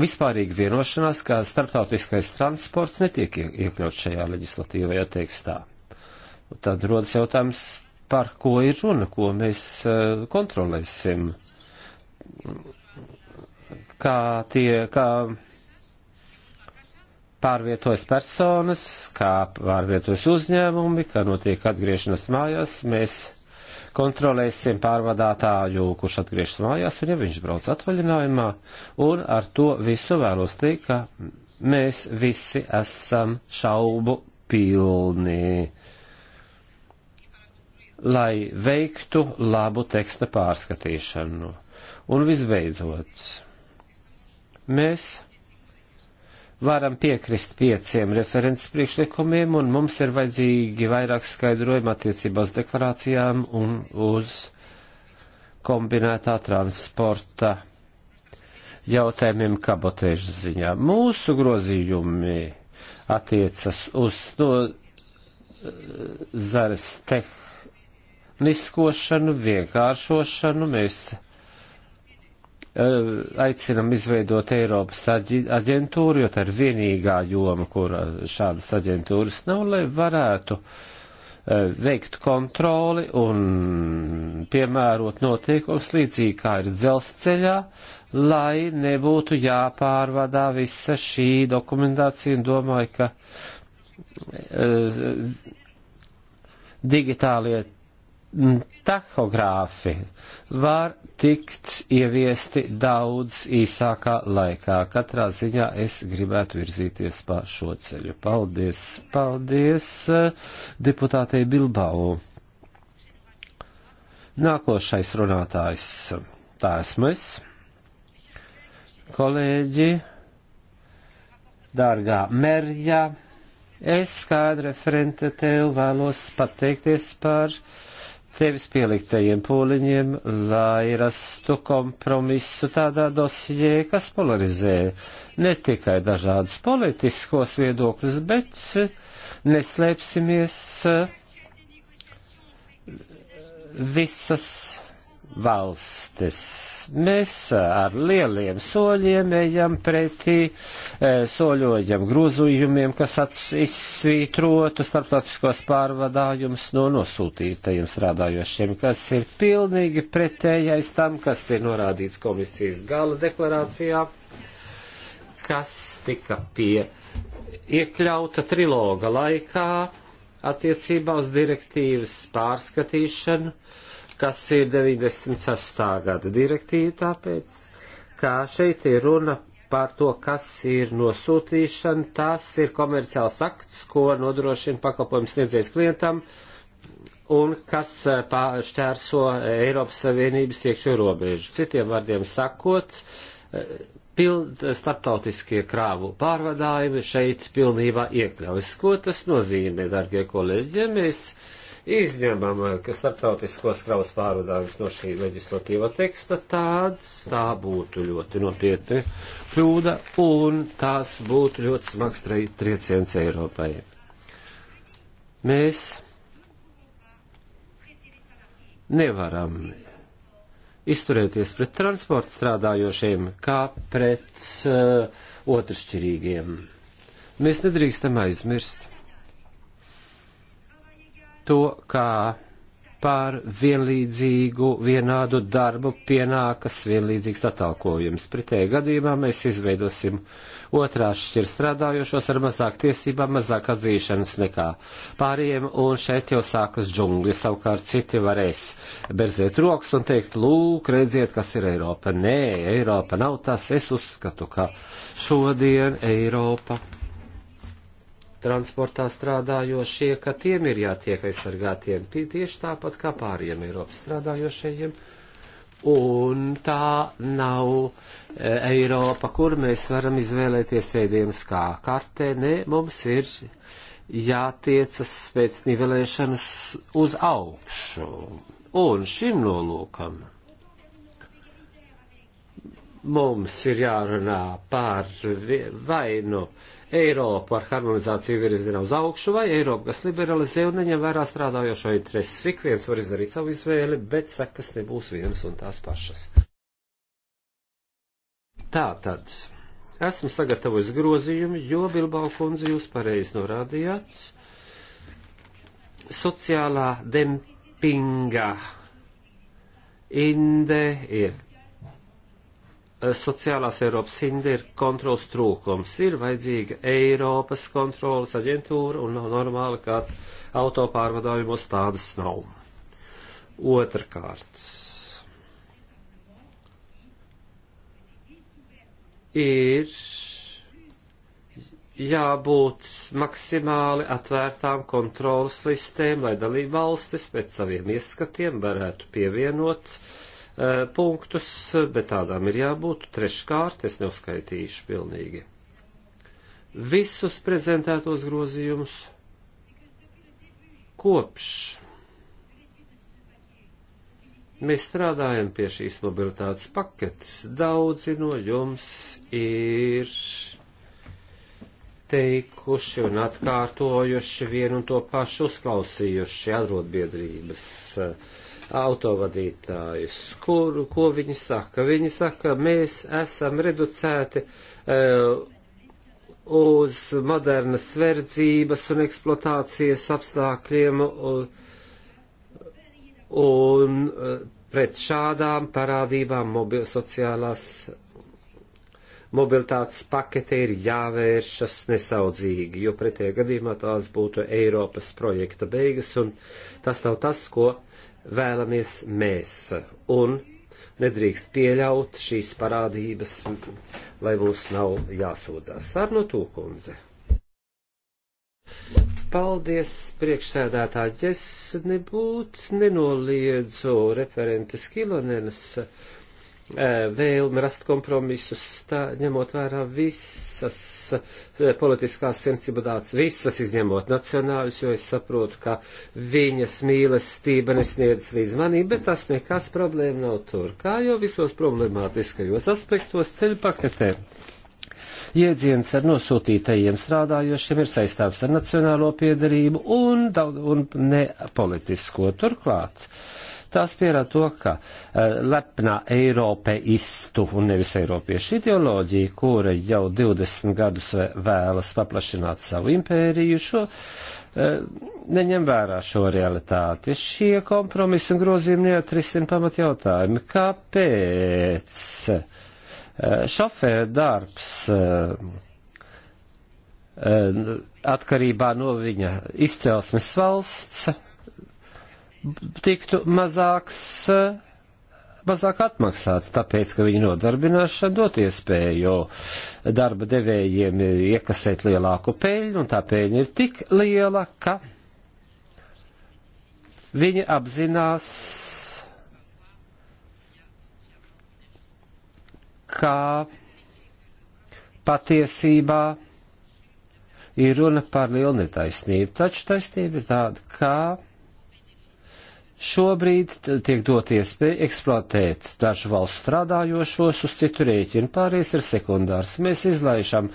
vispārīga vienošanās, ka starptautiskais transports netiek iekļauts šajā leģislatīvajā tekstā. Un tad rodas jautājums, par ko ir runa, ko mēs kontrolēsim, kā tie, kā pārvietojas personas, kā pārvietojas uzņēmumi, kā notiek atgriešanās mājās. Mēs kontrolēsim pārvadātāju, kurš atgriežas mājās, un ja viņš brauc atvaļinājumā, un ar to visu vēlos teikt, ka mēs visi esam šaubu pilni, lai veiktu labu teksta pārskatīšanu. Un visbeidzot, mēs varam piekrist pieciem referents priekšlikumiem, un mums ir vajadzīgi vairāk skaidrojumu attiecībā uz deklarācijām un uz kombinētā transporta jautājumiem kabotēžas ziņā. Mūsu grozījumi attiecas uz no eh, zares tehniskošanu, vienkāršošanu. Mēs Eh, aicinam izveidot Eiropas aģentūru, jo tā ir vienīgā joma, kur eh, šādas aģentūras nav, lai varētu eh, veikt kontroli un piemērot noteikums līdzīgi kā ir dzelzceļā, lai nebūtu jāpārvadā visa šī dokumentācija un domāju, ka digitālie Mm, tahogrāfi var tikt ieviesti daudz īsākā laikā. Katrā ziņā es gribētu virzīties pa šo ceļu. Paldies, paldies eh, deputātei Bilbao. Nākošais runātājs tā esmu es. Kolēģi, dārgā Merja, es kā referente tev vēlos pateikties par tevis pieliktajiem pūliņiem, lai rastu kompromisu tādā dosijē, kas polarizē ne tikai dažādus politiskos viedokļus, bet neslēpsimies visas valstis. Mēs eh, ar lieliem soļiem ejam pretī, eh, soļojam grozījumiem, kas izsvītrotu starptautiskos pārvadājumus no nosūtītajiem strādājošiem, kas ir pilnīgi pretējais tam, kas ir norādīts komisijas gala deklarācijā, kas tika pie iekļauta triloga laikā attiecībā uz direktīvas pārskatīšanu kas ir 96. gada direktīva, tāpēc, kā šeit ir runa par to, kas ir nosūtīšana, tas ir komerciāls akts, ko nodrošina pakalpojums sniedzējs klientam un kas eh, šķērso Eiropas Savienības iekšējo robežu. Citiem vārdiem sakot, eh, pild, starptautiskie krāvu pārvadājumi šeit pilnībā iekļaujas. Ko tas nozīmē, darbie kolēģi? Ja mēs izņemam eh, starptautiskos kravas pārvadājumus no šī leģislatīva teksta, tad tā būtu ļoti nopietna kļūda un tās būtu ļoti smags trieciens Eiropai. Mēs nevaram izturēties pret transporta strādājošiem kā pret uh, otršķirīgiem. Mēs nedrīkstam aizmirst, to, kā par vienlīdzīgu vienādu darbu pienākas vienlīdzīgs atalkojums. Pretējā gadījumā mēs izveidosim otrās šķir strādājošos ar mazāk tiesībām, mazāk atzīšanas nekā pārējiem, un šeit jau sākas džungļi. Savukārt citi varēs berzēt rokas un teikt, lūk, redziet, kas ir Eiropa. Nē, Eiropa nav tas. Es uzskatu, ka šodien Eiropa transportā strādājošie, ka tiem ir jātiek aizsargātiem tieši tāpat kā pāriem Eiropas strādājošajiem. Un tā nav e, Eiropa, kur mēs varam izvēlēties ēdienus kā kartē. Nē, mums ir jātiecas pēc nivelēšanas uz augšu. Un šim nolūkam mums ir jārunā par vainu Eiropu ar harmonizāciju virzienā uz augšu vai Eiropu, kas liberalizē un neņem vērā strādājošo intereses. Ik viens var izdarīt savu izvēli, bet sekas nebūs vienas un tās pašas. Tā tad. Esmu sagatavojis grozījumu, jo Bilbao kundze jūs pareizi norādījāt. Sociālā dempinga inde ir sociālās Eiropas Inda ir kontrols trūkums. Ir vajadzīga Eiropas kontrolas aģentūra un nav normāli kāds autopārvadājumos tādas nav. Otrakārt. Ir jābūt maksimāli atvērtām kontrolas listēm, lai dalībvalstis pēc saviem ieskatiem varētu pievienot uh, Eh, punktus, bet tādām ir jābūt. Treškārt, es neuzskaitīšu pilnīgi visus prezentētos grozījumus kopš mēs strādājam pie šīs mobilitātes paketes. Daudzi no jums ir teikuši un atkārtojuši vienu un to pašu uzklausījuši arotbiedrības uh, eh, autovadītājus. Kur, ko viņi saka? Viņi saka, mēs esam reducēti uh, uz modernas verdzības un eksploatācijas apstākļiem un, un eh, pret šādām parādībām mobil, sociālās mobilitātes pakete ir jāvēršas nesaudzīgi, jo pretējā gadījumā tās būtu Eiropas projekta beigas, un tas nav tas, ko vēlamies mēs, un nedrīkst pieļaut šīs parādības, lai mums nav jāsūdzās. Sarno Tūkundze. Paldies, priekšsēdētāji, es nebūtu nenoliedzu referentes Kilonenes vēlmi rast kompromisus, tā, ņemot vērā visas politiskās sensibilitātes, visas izņemot nacionāļus, jo es saprotu, ka viņas mīlestība nesniedz līdz manī, bet tas nekas problēma nav tur, kā jau visos problemātiskajos aspektos ceļu paketē. Jēdziens ar nosūtītajiem strādājošiem ir saistāms ar nacionālo piedarību un, un ne politisko turklāt Tās pierāda to, ka eh, lepnā Eirope istu un nevis Eiropiešu ideoloģija, kura jau 20 gadus vēlas paplašināt savu impēriju, šo eh, neņem vērā šo realitāti. Šie kompromisi un grozījumi neatrisina pamat jautājumu. Kāpēc eh, šofēra darbs atkarībā no viņa izcelsmes valsts tiktu mazāks, mazāk atmaksāts, tāpēc, ka viņa nodarbināšana dot iespēju darba devējiem iekasēt lielāku peļņu, un tā peļņa ir tik liela, ka viņi apzinās, kā patiesībā ir runa par lielu netaisnību, taču taisnība ir tāda, kā Šobrīd tiek dot iespēja eksploatēt dažu valstu strādājošos uz citu rēķinu, pārējais ir sekundārs. Mēs izlaižam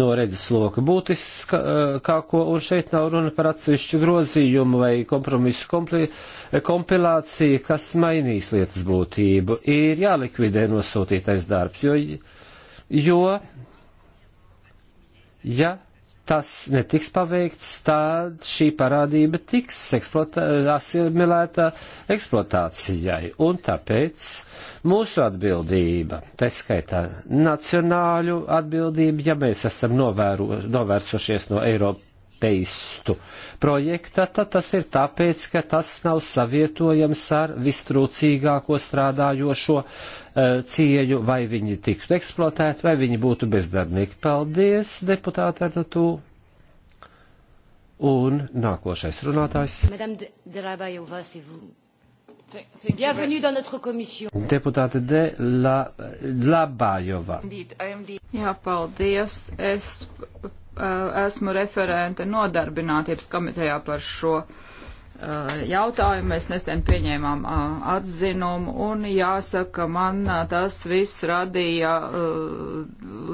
no redzes loka būtiskāko, eh, un šeit nav runa par atsevišķu grozījumu vai kompromisu kompli, kompilāciju, kas mainīs lietas būtību. Ir jālikvidē nosūtītais darbs, jo, jo ja tas netiks paveikts, tad šī parādība tiks asimilēta eksploatācijai. Un tāpēc mūsu atbildība, tā skaitā nacionāļu atbildība, ja mēs esam novēro, novērsušies no Eiropas teistu projekta, tad tas ir tāpēc, ka tas nav savietojams ar vistrūcīgāko strādājošo uh, eh, cieņu, vai viņi tiktu eksploatēti, vai viņi būtu bezdarbnieki. Paldies, deputāte Arnotū. Un nākošais runātājs. Bienvenue dans notre commission. Deputāte de la, Labājova. Jā, paldies. Es esmu referente nodarbinātības komitejā par šo jautājumu. Mēs nesen pieņēmām atzinumu un jāsaka, man tas viss radīja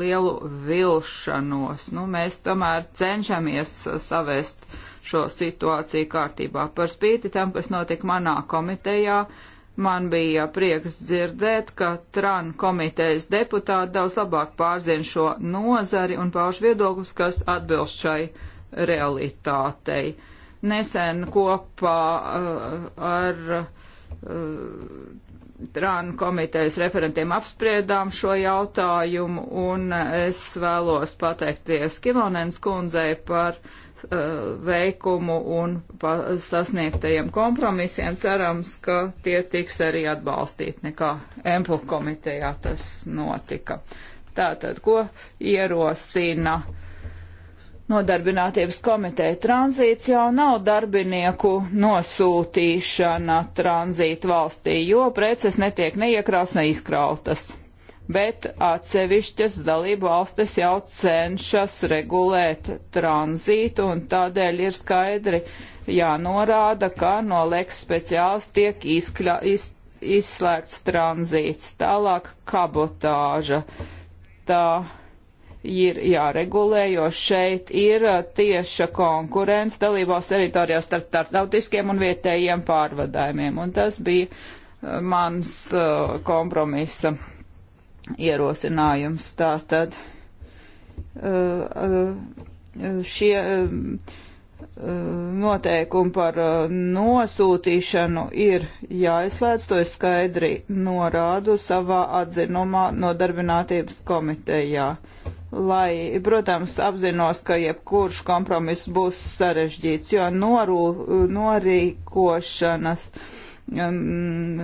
lielu vilšanos. Nu, mēs tomēr cenšamies savest šo situāciju kārtībā. Par spīti tam, kas notika manā komitejā, uh, Man bija prieks dzirdēt, ka TRAN komitejas deputāti daudz labāk pārzien šo nozari un pauž viedokļus, kas atbilst šai realitātei. Nesen kopā uh, ar uh, TRAN komitejas referentiem apspriedām šo jautājumu, un es vēlos pateikties Kilonens kundzei par uh, Uh, veikumu un sasniegtajiem kompromisiem. Cerams, ka tie tiks arī atbalstīti, nekā Emplu komitejā tas notika. Tātad, ko ierosina nodarbinātības komiteja tranzīts jau nav darbinieku nosūtīšana tranzītu valstī, jo preces netiek neiekrauts, neizkrautas bet atsevišķas dalību valstis jau cenšas regulēt tranzītu un tādēļ ir skaidri jānorāda, ka no leks speciāls tiek izkļa, iz, izslēgts tranzīts. Tālāk kabotāža. Tā ir jāregulē, jo šeit ir tieša konkurence dalībās teritorijā starp starptautiskiem un vietējiem pārvadājumiem. Un tas bija mans uh, kompromisa ierosinājums. Tātad uh, uh, šie um, uh, noteikumi par nosūtīšanu ir jāizslēdz, to es skaidri norādu savā atzinumā no darbinātības komitejā. Lai, protams, apzinos, ka jebkurš kompromiss būs sarežģīts, jo norū, norīkošanas uh, Um,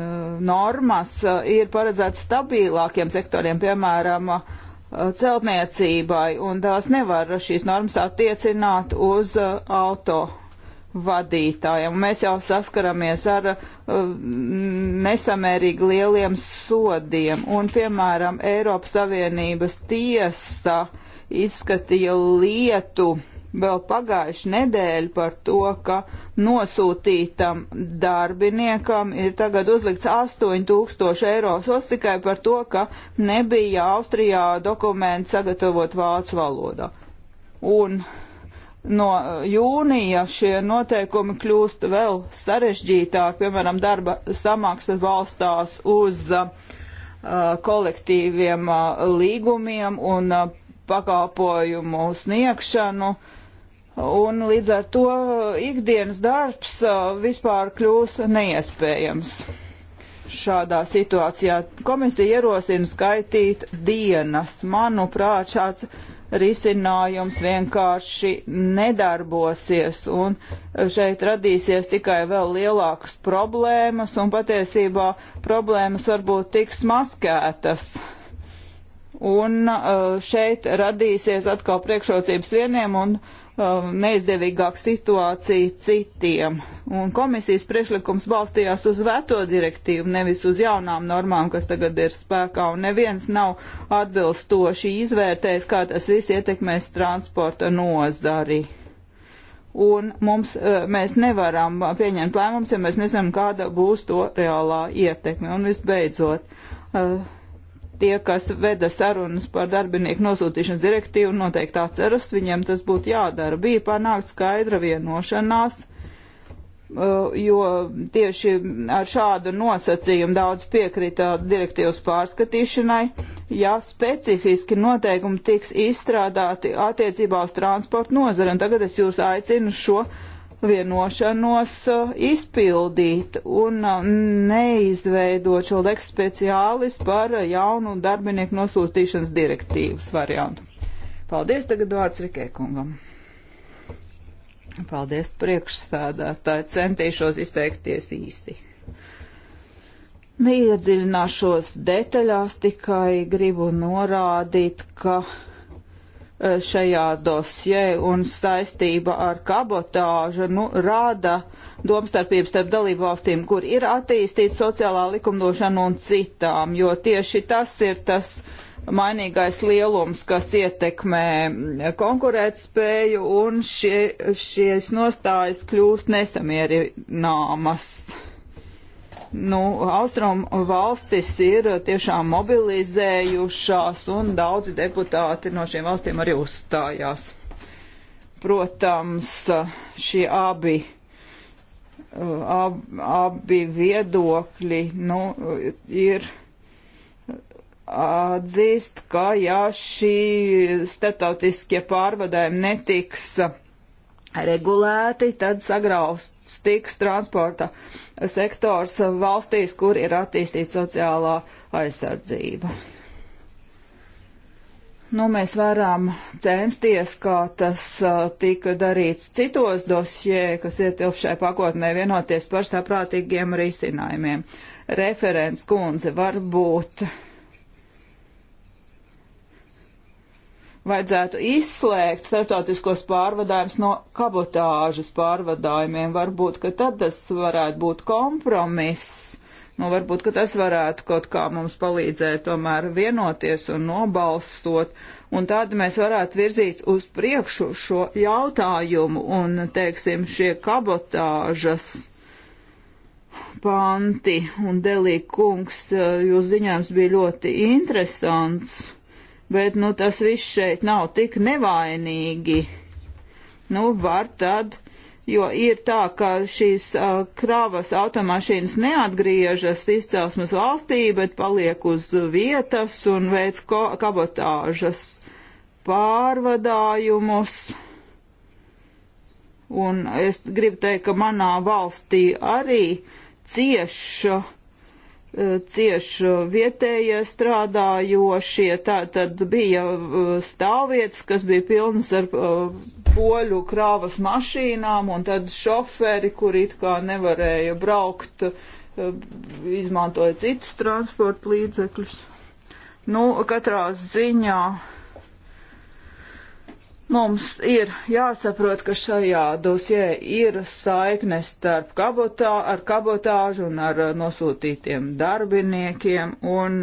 normas uh, ir paredzētas stabilākiem sektoriem, piemēram, uh, celtniecībai, un tās nevar šīs normas attiecināt uz uh, auto vadītājiem. Mēs jau saskaramies ar nesamērīgi lieliem sodiem, un, piemēram, Eiropas Savienības tiesa izskatīja lietu, vēl pagājuši nedēļu par to, ka nosūtītam darbiniekam ir tagad uzlikts 8000 eiro sots tikai par to, ka nebija Austrijā dokumentu sagatavot vācu valodā. Un no jūnija šie noteikumi kļūst vēl sarežģītāk, piemēram, darba samaksas valstās uz uh, kolektīviem uh, līgumiem un uh, pakalpojumu sniegšanu. Uh, un līdz ar to ikdienas darbs uh, vispār kļūs neiespējams. Šādā situācijā komisija ierosina skaitīt dienas. Manuprāt, šāds risinājums vienkārši nedarbosies, un šeit radīsies tikai vēl lielākas problēmas, un patiesībā problēmas varbūt tiks maskētas. Un uh, šeit radīsies atkal priekšrocības vieniem un uh, Um, neizdevīgāka situācija citiem. Un komisijas priešlikums balstījās uz veco direktīvu, nevis uz jaunām normām, kas tagad ir spēkā, un neviens nav atbilstoši izvērtējis, kā tas viss ietekmēs transporta nozari. Un mums, uh, mēs nevaram pieņemt lēmums, ja mēs nezinām, kāda būs to reālā ietekme. Un visbeidzot, uh, tie, kas veda sarunas par darbinieku nosūtīšanas direktīvu, noteikti atceras, viņiem tas būtu jādara. Bija panākt skaidra vienošanās, uh, jo tieši ar šādu nosacījumu daudz piekrita direktīvas pārskatīšanai, ja specifiski noteikumi tiks izstrādāti attiecībā uz transportu nozari. Un tagad es jūs aicinu šo vienošanos uh, izpildīt un uh, neizveidot šo leks speciālis par uh, jaunu darbinieku nosūtīšanas direktīvas variantu. Paldies, tagad vārds Rikē kungam. Paldies priekšsādātāji, centīšos izteikties īsi. Neiedziļināšos detaļās, tikai gribu norādīt, ka Eh, šajā dosjē un saistība ar kabotāžu nu, rāda domstarpības starp dalību valstīm, kur ir attīstīta sociālā likumdošana un citām, jo tieši tas ir tas mainīgais lielums, kas ietekmē mm, konkurētspēju un šie, šies nostājas kļūst nesamierināmas nu, austrumu valstis ir tiešām mobilizējušās un daudzi deputāti no šiem valstīm arī uzstājās. Protams, šie abi uh, ab, abi viedokļi nu, ir atzīst, ka ja šī starptautiskie pārvadājumi netiks regulēti, tad sagraus tiks transporta sektors valstīs, kur ir attīstīta sociālā aizsardzība. Nu, mēs varam censties, kā tas tika darīts citos dosjē, kas ietilpšai pakotnē vienoties par saprātīgiem risinājumiem. Referents kundze varbūt. būt vajadzētu izslēgt starptautiskos pārvadājumus no kabotāžas pārvadājumiem. Varbūt, ka tad tas varētu būt kompromiss. Nu, varbūt, ka tas varētu kaut kā mums palīdzēt tomēr vienoties un nobalstot, un tādu mēs varētu virzīt uz priekšu šo jautājumu un, teiksim, šie kabotāžas panti un delī kungs, eh, jūs ziņojums bija ļoti interesants bet nu, tas viss šeit nav tik nevainīgi. Nu, var tad, jo ir tā, ka šīs uh, kravas automašīnas neatgriežas izcelsmes valstī, bet paliek uz vietas un veic kabotāžas pārvadājumus. Un es gribu teikt, ka manā valstī arī cieša uh, cieši vietējie strādājošie, tā tad bija uh, stāvvietas, kas bija pilnas ar uh, poļu krāvas mašīnām, un tad šoferi, kur it kā nevarēja braukt, uh, izmantoja citus transporta līdzekļus. Nu, katrā ziņā uh, Mums ir jāsaprot, ka šajā dosē ir saiknes starp kabotā, ar kabotāžu un ar uh, nosūtītiem darbiniekiem, un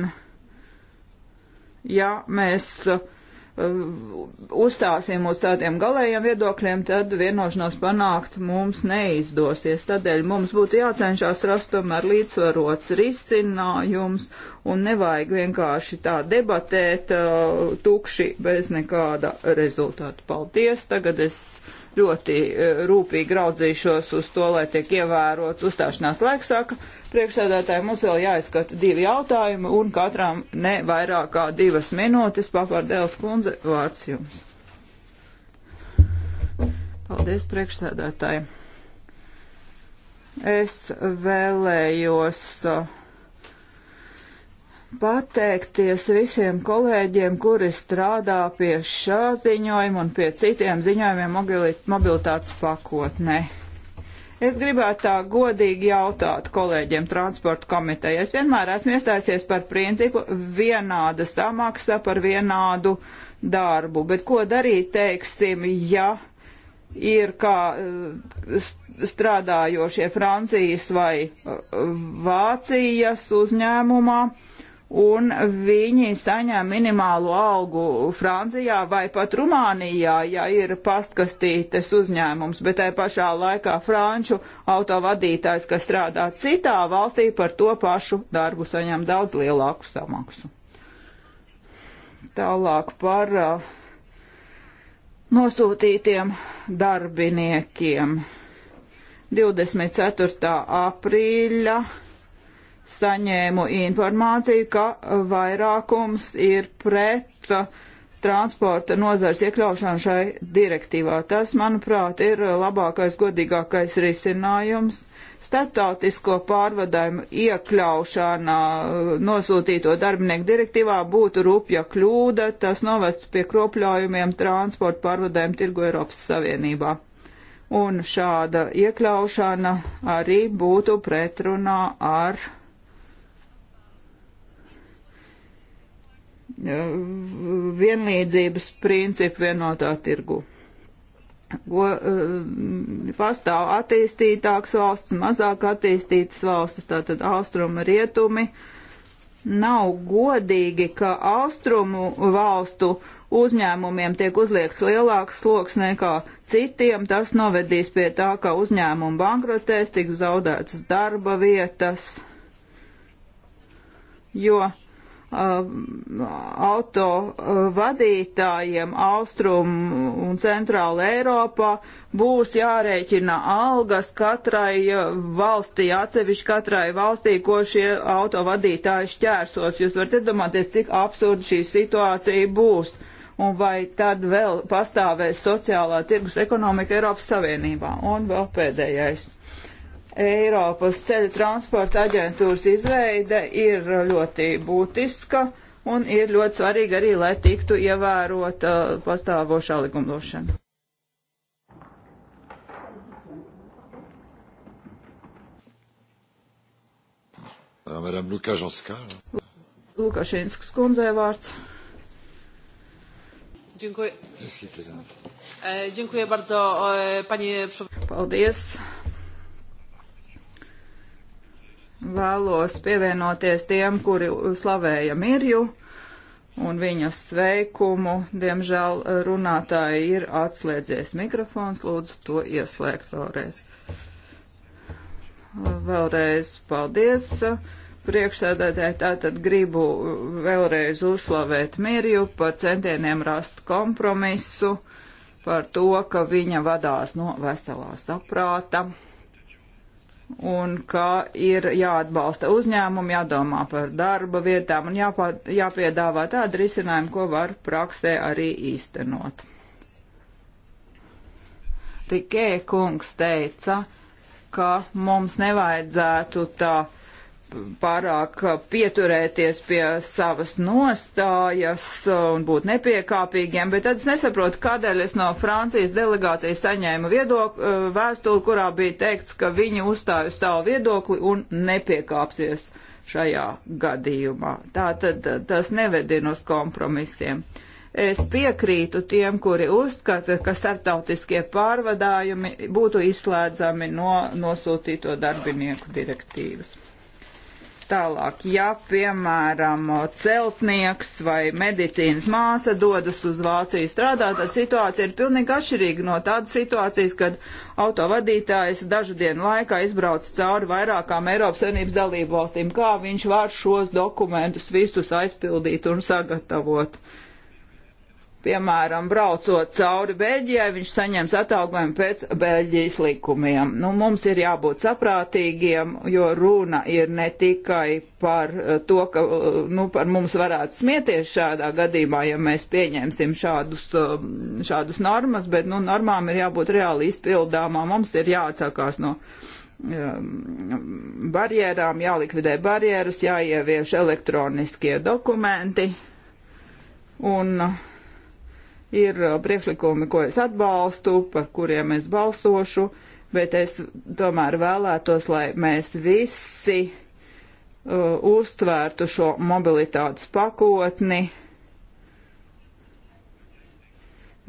ja mēs uh, Eh, uzstāsim uz tādiem galējiem viedokļiem, tad vienošanos panākt mums neizdosies. Tādēļ mums būtu jācenšas rast tomēr līdzsvarots risinājums un nevajag vienkārši tā debatēt eh, tukši bez nekāda rezultāta. Paldies! Tagad es ļoti eh, rūpīgi raudzīšos uz to, lai tiek ievērots uzstāšanās laiks sāka Priekšsēdētāji mums vēl jāizskata divi jautājumi un katram ne vairāk kā divas minūtes. Papardēls kundze, vārds jums. Paldies, priekšsēdētāji. Es vēlējos uh, pateikties visiem kolēģiem, kuri strādā pie šā ziņojuma un pie citiem ziņojumiem mobilitātes pakotnē. Es gribētu tā godīgi jautāt kolēģiem transporta komiteja. Es vienmēr esmu iestājusies par principu vienāda samaksa par vienādu darbu, bet ko darīt, teiksim, ja ir kā eh, strādājošie Francijas vai eh, Vācijas uzņēmumā, uh, un viņi saņem minimālo algu Francijā vai pat Rumānijā, ja ir pastkastītes uzņēmums, bet tai pašā laikā franču autovadītājs, kas strādā citā valstī, par to pašu darbu saņem daudz lielāku samaksu. Tālāk par uh, nosūtītiem darbiniekiem. 24. aprīļa saņēmu informāciju, ka vairākums ir pret transporta nozars iekļaušanu šai direktīvā. Tas, manuprāt, ir labākais, godīgākais risinājums. Startautisko pārvadājumu iekļaušana nosūtīto darbinieku direktīvā būtu rupja kļūda, tas novestu pie kropļājumiem transporta pārvadājumu tirgu Eiropas Savienībā. Un šāda iekļaušana arī būtu pretrunā ar vienlīdzības principu vienotā tirgu. Ko eh, pastāv attīstītāks valsts, mazāk attīstītas valstis, tātad austruma rietumi. Nav godīgi, ka austrumu valstu uzņēmumiem tiek uzliekts lielāks sloks nekā citiem. Tas novedīs pie tā, ka uzņēmumi bankrotēs, tiks zaudētas darba vietas, jo uh, Um, auto uh, vadītājiem austrum un centrāla Eiropā būs jārēķina algas katrai uh, valstī, atsevišķi katrai valstī, ko šie auto vadītāji šķērsos. Jūs varat iedomāties, cik absurda šī situācija būs un vai tad vēl pastāvēs sociālā tirgus ekonomika Eiropas Savienībā. Un vēl pēdējais. Eiropas ceļu transporta aģentūras izveide ir ļoti būtiska un ir ļoti svarīgi arī, lai tiktu ievērota uh, pastāvošā likumdošana. Madame Lukašinska. Lukašinskas kundzē vārds. Dziękuję. E, dziękuję bardzo, e, panie przewodniczący. Paldies. Vēlos pievienoties tiem, kuri slavēja Mirju un viņa sveikumu. Diemžēl runātāji ir atslēdzies mikrofons, lūdzu to ieslēgt vēlreiz. Vēlreiz paldies priekšsēdētāji, tātad gribu vēlreiz uzslavēt Mirju par centieniem rast kompromisu, par to, ka viņa vadās no veselā saprāta un ka ir jāatbalsta uzņēmumi, jādomā par darba vietām un jāpā, jāpiedāvā tādi risinājumi, ko var praksē arī īstenot. Rikē kungs teica, ka mums nevajadzētu tā pārāk pieturēties pie savas nostājas un būt nepiekāpīgiem, bet tad es nesaprotu, kādēļ es no Francijas delegācijas saņēmu viedokli, eh, vēstuli, kurā bija teikts, ka viņi uzstāj uz savu viedokli un nepiekāpsies šajā gadījumā. Tā tad eh, tas nevedina uz kompromisiem. Es piekrītu tiem, kuri uzskata, ka starptautiskie pārvadājumi būtu izslēdzami no nosūtīto darbinieku direktīvas tālāk. Ja, piemēram, celtnieks vai medicīnas māsa dodas uz Vāciju strādāt, tad situācija ir pilnīgi atšķirīga no tādas situācijas, kad autovadītājs dažu dienu laikā izbrauc cauri vairākām Eiropas Savienības dalību valstīm. Kā viņš var šos dokumentus visus aizpildīt un sagatavot? Uh, piemēram, braucot cauri Beļģijai, viņš saņems atalgojumu pēc Beļģijas likumiem. Nu, mums ir jābūt saprātīgiem, jo runa ir ne tikai par eh, to, ka eh, nu, par mums varētu smieties šādā gadījumā, ja mēs pieņemsim šādus, eh, šādus normas, bet nu, normām ir jābūt reāli izpildāmām. Mums ir jāatsakās no barjerām, jālikvidē barjeras, jāievieš elektroniskie dokumenti. Un uh, Ir uh, priekšlikumi, ko es atbalstu, par kuriem es balsošu, bet es tomēr vēlētos, lai mēs visi uh, uztvērtu šo mobilitātes pakotni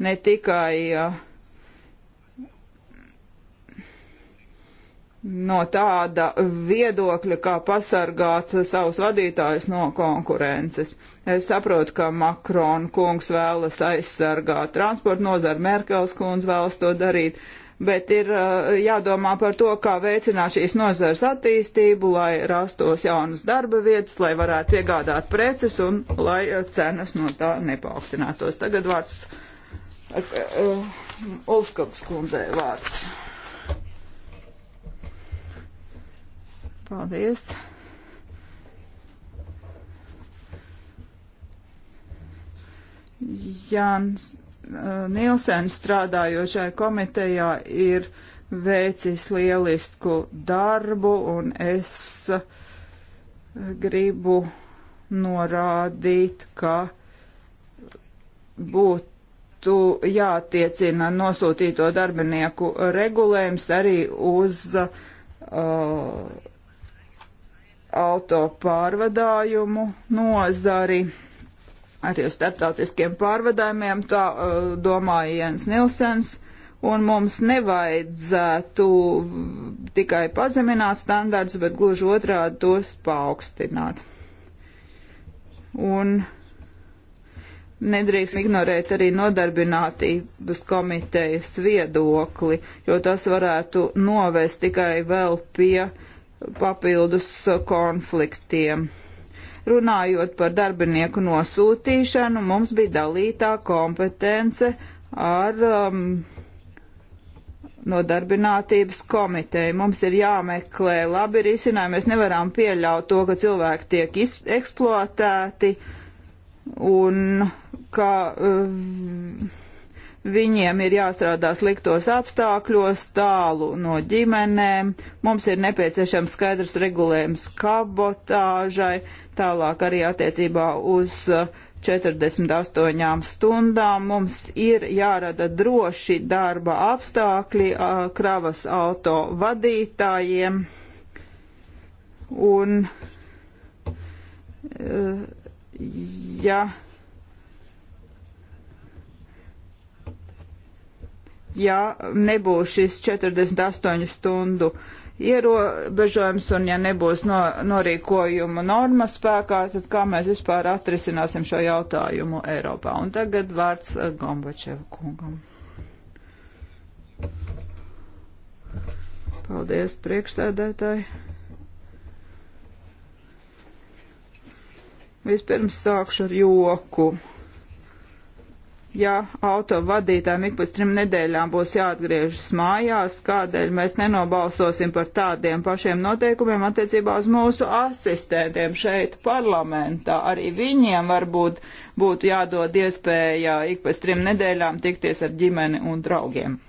ne tikai uh, no tāda viedokļa, kā pasargāt savus vadītājus no konkurences. Es saprotu, ka Makrona kungs vēlas aizsargāt transporta nozaru, Merkels kungs vēlas to darīt, bet ir uh, jādomā par to, kā veicināt šīs nozars attīstību, lai rastos jaunas darba vietas, lai varētu piegādāt preces un lai uh, cenas no tā nepaukstinātos. Tagad vārds uh, uh Ulfkaps kundzei vārds. Paldies! Jānis uh, Nilsēns strādājošai komitejā ir veicis lielisku darbu, un es uh, gribu norādīt, ka būtu jātiecina nosūtīto darbinieku regulējums arī uz uh, auto pārvadājumu nozari, arī uz starptautiskiem pārvadājumiem, tā domāja Jens Nilsens, un mums nevajadzētu tikai pazemināt standārts, bet gluži otrādi tos paaugstināt. Un nedrīkst ignorēt arī nodarbinātības komitejas viedokli, jo tas varētu novest tikai vēl pie uh, papildus uh, konfliktiem. Runājot par darbinieku nosūtīšanu, mums bija dalītā kompetence ar um, nodarbinātības komiteju. Mums ir jāmeklē labi risinājumi. Mēs nevaram pieļaut to, ka cilvēki tiek eksploatēti un ka. Uh, Viņiem ir jāstrādā sliktos apstākļos, tālu no ģimenēm. Mums ir nepieciešams skaidrs regulējums kabotāžai, tālāk arī attiecībā uz 48 uh, stundām. Mums ir jārada droši darba apstākļi uh, kravas auto vadītājiem. Un, uh, ja ja nebūs šis 48 stundu ierobežojums un ja nebūs no, norīkojuma norma spēkā, tad kā mēs vispār atrisināsim šo jautājumu Eiropā. Un tagad vārds eh, Gombačeva kungam. Paldies, priekšsēdētāji. Vispirms sākšu ar joku ja auto vadītājiem ik pēc trim nedēļām būs jāatgriežas mājās, kādēļ mēs nenobalsosim par tādiem pašiem noteikumiem attiecībā uz mūsu asistentiem šeit parlamentā. Arī viņiem varbūt būtu jādod iespēja ik pēc trim nedēļām tikties ar ģimeni un draugiem.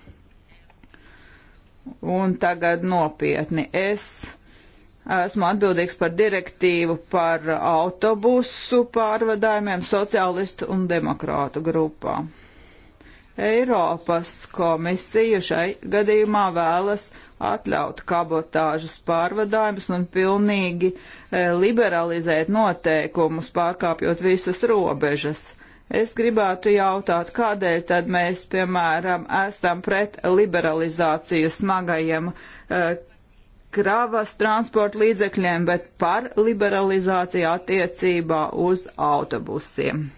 Un tagad nopietni. Es Esmu atbildīgs par direktīvu par autobusu pārvadājumiem sociālistu un demokrātu grupā. Eiropas komisija šai gadījumā vēlas atļaut kabotāžas pārvadājumus un pilnīgi e, liberalizēt noteikumus, pārkāpjot visas robežas. Es gribētu jautāt, kādēļ tad mēs, piemēram, esam pret liberalizāciju smagajiem e, kravas transporta līdzekļiem, bet par liberalizāciju attiecībā uz autobusiem.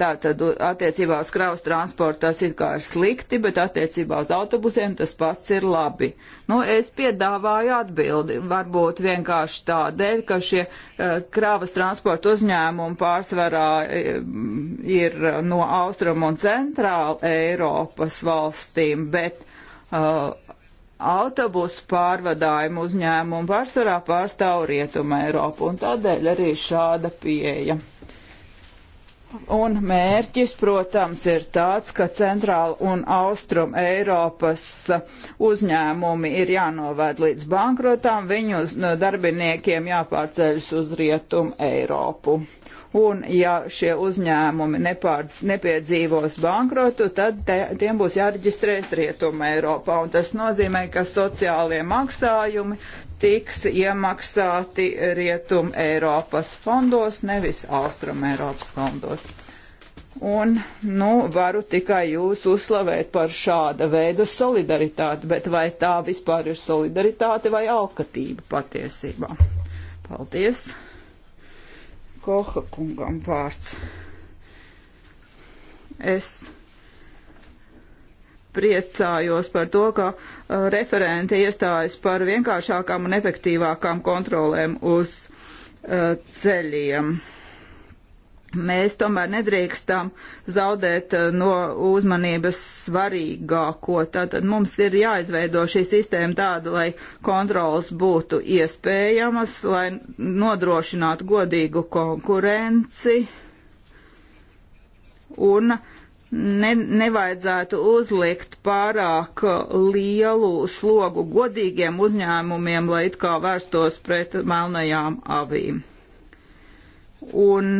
Tātad attiecībā uz kravas transportu tas it kā ir slikti, bet attiecībā uz autobusiem tas pats ir labi. Nu, es piedāvāju atbildi, varbūt vienkārši tādēļ, ka šie uh, kravas transporta uzņēmumi pārsvarā eh, ir eh, no Austrum un Centrāla Eiropas valstīm, bet uh, autobusu pārvadājumu uzņēmumu pārsvarā pārstāv Rietuma Eiropu, un tādēļ arī šāda pieeja. Un mērķis, protams, ir tāds, ka centrāla un austrum Eiropas uzņēmumi ir jānovēd līdz bankrotām, viņu darbiniekiem jāpārceļas uz Rietumu Eiropu. Un ja šie uzņēmumi nepār, nepiedzīvos bankrotu, tad te, tiem būs jāreģistrēs Rietuma Eiropā. Un tas nozīmē, ka sociālie maksājumi tiks iemaksāti Rietum Eiropas fondos, nevis Austrum Eiropas fondos. Un, nu, varu tikai jūs uzslavēt par šāda veida solidaritāti, bet vai tā vispār ir solidaritāte vai alkatība patiesībā? Paldies! Koha kungam vārds. Es priecājos par to, ka uh, referenti iestājas par vienkāršākām un efektīvākām kontrolēm uz uh, ceļiem. Mēs tomēr nedrīkstam zaudēt eh, no uzmanības svarīgāko. Tātad mums ir jāizveido šī sistēma tāda, lai kontrols būtu iespējamas, lai nodrošinātu godīgu konkurenci un ne, nevajadzētu uzlikt pārāk lielu slogu godīgiem uzņēmumiem, lai it kā vērstos pret melnajām avīm. Un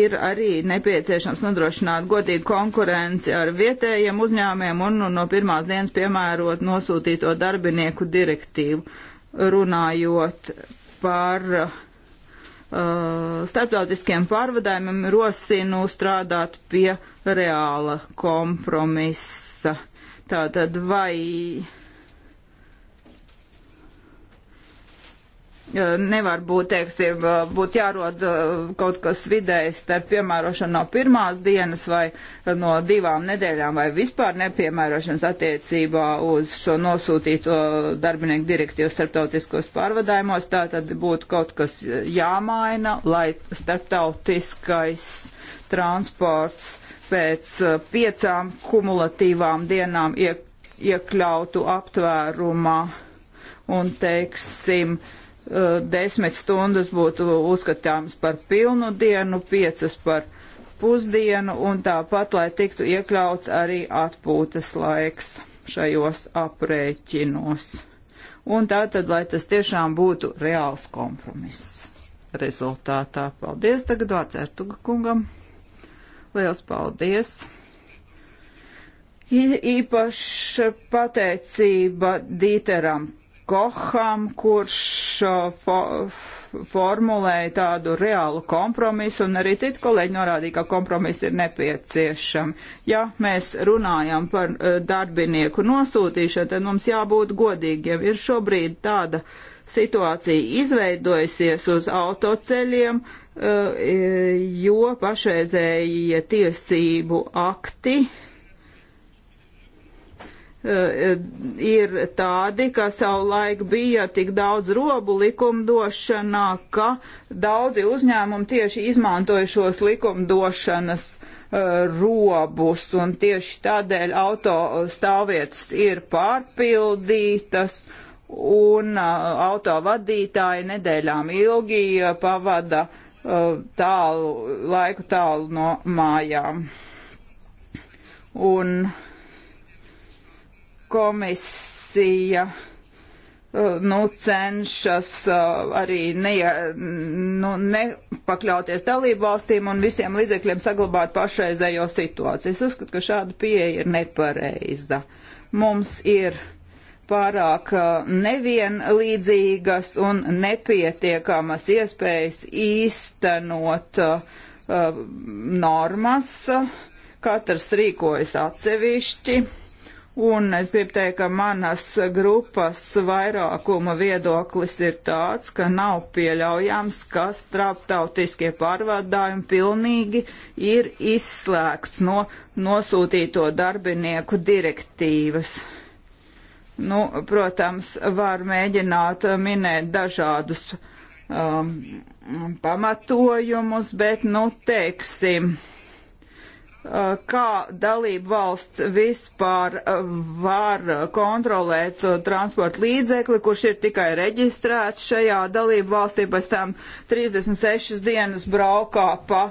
ir arī nepieciešams nodrošināt godīgu konkurenci ar vietējiem uzņēmiem un, un no pirmās dienas piemērot nosūtīto darbinieku direktīvu, runājot par uh, starptautiskiem pārvadājumiem, rosinu strādāt pie reāla kompromisa. Tātad vai Eh, nevar būt, teiksim, eh, būtu jārod eh, kaut kas vidējs starp piemērošanu no pirmās dienas vai no divām nedēļām vai vispār nepiemērošanas attiecībā uz šo nosūtīto darbinieku direktīvu starptautiskos pārvadājumos. Tā tad būtu kaut kas jāmaina, lai starptautiskais transports pēc piecām kumulatīvām dienām iekļautu aptvērumā un, teiksim, uh, Eh, desmit stundas būtu uzskatāms par pilnu dienu, piecas par pusdienu un tāpat, lai tiktu iekļauts arī atpūtas laiks šajos aprēķinos. Un tā tad, lai tas tiešām būtu reāls kompromiss rezultātā. Paldies tagad vārds Ertuga kungam. Liels paldies! Īpaši pateicība Dīteram Koham, kurš uh, fo formulēja tādu reālu kompromisu, un arī citi kolēģi norādīja, ka kompromiss ir nepieciešams. Ja mēs runājam par uh, darbinieku nosūtīšanu, tad mums jābūt godīgiem. Ir šobrīd tāda situācija izveidojusies uz autoceļiem, uh, jo pašreizējie tiesību akti Eh, ir tādi, ka savulaik bija tik daudz robu likumdošanā, ka daudzi uzņēmumi tieši izmantoja šos likumdošanas uh, robus, un tieši tādēļ auto stāvvietas ir pārpildītas, un uh, auto vadītāji nedēļām ilgi uh, pavada tālu, laiku tālu no mājām. Un uh, komisija eh, nu, cenšas eh, arī ne, nu, nepakļauties dalību valstīm un visiem līdzekļiem saglabāt pašreizējo situāciju. Es uzskatu, ka šāda pieeja ir nepareiza. Mums ir pārāk eh, nevienlīdzīgas un nepietiekamas iespējas īstenot normas. Katrs rīkojas atsevišķi Un es gribu teikt, ka manas grupas vairākuma viedoklis ir tāds, ka nav pieļaujams, ka starptautiskie pārvadājumi pilnīgi ir izslēgts no nosūtīto darbinieku direktīvas. Nu, protams, var mēģināt minēt dažādus um, pamatojumus, bet, nu, teiksim, uh, Eh, kā dalība valsts vispār eh, var kontrolēt eh, transporta līdzekli, kurš ir tikai reģistrēts šajā dalība valstī, pēc tam 36 dienas braukā pa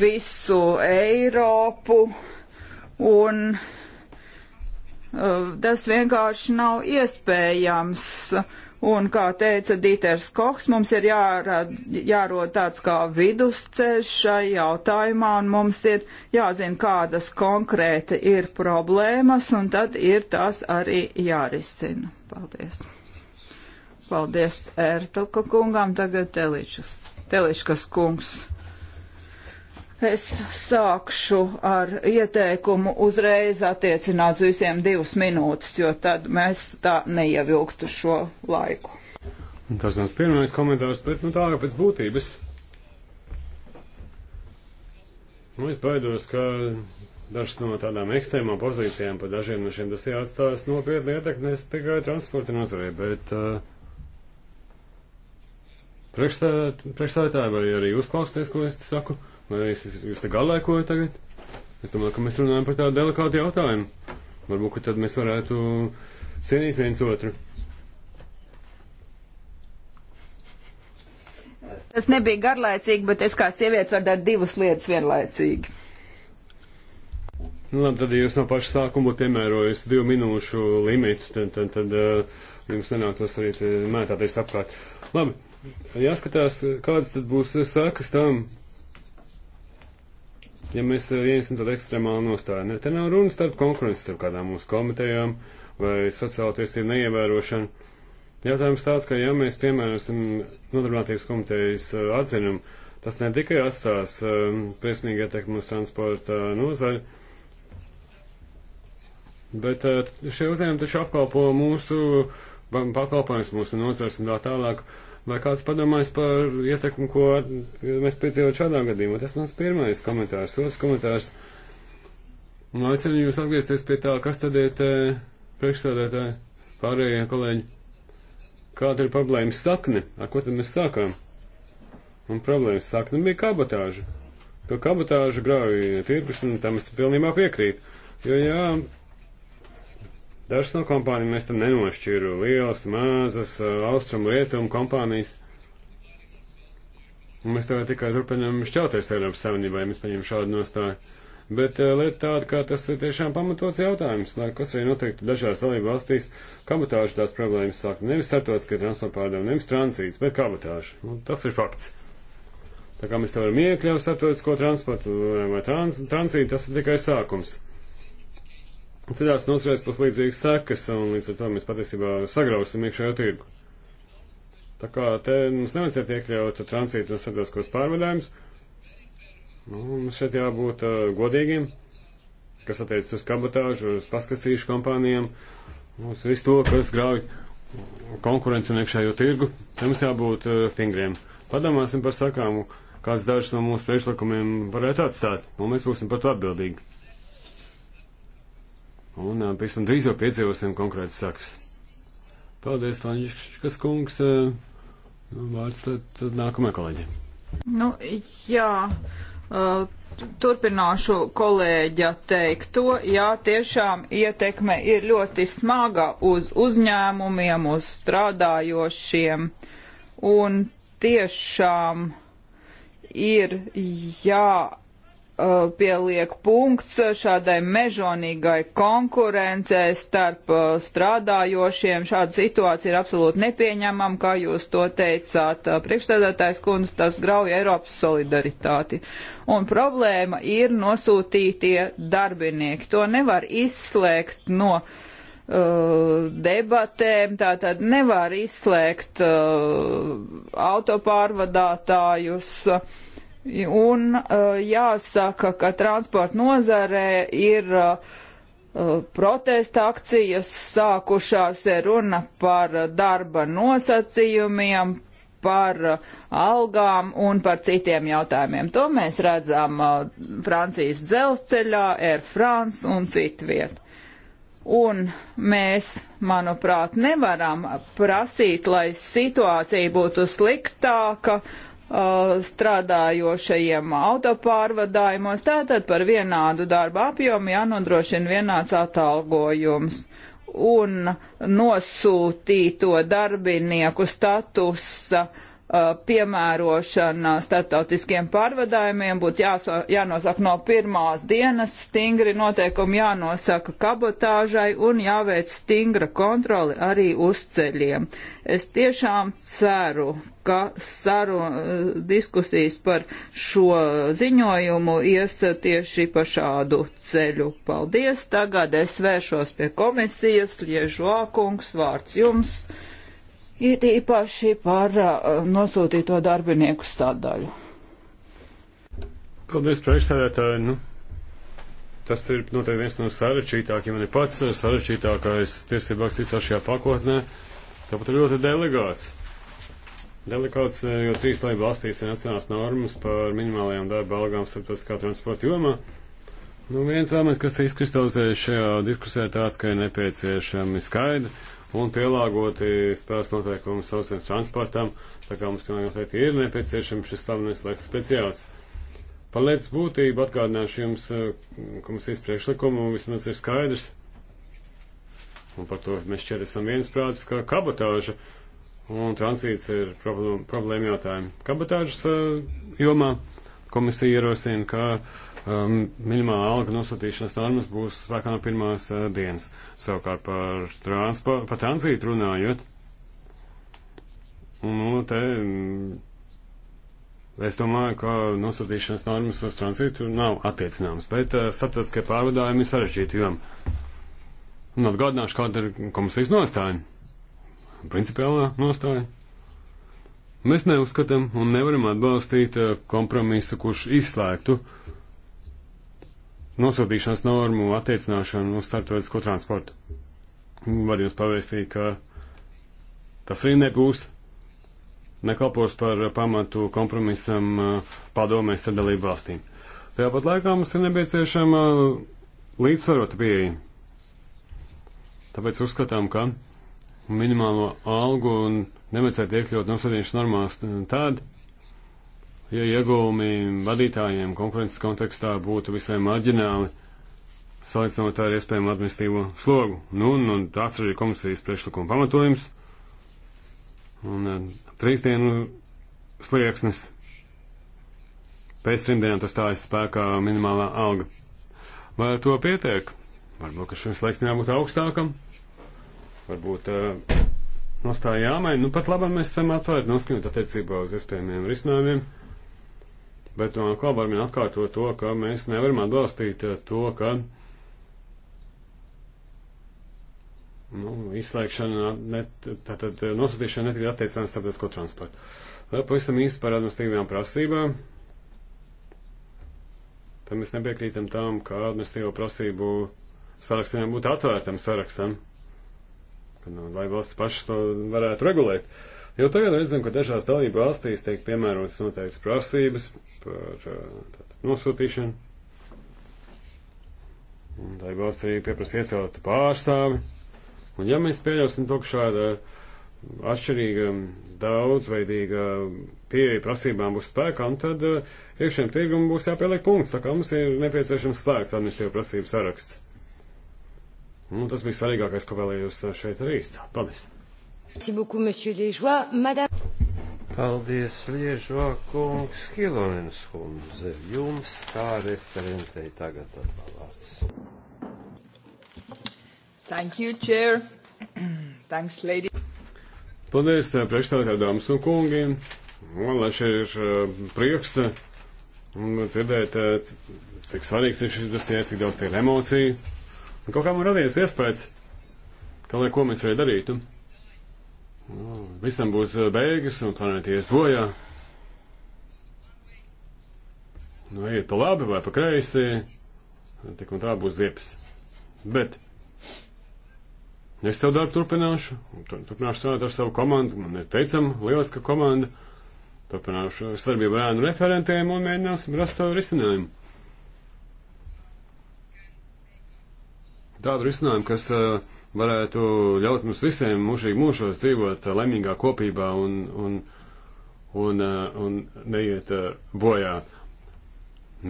visu Eiropu. Un tas vienkārši nav iespējams. Uh, Un, kā teica Dīters Koks, mums ir jārod tāds kā vidusceļš šai jautājumā, un mums ir jāzina, kādas konkrēti ir problēmas, un tad ir tās arī jārisina. Paldies. Paldies Ertuka kungam, tagad Teličus. Teliškas kungs. Es sākšu ar ieteikumu uzreiz attiecināt uz visiem divas minūtes, jo tad mēs tā neievilktu šo laiku. Tas mans pirmais komentārs, bet nu tā pēc būtības. Nu, es baidos, ka dažas no tādām ekstrēmām pozīcijām par dažiem no šiem tas jāatstās nopietni ietekmi ne tikai transporta nozarē, bet uh, priekšstādātāji vai arī uzklausties, ko es te saku. Mēs, jūs te galēkojat tagad? Es domāju, ka mēs runājam par tādu delikātu jautājumu. Varbūt, ka tad mēs varētu cienīt viens otru. Tas nebija garlaicīgi, bet es kā sieviete varu darīt divas lietas vienlaicīgi. Nu, labi, tad, ja jūs no paša sākuma būtu piemērojis divu minūšu limitu, tad, tad, tad uh, jums nenāktos arī eh, mētāties apkārt. Labi, jāskatās, kādas tad būs sekas tam, ja mēs ieņemsim tādu ekstremālu nostāju. Ne, te nav runa starp konkurences starp kādām mūsu komitejām vai sociālo tiesību neievērošanu. Jautājums tāds, ka ja mēs piemērosim nodarbinātības komitejas eh, atzinumu, tas ne tikai atstās eh, priesmīgi ietekmi uz transporta eh, nozari, bet šie uzņēmumi taču apkalpo mūsu pakalpojums, mūsu nozars un tā tālāk. Uh, Vai kāds padomājis par ietekmi, ko mēs piedzīvot šādā gadījumā? Tas mans pirmais komentārs. Otrs komentārs. Un aicinu jūs atgriezties pie tā, kas tad ir te eh, priekšstādētāji, pārējie kolēģi. Kāda ir problēmas sakne? Ar ko tad mēs sākām? Un problēmas sakne bija kabotāža. Ka kabotāža grauja tirgus, un tam es pilnībā piekrītu. Jo jā, Dažas no kompānijām es tam nenošķiru - lielas, mazas, austrumu, rietumu kompānijas. Un mēs tagad tikai turpinām šķelties Eiropas Savienībā, ja mēs paņemam šādu nostāju. Bet uh, lieta tāda, ka tas ir tiešām pamatots jautājums, lai kas arī noteikti dažās dalību valstīs kabatāžu tās problēmas sāk nevis starptautiskie transporta pārdevi, nevis tranzīts, bet kabatāžu. Un tas ir fakts. Tā kā mēs te varam iekļaut starptautisko transportu vai trans, tranzītu, tas ir tikai sākums citās nozarēs būs līdzīgas sekas, un līdz ar to mēs patiesībā sagrausim iekšējo tirgu. Tā kā te mums nevajadzētu iekļaut tranzītu un sabiedriskos pārvadājumus. Mums šeit jābūt uh, godīgiem, kas attiecas uz kabatāžu, uz paskastīšu kompānijām, uz visu to, kas grauj konkurenci un iekšējo tirgu. Te mums jābūt uh, stingriem. Padomāsim par sakām, kāds dažs no mūsu priekšlikumiem varētu atstāt, un mēs būsim par to atbildīgi. Un pēc tam drīz jau piedzīvosim konkrētas sakas. Paldies, Tāņģiskas kungs. Nu, vārds tad, tad nākamajai kolēģi. Nu, jā. Uh, turpināšu kolēģa teikto. Jā, tiešām ietekme ir ļoti smaga uz uzņēmumiem, uz strādājošiem. Un tiešām ir jā jāpieliek uh, punkts šādai mežonīgai konkurencē starp uh, strādājošiem. Šāda situācija ir absolūti nepieņemama, kā jūs to teicāt. Uh, priekšstādātājs kundze, tas grauj Eiropas solidaritāti. Un problēma ir nosūtītie darbinieki. To nevar izslēgt no debatēm, tā tad nevar izslēgt uh, autopārvadātājus. Uh, Un uh, jāsaka, ka transporta nozarē ir uh, uh, protesta akcijas sākušās, ir runa par darba nosacījumiem, par algām un par citiem jautājumiem. To mēs redzam Francijas dzelzceļā, Air France un citviet. Un mēs, manuprāt, nevaram prasīt, lai situācija būtu sliktāka, uh, Uh, strādājošajiem autopārvadājumos. Tātad par vienādu darba apjomu jānodrošina vienāds atalgojums un nosūtīto darbinieku statusa uh, Uh, piemērošana starptautiskiem pārvadājumiem būtu jāso, jānosaka no pirmās dienas, stingri noteikumi jānosaka kabotāžai un jāveic stingra kontroli arī uz ceļiem. Es tiešām ceru, ka saru uh, diskusijas par šo ziņojumu ies tieši pa šādu ceļu. Paldies! Tagad es vēršos pie komisijas, Liežo kungs, vārds jums. Uh, it īpaši par uh, nosūtīto darbinieku stādaļu. Paldies, priekšsēdētāji. Nu, tas ir noteikti viens no sarežģītākajiem, man ir pats sarežģītākais tiesību akts visā šajā pakotnē. Tāpat ir ļoti delegāts. Delikāts, eh, jo trīs laiba valstīs ir nacionāls normas par minimālajām darba algām starptautiskā transporta jomā. Nu, viens elements, kas izkristalizējas šajā diskusijā, tāds, ka ir nepieciešami skaidri un pielāgoti spēles noteikumus sausiem transportam, tā kā mums tomēr noteikti ir nepieciešams šis slavenais laiks speciāls. Par lietas būtību atgādināšu jums eh, komisijas priekšlikumu, vismaz ir skaidrs, un par to mēs šķiet esam viensprātis, ka kabotāža un transīts ir problēma, problēma jautājumi. Kabotāžas eh, jomā komisija ierosina, ka um, minimāla alga nosūtīšanas normas būs spēkā no pirmās uh, dienas. Savukārt par, transpo, par tranzītu runājot, nu, te, mm, es domāju, ka nosūtīšanas normas uz tranzītu nav attiecināmas, bet uh, starptautiskie pārvadājumi ir sarežģīti, jo un atgādināšu, kāda ir komisijas nostāja. Principiālā nostāja. Mēs neuzskatām un nevaram atbalstīt uh, kompromisu, kurš izslēgtu uh, nosodīšanas normu attiecināšanu uz starptautisko transportu. Var jums pavēstīt, ka tas arī nebūs, nekalpos par pamatu kompromisam uh, padomēs ar dalību valstīm. Tāpat laikā mums ir nepieciešama līdzsvarota pieeja. Tāpēc uzskatām, ka minimālo algu un nevajadzētu iekļaut nosodīšanas normās uh, tādā, ja ieguvumi vadītājiem konkurences kontekstā būtu visai marģināli, salīdzinot ar iespējamu administīvo slogu. Nu, un, un tāds arī komisijas priekšlikuma pamatojums. Un, un eh, trīs dienu slieksnis. Pēc trim dienām tas stājas spēkā minimālā alga. Vai ar to pietiek? Varbūt, ka šim slieksnim jābūt augstākam. Varbūt uh, nostāja jāmaina. Nu, pat labāk mēs esam atvērti noskaņot attiecībā uz iespējamiem risinājumiem bet no kā varam atkārtot to, ka mēs nevaram atbalstīt eh, to, ka nu, izslēgšana, net, tātad eh, nosūtīšana netika attiecināta starptautisko transportu. Pavisam īsti par administratīvajām prasībām. Tad mēs nepiekrītam tam, ka administratīvo prasību sarakstiem būtu atvērtam sarakstam, kad, nu, lai valsts pašas to varētu regulēt. Uh, Jau tagad redzam, ka dažās dalību valstīs tiek piemērotas noteikts prasības par eh, tātad, nosūtīšanu. Dalību valsts arī pieprasa iecelt pārstāvi. Un ja mēs pieļausim to, ka šāda atšķirīga, daudzveidīga pieeja prasībām būs spēkā, un tad eh, iekšējiem tirgumam būs jāpieliek punkts, tā kā mums ir nepieciešams slēgts administratīvu prasību saraksts. Nu, tas bija svarīgākais, ko vēlējos eh, šeit arī izcelt. Paldies! Paldies, Liežvā kungs, Kilonins kundze. Jums kā referentei tagad atkal vārds. Thank you, chair. Thanks, lady. Paldies, priekšstādā dāmas un kungi. Man lai šeit ir uh, prieks uh, dzirdēt, uh, cik svarīgs ir šis dosie, cik daudz tie ir emociju. Un kaut kā man radies iespējas, ka lai ko mēs arī darītu. Nu, visam būs eh, beigas un planēta ies bojā. Nu, ejiet pa labi vai pa kreisi, tik un tā būs ziepes. Bet es tev darbu turpināšu, turpināšu strādāt ar savu komandu, man ir teicama lieliska komanda. Turpināšu starpību ēnu referentiem un mēģināsim rast to risinājumu. Tādu risinājumu, kas uh, varētu ļaut mums visiem mūžīgi mūžos dzīvot eh, laimīgā kopībā un, un, un, eh, un neiet eh, bojā.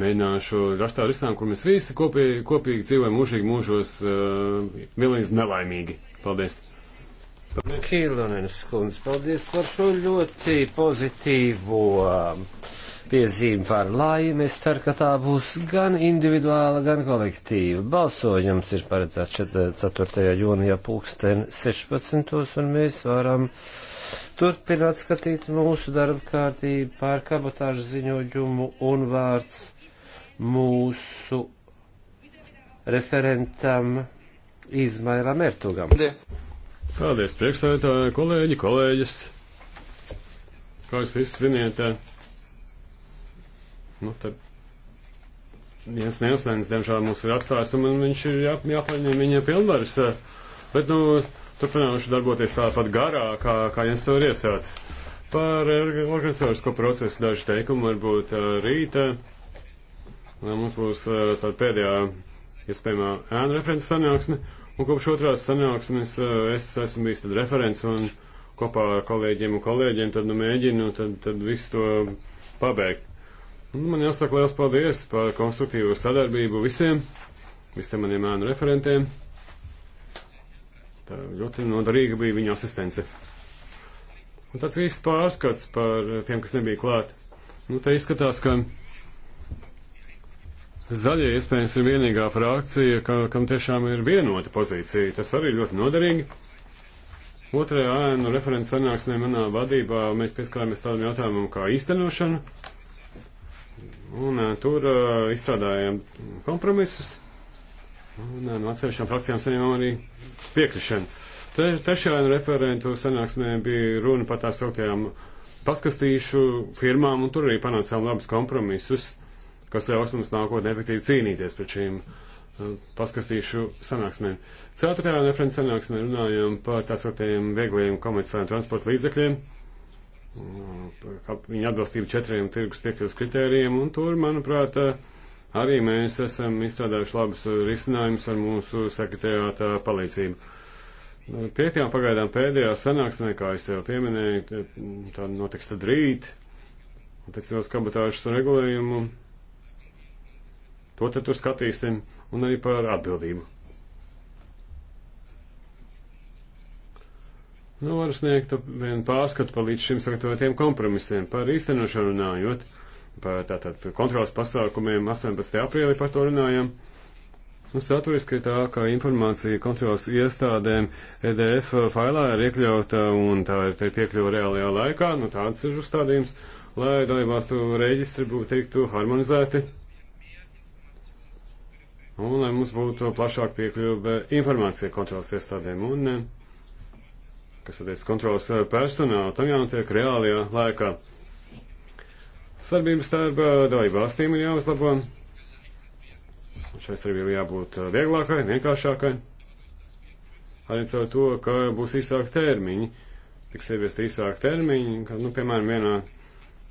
Mēģināšu rast tādu risinājumu, kur mēs visi kopīgi, kopīgi dzīvojam mūžīgi mūžos vienlīdz nelaimīgi. Paldies! Paldies. Kīlonenes kundze, paldies par šo ļoti pozitīvo. Uh, piezīme par laimi. Es ceru, ka tā būs gan individuāla, gan kolektīva. Balsojums ir paredzēts 4. Eh, jūnijā pulksten 16. un mēs varam turpināt skatīt mūsu darba kārtību pār kabotāžu ziņojumu un vārds mūsu referentam Izmailam Ertugam. Paldies, priekšstādātāji, kolēģi, kolēģis. Kā jūs visi ziniet, tā Nu, tad viens neuzlēns, diemžēl, mums ir atstājis, un man viņš ir jā, jāpaņem viņa pilnvaras. Eh, bet, nu, turpināšu darboties tāpat garā, kā, kā viens to ir iesācis. Par organizatorisko procesu daži teikumi varbūt eh, rīta. Mums būs eh, tāda pēdējā iespējamā ēna referenta sanāksme, un kopš otrās sanāksmes es esmu bijis tad referents, un kopā ar kolēģiem un kolēģiem tad nu mēģinu tad, tad visu to pabeigt. Nu, man jāsaka liels paldies par konstruktīvo sadarbību visiem, visiem maniem ēnu referentiem. Tā ļoti noderīga bija viņa asistence. Un tāds īsts pārskats par tiem, kas nebija klāt. Nu, te izskatās, ka zaļie iespējams ir vienīgā frakcija, ka, kam tiešām ir vienota pozīcija. Tas arī ļoti noderīgi. Otrajā ēnu referents sanāksmē manā vadībā mēs pieskārāmies tādam jautājumam kā īstenošana. Un eh, tur eh, izstrādājām kompromisus. Un eh, no atsevišķām frakcijām saņemam arī piekrišanu. Te, trešajā referentu sanāksmē bija runa par tās augtajām paskastīšu firmām, un tur arī panācām labus kompromisus, kas ļaus mums nākotnē efektīvi cīnīties pret šīm paskastīšu sanāksmēm. Ceturtajā referentu sanāksmē runājām par tās augtajiem vieglajiem komerciālajiem transporta līdzekļiem viņa atbilstību četriem tirgus piekļuvas kritērijiem, un tur, manuprāt, arī mēs esam izstrādājuši labus risinājumus ar mūsu sekretariātā palīdzību. Nu, piektajā pagaidām pēdējā sanāksmē, kā es jau pieminēju, tā notiks tad rīt, attiecībā uz kabatāžas regulējumu. To tad tur skatīsim, un arī par atbildību. Nu, var sniegt vienu pārskatu par līdz šim sagatavotiem kompromisiem, par īstenošanu runājot, par tātad kontrolas pasākumiem 18. aprīlī par to runājam. Nu, saturiski tā, ka informācija kontrolas iestādēm EDF failā ir iekļauta un tā ir piekļuva reālajā laikā, nu tāds ir uzstādījums, lai dalībās tu reģistri būtu teiktu harmonizēti. Un lai mums būtu plašāk piekļuva informācija kontrolas iestādēm. Un, ne, eh, kas attiec kontrolas eh, personālu, tam jānotiek reālajā laikā. Sadarbības starp eh, dalību valstīm ir jāuzlabo. Šai starpībai jābūt eh, vieglākai, vienkāršākai. Arī caur to, ka būs īsāki termiņi, tiks ieviest īsāki termiņi, kad, nu, piemēram, vienā,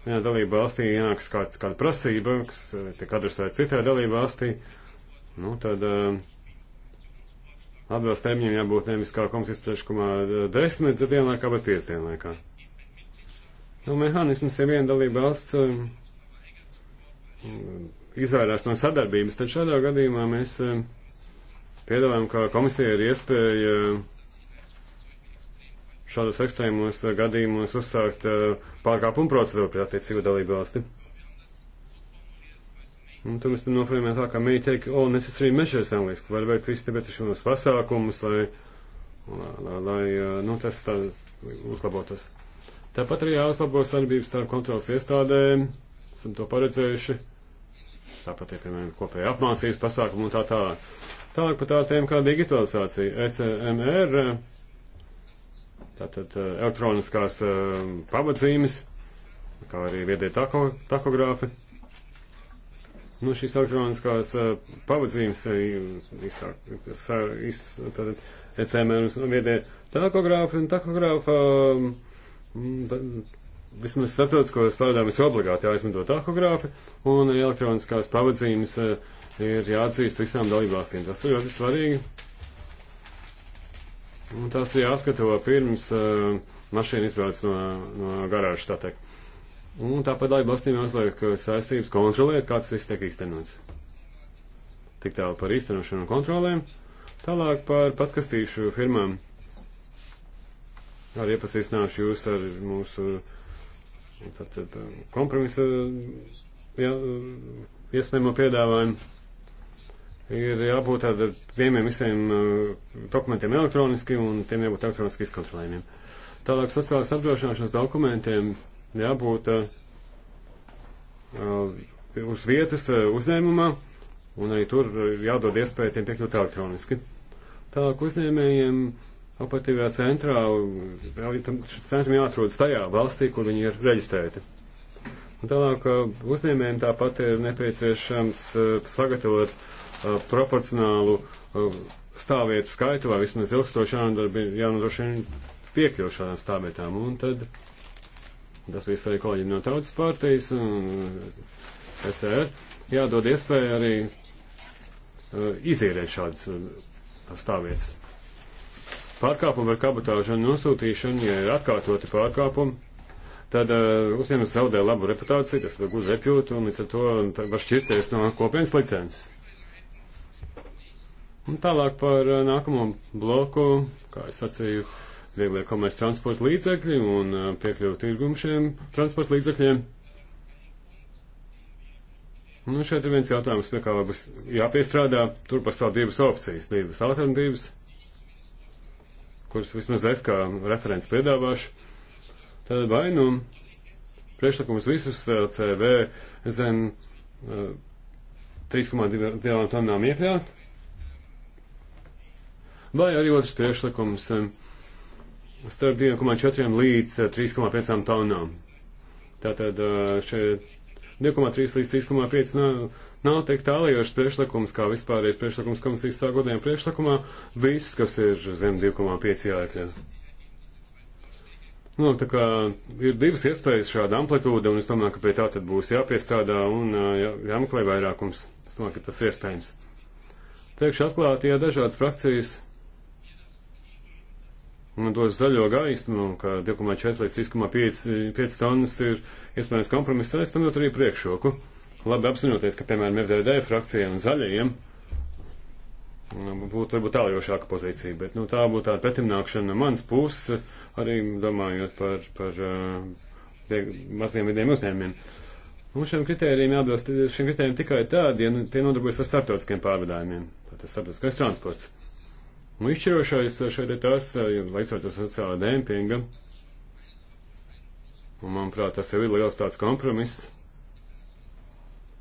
vienā dalību valstī ienāks kāds, kāda prasība, kas tiek adresēta citā dalību valstī, nu, tad uh, atbilst termiņiem jābūt nevis kā komisijas priekšlikumā eh, desmit dienlaikā, bet piec dienlaikā. Nu, mehānisms ir viena dalība valsts eh, izvairās no sadarbības, tad šādā gadījumā mēs eh, piedāvājam, ka komisija ir iespēja šādos ekstrēmos gadījumos uzsākt pārkāpumu procedūru pret attiecību dalību valsti. Un tad mēs tam noformējam tā, kā mēģi teikt, oh, necessary measures angliski, var veikt visu nepieciešamos pasākumus, lai, lai, lai, uh, nu, tas tā uzlabotos. Tāpat arī jāuzlabo sadarbības starp kontrolas iestādēm, esam to paredzējuši. Tāpat ir, piemēram, kopēja apmācības pasākumu un tā tālāk. Tālāk par tā tēma kā digitalizācija. ECMR, tātad uh, elektroniskās uh, pavadzīmes, kā arī viedie tako, takogrāfi. Nu, šīs elektroniskās eh, pavadzījums ECMS eh, viedē takogrāfa e un takogrāfa mm, vismaz starptautiskos pārādājumus obligāti jāizmanto tahogrāfi, un arī elektroniskās pavadzīmes eh, ir jāatzīst visām dalībvalstīm. Tas ir ļoti svarīgi. Un tas ir jāskato pirms uh, mašīna izbrauc no, no garāžas, tā teikt. Un tāpat, lai valstīm jāuzliek eh, saistības kontrolēt, kāds viss tiek īstenots. Tik tālu par īstenošanu un kontrolēm. Tālāk par paskastīšu firmām. Arī iepazīstināšu jūs ar mūsu tad, tad, eh, kompromisa jā, iespējamo piedāvājumu. Ir jābūt tādiem vieniem visiem eh, dokumentiem elektroniski un tiem jābūt elektroniski izkontrolējumiem. Tālāk sociālās apdrošināšanas dokumentiem jābūt eh, eh, uz vietas eh, uzņēmumā, un arī tur jādod iespēja tiem piekļūt elektroniski. Tālāk uzņēmējiem operatīvajā centrā, šis centram jāatrodas tajā valstī, kur viņi ir reģistrēti. Un tālāk uzņēmējiem tāpat ir nepieciešams sagatavot proporcionālu stāvvietu skaitu vai vismaz ilgstošu jānodrošina piekļuvu šādām stāvvietām. Un tad uh, Tas viss arī kolēģiem no tautas partijas un PCR. Uh, Jādod iespēju arī uh, izīrēt šādas uh, stāvvietas. Pārkāpumi vai kabatāža un nosūtīšana, ja ir atkārtoti pārkāpumi, tad uh, uzņēmums zaudē labu reputāciju, tas var gudri repjūt, un līdz ar to var šķirties no kopienas licences. Un tālāk par uh, nākamo bloku, kā es sacīju, uh, vieglie komerci transporta līdzekļi un piekļuvu tirgumu šiem transporta līdzekļiem. Nu, šeit ir viens jautājums, pie kā būs jāpiestrādā. Tur pastāv divas opcijas, divas alternatīvas, kuras vismaz es kā referents piedāvāšu. Tad vai nu priekšlikums visus CV zem 3,2 tonnām iekļaut, vai arī otrs priekšlikums. Um, starp 2,4 līdz 3,5 eh, tonām. Tātad eh, šeit 2,3 līdz 3,5 nav, nav tik tālajošs priekšlikums, kā vispārējais priekšlikums komisijas sākotnējā priekšlikumā, visus, kas ir zem 2,5 jāiekļauj. Nu, tā kā ir divas iespējas šāda amplitūda, un es domāju, ka pie tā tad būs jāpiestrādā un eh, jā, jāmeklē vairākums. Es domāju, ka tas ir iespējams. Teikšu atklāti, ja dažādas frakcijas dos zaļo gaismu, ka 2,4 līdz 3,5 tonnas ir iespējams kompromiss, tad es tam dotu arī priekšroku. Labi apzinoties, ka, piemēram, FDD frakcijai un zaļajiem nu, būtu varbūt tālajošāka pozīcija, bet nu, tā būtu tāda pretimnākšana mans puses, arī domājot par, par uh, maziem vidiem uzņēmumiem. Un šiem kritērijiem jāatbilst, šiem kritērijiem tikai tādi, ja nu, tie nodarbojas ar starptautiskiem pārvadājumiem. Tātad starptautiskais transports. Un nu, izšķirošais šeit ir tas, eh, veicot uz sociālā dempinga. Un, manuprāt, tas jau ir liels tāds kompromiss,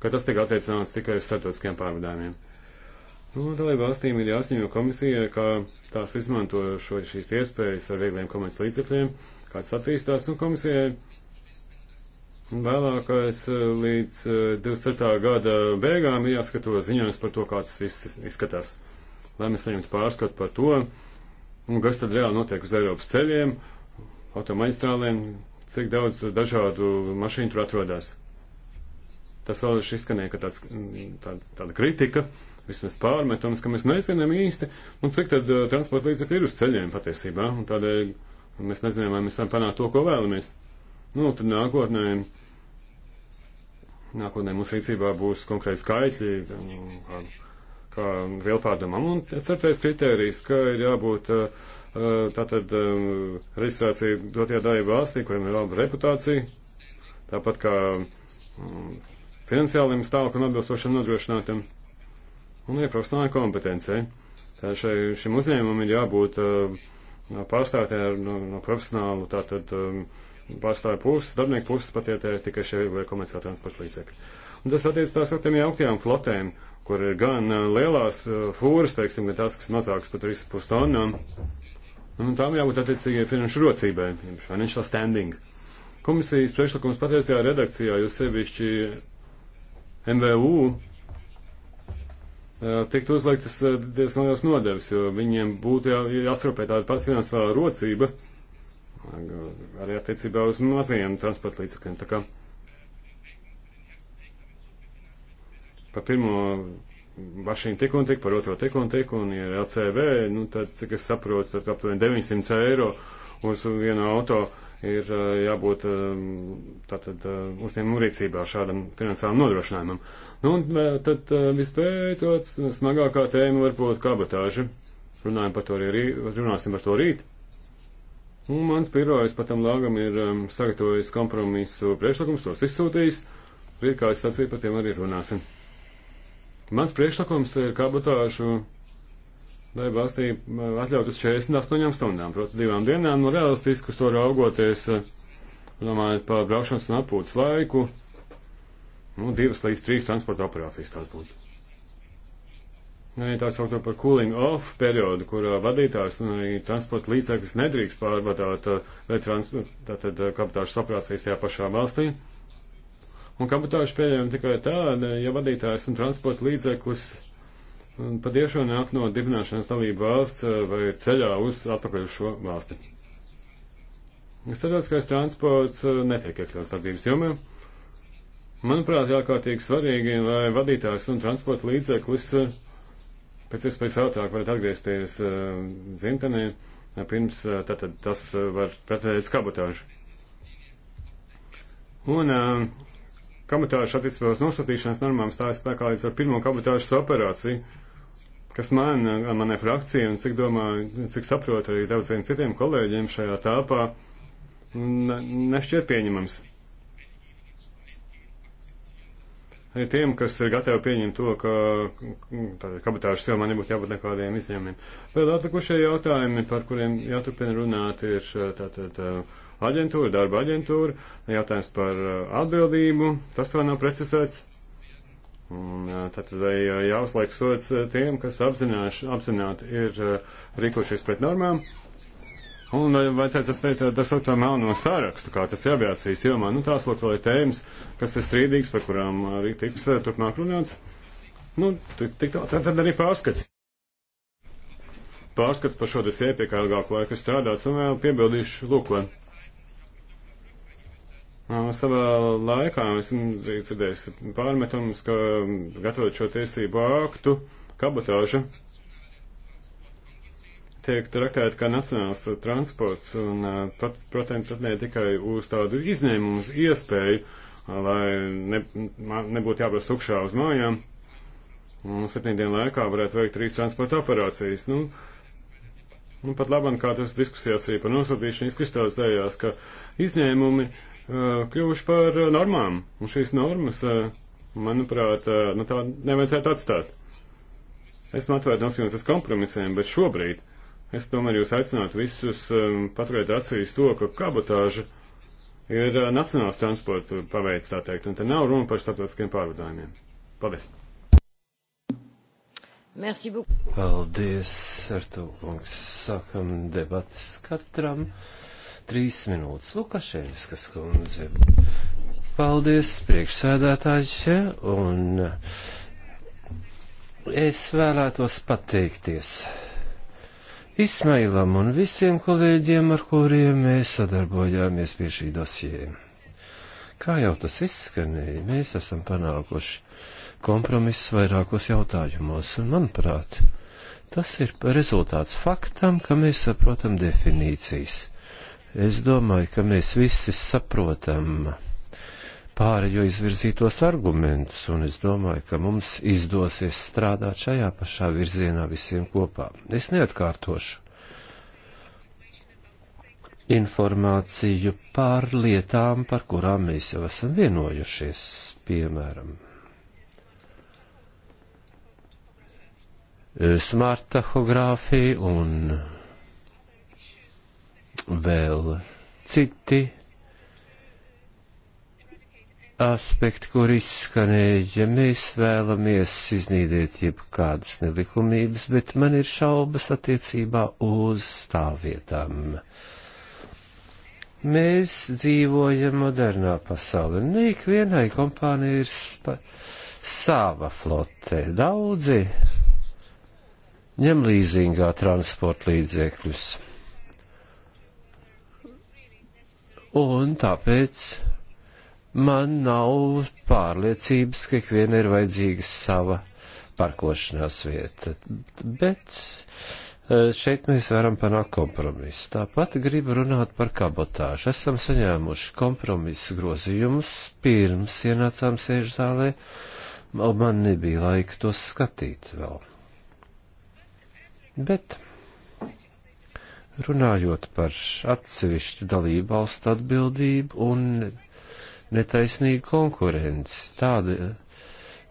ka tas tiek attiecināts tikai uz starptautiskiem pārvadājumiem. Nu, dalību valstīm ir jāsņem komisija, ka tās izmanto šo, šīs iespējas ar viegliem komerces līdzekļiem, kāds attīstās, nu, komisijai Vēlākais eh, līdz 24. Eh, gada beigām ir jāskatās ziņojums par to, kāds viss izskatās lai mēs saņemtu pārskatu par to, un kas tad reāli notiek uz Eiropas ceļiem, automaģistrāliem, cik daudz dažādu mašīnu tur atrodas. Tas vēl izskanēja, ka tāds, tāds, tāda kritika, vismaz pārmetums, ka mēs nezinām īsti, un nu, cik tad uh, transporta līdzekļi ir uz ceļiem patiesībā, un tādēļ mēs nezinām, vai mēs varam panākt to, ko vēlamies. Nu, tad nākotnē, nākotnē mūsu rīcībā būs konkrēti skaitļi, kā vielpārdumam. Un certais kriterijs, ka ir jābūt eh, eh, tātad eh, reģistrācija dotajā dalība valstī, kuriem ir laba reputācija, tāpat kā mm, finansiāliem stāvokam atbilstošam nodrošinātam un ir profesionāla kompetencija. Tā šai, šim uzņēmumam ir jābūt pārstāvētē no, no profesionālu tātad pārstāvju puses, darbinieku puses patietē tikai šie komerciāli transporta līdzekļi. Un tas attiecas tās ar tiem jauktajām flotēm kur ir gan lielās fūras, teiksim, ir tās, kas mazākas par 3,5 tonnām. Un tām jābūt attiecīgai finanšu rocībai, financial standing. Komisijas priekšlikums patiesajā redakcijā, jo sevišķi MVU tiktu uzliktas diezgan liels nodevis, jo viņiem būtu jā, jāstropē tāda pat finansiālā rocība arī attiecībā uz mazajiem transporta līdzekļiem. par pirmo mašīnu tik un tik, par otro tik un tik, un ir LCV, nu tad, cik es saprotu, tad aptuveni 900 eiro uz vienu auto ir eh, jābūt ehm, tātad eh, uzņēmumu rīcībā šādam finansālam nodrošinājumam. Nu, un eh, tad vispēcot smagākā tēma var būt kabatāža. Runājam par to arī rīt, runāsim par to rīt. Un mans pirojas patam lāgam ir um, sagatavojis kompromisu priekšlikums, tos izsūtījis. Rīt, kā es sacīju, par tiem arī runāsim. Mans priekšlikums ir kabatāšu, lai valstī atļautu uz 48 stundām, proti divām dienām, no nu, realistisku to raugoties, eh, domājot par braukšanas un atpūtas laiku, nu, divas līdz trīs transporta operācijas tās būtu. Nu, arī tā saucamā par cooling off periodu, kur vadītājs un arī transporta līdzekļus nedrīkst pārvadāt eh, vai transportēt eh, kapitāšu operācijas tajā pašā valstī. Uh, Un kabatāžu pieļaujam tikai tāda, ja vadītājs un transporta līdzeklis patiešām nāk no dibināšanas dalību valsts eh, vai ceļā uz atpakaļ uz šo valsti. Starptautiskais transports eh, netiek iekļauts darbības jomā. Manuprāt, ārkārtīgi svarīgi, lai vadītājs un transporta līdzeklis eh, pēc iespējas ātrāk varētu atgriezties dzimtenē, pirms tātad tas var pretvērt skabotāžu. Un uh, kabatāšu attiecībās nosūtīšanas normām stājas spēkā līdz ar pirmo kabatāšas operāciju, kas man, manai frakcijai un cik domāju, cik saprotu arī daudziem citiem kolēģiem šajā tāpā, ne, nešķiet pieņemams. arī tiem, kas ir gatavi pieņemt to, ka kabatāžas jomā nebūtu jābūt nekādiem izņēmumiem. Vēl atlikušie jautājumi, par kuriem jāturpina runāt, ir tātad tā, tā, aģentūra, darba aģentūra, jautājums par uh, atbildību, tas vēl nav precisēts. Un, uh, tad uh, jāuzlaik sots tiem, kas apzināti ir rīkojušies pret normām. Un vajadzētu sasteikt tā sauktā melno sārakstu, kā tas ir aviācijas jomā. Nu, tās lūk vēl ir tēmas, kas ir strīdīgs, par kurām arī tiks turpmāk runāts. Nu, tik tā, tad, tad arī pārskats. Pārskats par šo dosie, pie kā ilgāku laiku strādāts, un vēl piebildīšu lūko. Savā laikā esmu dzirdējis pārmetumus, ka um, gatavot šo tiesību aktu, kabatāža tiek traktēta kā nacionāls transports un, pat, protams, pat ne tikai uz tādu izņēmumu, uz iespēju, lai ne, nebūtu jābrauc tukšā uz mājām. Un septiņdienu laikā varētu veikt trīs transporta operācijas. Nu, nu, pat labam, kā tas diskusijās arī par nosūtīšanu izkristalizējās, ka izņēmumi uh, Eh, kļuvuši par eh, normām. Un šīs normas, eh, manuprāt, nu tā nevajadzētu atstāt. Esmu atvērts no uz kompromisiem, bet šobrīd es tomēr jūs aicinātu visus paturēt acīs to, ka kabotāža ir nacionāls transporta paveids, tā teikt, un te nav runa par starptautiskiem pārvadājumiem. Paldies! Merci beaucoup. Paldies, Artu kungs. Sākam debatas katram trīs minūtes. Lukašēviskas kundze. Paldies, priekšsēdētāji, un es vēlētos pateikties Ismailam un visiem kolēģiem, ar kuriem mēs sadarbojāmies pie šī dosjē. Kā jau tas izskanēja, mēs esam panākuši kompromisus vairākos jautājumos, un, manuprāt, tas ir rezultāts faktam, ka mēs saprotam definīcijas Es domāju, ka mēs visi saprotam pārējo izvirzītos argumentus, un es domāju, ka mums izdosies strādāt šajā pašā virzienā visiem kopā. Es neatkārtošu informāciju par lietām, par kurām mēs jau esam vienojušies, piemēram, smartahogrāfija un vēl citi aspekti, kur izskanēja, mēs vēlamies iznīdēt jebkādas nelikumības, bet man ir šaubas attiecībā uz stāvvietām. Mēs dzīvojam modernā pasaulē, un ik vienai kompānijai ir sava flote. Daudzi ņem līzingā transporta līdzekļus un tāpēc man nav pārliecības, ka ikviena ir vajadzīga sava parkošanās vieta. Bet e, šeit mēs varam panākt kompromisu. Tāpat gribu runāt par kabotāžu. Esam saņēmuši kompromisu grozījumus pirms ienācām sēžu zālē, un man nebija laika tos skatīt vēl. Bet runājot par atsevišķu dalību valstu atbildību un netaisnīgu konkurenci. Tāda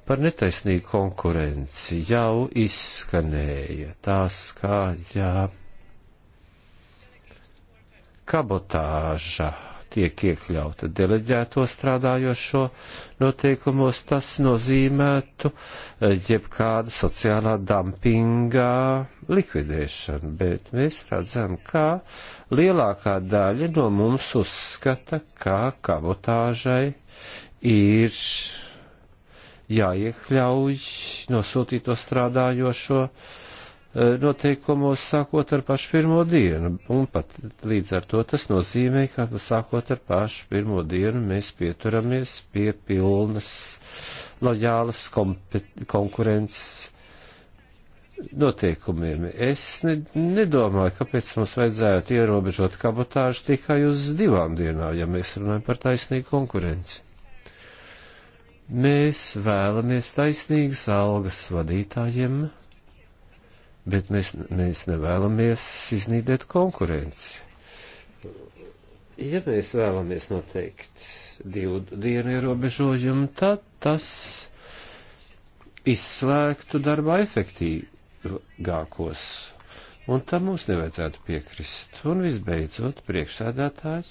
par netaisnīgu konkurenci jau izskanēja tās kā, jā, kabotāža tiek iekļauta deleģēto strādājošo noteikumos, tas nozīmētu eh, jebkāda sociālā dumpingā likvidēšanu, bet mēs redzam, ka lielākā daļa no mums uzskata, ka kabotāžai ir jāiekļauj nosūtīto strādājošo e, noteikumos sākot ar pašu pirmo dienu, un pat līdz ar to tas nozīmē, ka sākot ar pašu pirmo dienu mēs pieturamies pie pilnas lojālas konkurences noteikumiem. Es ne, nedomāju, kāpēc mums vajadzētu ierobežot kabotāžu tikai uz divām dienām, ja mēs runājam par taisnīgu konkurenci. Mēs vēlamies taisnīgas algas vadītājiem, bet mēs, mēs nevēlamies iznīdēt konkurenci. Ja mēs vēlamies noteikt divu dienu ierobežojumu, tad tas izslēgtu darba efektīvi vissvarīgākos. Un tam mums nevajadzētu piekrist. Un visbeidzot, priekšsēdētājs,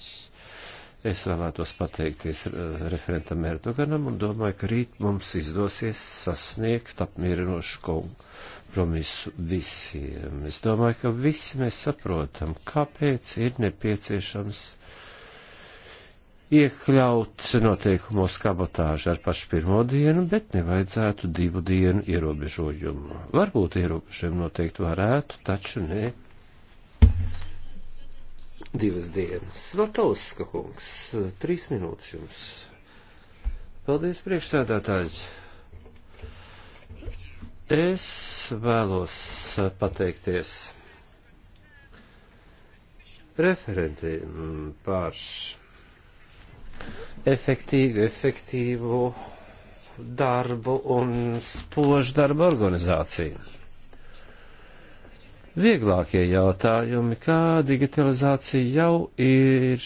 es vēlētos pateikties eh, referentam Erdoganam un domāju, ka rīt mums izdosies sasniegt apmierinošu kompromisu visiem. Es domāju, ka visi mēs saprotam, kāpēc ir nepieciešams iekļauts noteikumos kabotāžu ar pašu pirmo dienu, bet nevajadzētu divu dienu ierobežojumu. Varbūt ierobežojumu noteikti varētu, taču ne. Divas dienas. Latauska kungs, trīs minūtes jums. Paldies, priekšsēdētājs. Es vēlos pateikties referentiem par efektīgu, efektīvu darbu un spožu darbu organizāciju. Vieglākie jautājumi, kā digitalizācija jau ir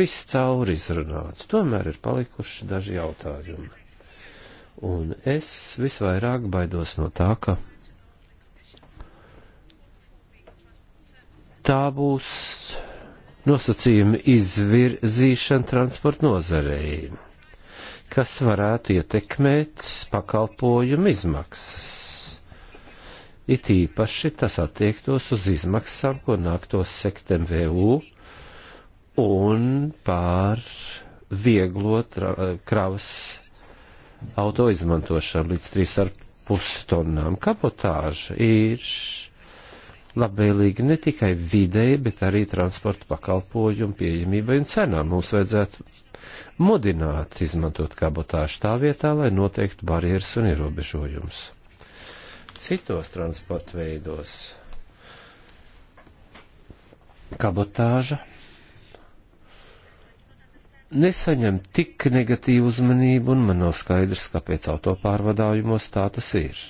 viss cauri izrunāts, tomēr ir palikuši daži jautājumi. Un es visvairāk baidos no tā, ka tā būs nosacījumu izvirzīšana transporta nozarei, kas varētu ietekmēt pakalpojumu izmaksas. It īpaši tas attiektos uz izmaksām, ko nāktos sekt MVU un pār vieglo kravas auto izmantošanu līdz 3,5 tonnām. Kapotāža ir labvēlīgi ne tikai videi, bet arī transporta pakalpojumu pieejamībai un cenām. Mums vajadzētu mudināt izmantot kabotāšu tā vietā, lai noteiktu barjeras un ierobežojumus. Citos transporta veidos kabotāža nesaņem tik negatīvu uzmanību, un man nav skaidrs, kāpēc autopārvadājumos tā tas ir.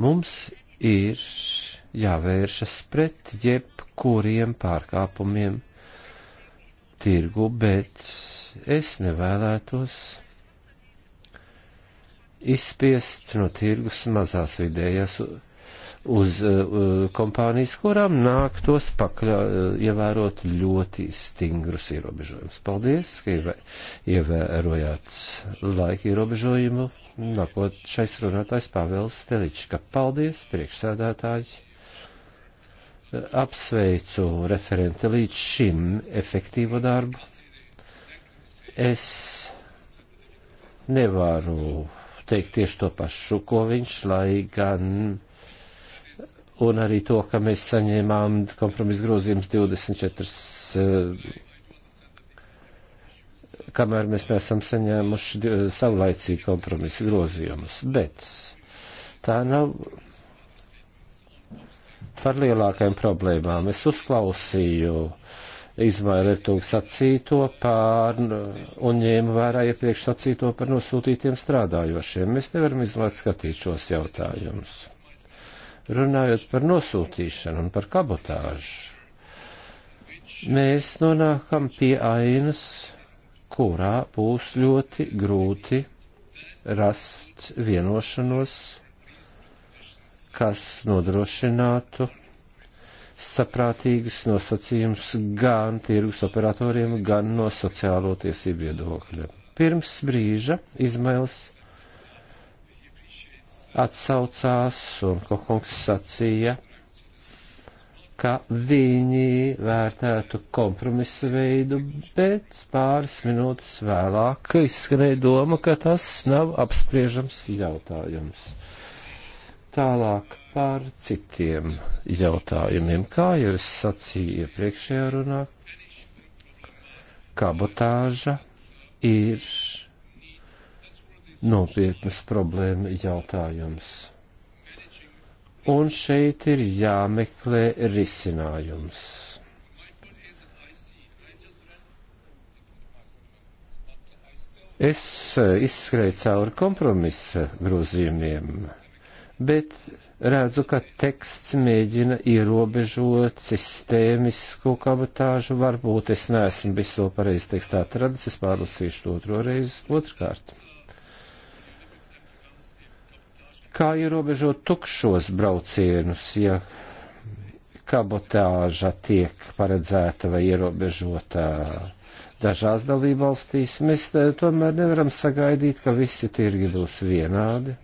Mums ir jāvēršas pret jebkuriem pārkāpumiem tirgu, bet es nevēlētos izspiest no tirgus mazās vidējās uz uh, kompānijas, kurām nāktos pakļa, uh, ievērot ļoti stingrus ierobežojumus. Paldies, ka ievērojāt laika ierobežojumu. Nākot šais runātājs Pāvēls Stelička. Paldies, priekšsēdētāji! apsveicu referente līdz šim efektīvo darbu. Es nevaru teikt tieši to pašu, ko viņš, lai gan un arī to, ka mēs saņēmām kompromisu grozījums 24, eh, kamēr mēs neesam saņēmuši savlaicīgi kompromisu grozījumus. Bet tā nav par lielākajām problēmām. Es uzklausīju Izmaila Ertūgu sacīto pār un ņēmu vērā iepriekš sacīto par nosūtītiem strādājošiem. Mēs nevaram izlaikt skatīt šos jautājumus. Runājot par nosūtīšanu un par kabotāžu, mēs nonākam pie ainas, kurā būs ļoti grūti rast vienošanos kas nodrošinātu saprātīgus nosacījumus gan tirgus operatoriem, gan no sociālo tiesību viedokļa. Pirms brīža Izmails atsaucās un Kohungs sacīja, ka viņi vērtētu kompromisa veidu, bet pāris minūtes vēlāk izskanēja doma, ka tas nav apspriežams jautājums. Tālāk par citiem jautājumiem, kā jau es sacīju iepriekšējā runā, kabotāža ir nopietnas problēma jautājums. Un šeit ir jāmeklē risinājums. Es eh, izskrēju cauri kompromisa grozījumiem bet redzu, ka teksts mēģina ierobežot sistēmisku kabatāžu. Varbūt es neesmu visu to pareizi tekstā atradis, es pārlasīšu to otro reizi. Otrkārt, kā ierobežot tukšos braucienus, ja kabotāža tiek paredzēta vai ierobežota? Dažās dalībvalstīs mēs eh, tomēr nevaram sagaidīt, ka visi tirgi būs vienādi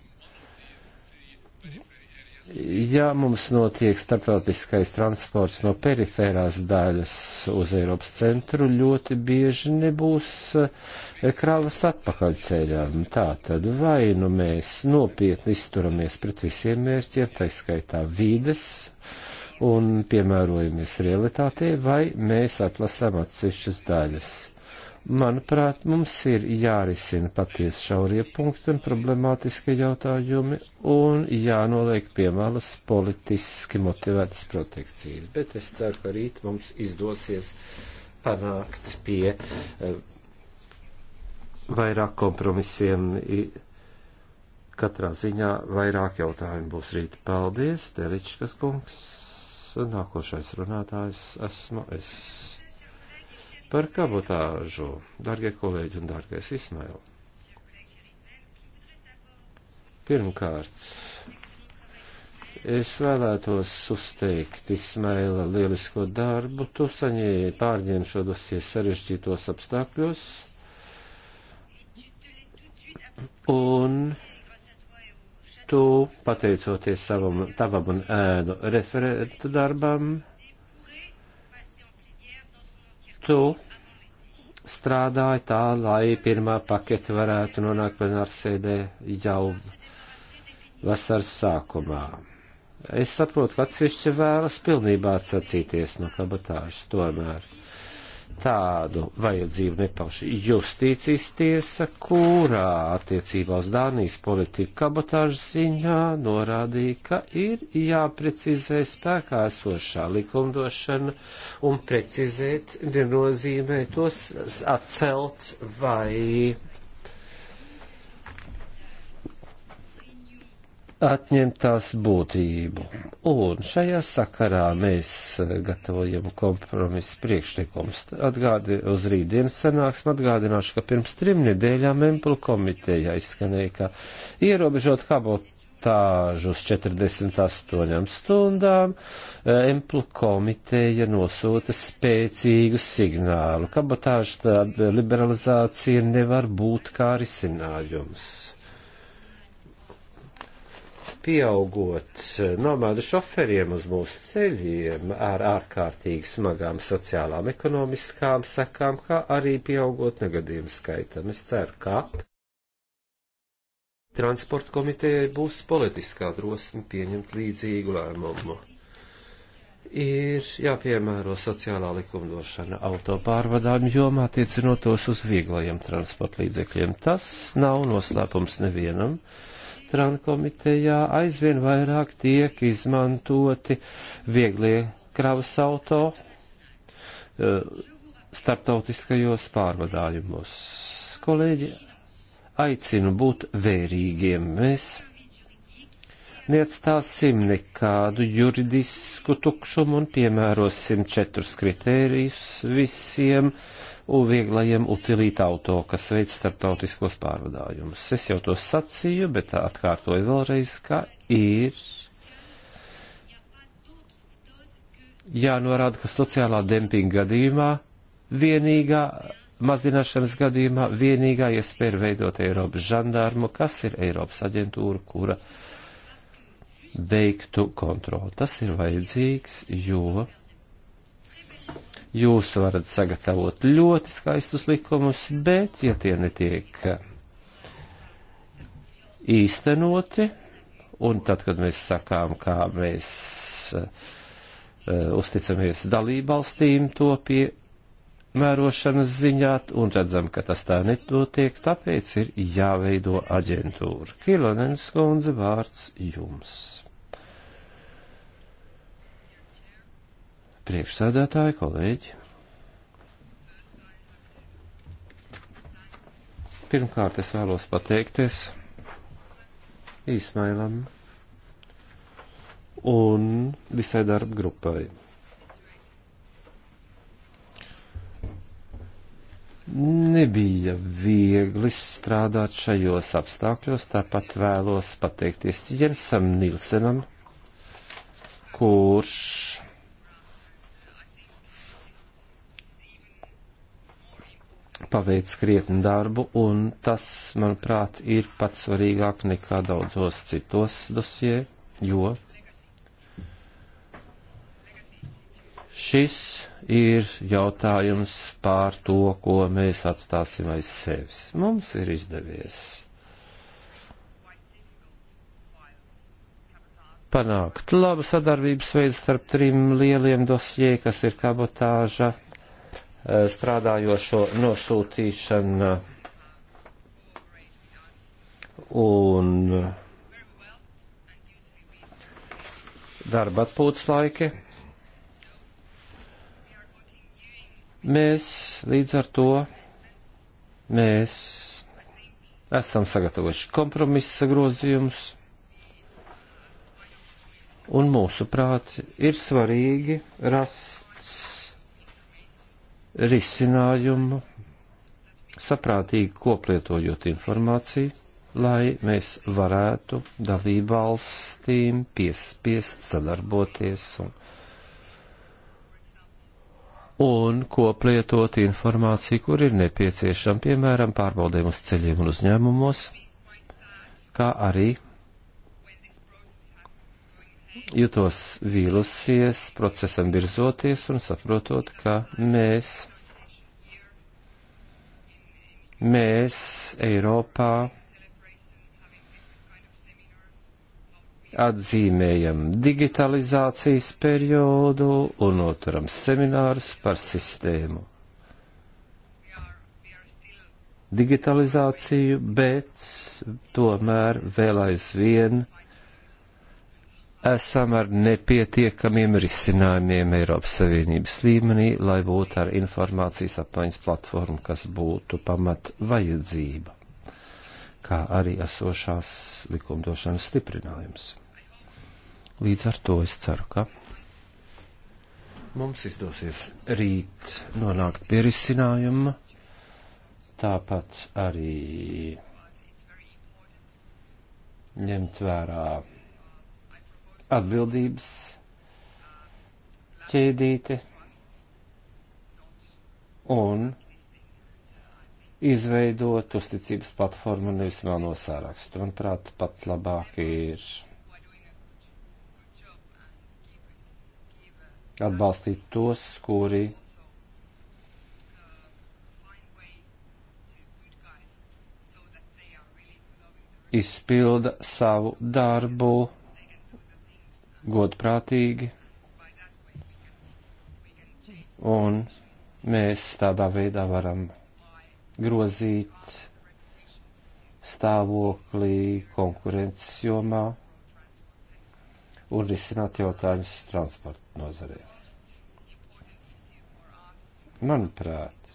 ja mums notiek starptautiskais transports no perifērās daļas uz Eiropas centru, ļoti bieži nebūs eh, kravas atpakaļceļām. Tātad vai nu mēs nopietni izturamies pret visiem mērķiem, taiskaitā vides un piemērojamies realitātei, vai mēs atlasām atsevišķas daļas. Manuprāt, mums ir jārisina patiesi šaurie punkti un problemātiskie jautājumi un jānoliek pie malas politiski motivētas protekcijas. Bet es ceru, ka rīt mums izdosies panākt pie eh, vairāk kompromisiem. Katrā ziņā vairāk jautājumu būs rīt. Paldies, Teličkas kungs. Nākošais runātājs esmu es. Par kabotāžu, dārgie kolēģi un dārgais Ismail. Pirmkārt, es vēlētos uzteikt Ismaila lielisko darbu. Tu saņēmi pārņēmi šo dosie sarežģītos apstākļos. Un tu, pateicoties savam, tavam un ēnu referentu darbam, tu strādāji tā, lai pirmā pakete varētu nonākt plenārsēdē jau vasaras sākumā. Es saprotu, ka atsevišķi vēlas pilnībā atsacīties no kabatāžas tomēr. Uh, tādu vajadzību nepauš justīcijas tiesa, kurā attiecībā uz Dānijas politiku kabotāžas ziņā norādīja, ka ir jāprecizē spēkā esošā likumdošana un precizēt nenozīmē tos atcelt vai atņemt tās būtību. Un šajā sakarā mēs eh, gatavojam kompromisu priekšlikums. Atgādi uz rītdienas sanāksmu atgādināšu, ka pirms trim nedēļām Emplu komiteja izskanēja, ka ierobežot kabotāžu uz 48 stundām, eh, Emplu komiteja nosūta spēcīgu signālu. Kabotāžu liberalizācija nevar būt kā risinājums pieaugot eh, nomādu šoferiem uz mūsu ceļiem ar ārkārtīgi smagām sociālām ekonomiskām sekām, kā arī pieaugot negadījumu skaitam. Es ceru, ka transporta komitejai būs politiskā drosme pieņemt līdzīgu lēmumu. Ir jāpiemēro sociālā likumdošana autopārvadājumu jomā attiecinot tos uz vieglajiem transporta līdzekļiem. Tas nav noslēpums nevienam. Uh, TRAN komitejā aizvien vairāk tiek izmantoti vieglie kravas auto eh, starptautiskajos pārvadājumos. Kolēģi, aicinu būt vērīgiem. Mēs neatstāsim nekādu juridisku tukšumu un piemērosim četrus kritērijus visiem uh, un vieglajiem utilīt auto, kas veic starptautiskos pārvadājumus. Es jau to sacīju, bet atkārtoju vēlreiz, ka ir jānorāda, ka sociālā dempinga gadījumā vienīgā mazināšanas gadījumā vienīgā iespēja ir veidot Eiropas žandārmu, kas ir Eiropas aģentūra, kura veiktu kontroli. Tas ir vajadzīgs, jo Jūs varat sagatavot ļoti skaistus likumus, bet, ja tie netiek īstenoti, un tad, kad mēs sakām, kā mēs uh, uzticamies dalībvalstīm to pie mērošanas ziņā un redzam, ka tas tā netotiek, tāpēc ir jāveido aģentūra. Kilonens kundze vārds jums. priekšsēdētāji, kolēģi. Pirmkārt, es vēlos pateikties Īsmailam un visai darba grupai. Nebija viegli strādāt šajos apstākļos, tāpat vēlos pateikties Jensam Nilsenam, kurš paveic krietni darbu, un tas, manuprāt, ir pats svarīgāk nekā daudzos citos dosie, jo šis ir jautājums pār to, ko mēs atstāsim aiz sevis. Mums ir izdevies panākt labu sadarbības veidu starp trim lieliem dosjē, kas ir kabotāža Eh, strādājošo nosūtīšana un darba atpūtas laiki. Mēs līdz ar to mēs esam sagatavojuši kompromisa grozījumus, un mūsuprāt ir svarīgi rast risinājumu, saprātīgi koplietojot informāciju, lai mēs varētu dalībvalstīm piespiest sadarboties un, un koplietot informāciju, kur ir nepieciešama, piemēram, pārbaudēm uz ceļiem un uzņēmumos, kā arī jutos vīlusies procesam virzoties un saprotot, ka mēs, mēs Eiropā atzīmējam digitalizācijas periodu un noturam seminārus par sistēmu. Digitalizāciju, bet tomēr vēl aizvien esam ar nepietiekamiem risinājumiem Eiropas Savienības līmenī, lai būtu ar informācijas apmaiņas platformu, kas būtu pamat vajadzība, kā arī esošās likumdošanas stiprinājums. Līdz ar to es ceru, ka mums izdosies rīt nonākt pie risinājuma, tāpat arī ņemt vērā atbildības ķēdīte un izveidot uzticības platformu nevis vēl no sārakstu. Manuprāt, pat labāk ir atbalstīt tos, kuri izpilda savu darbu godprātīgi, un mēs tādā veidā varam grozīt stāvoklī konkurences jomā un risināt jautājumus transporta nozarē. Manuprāt,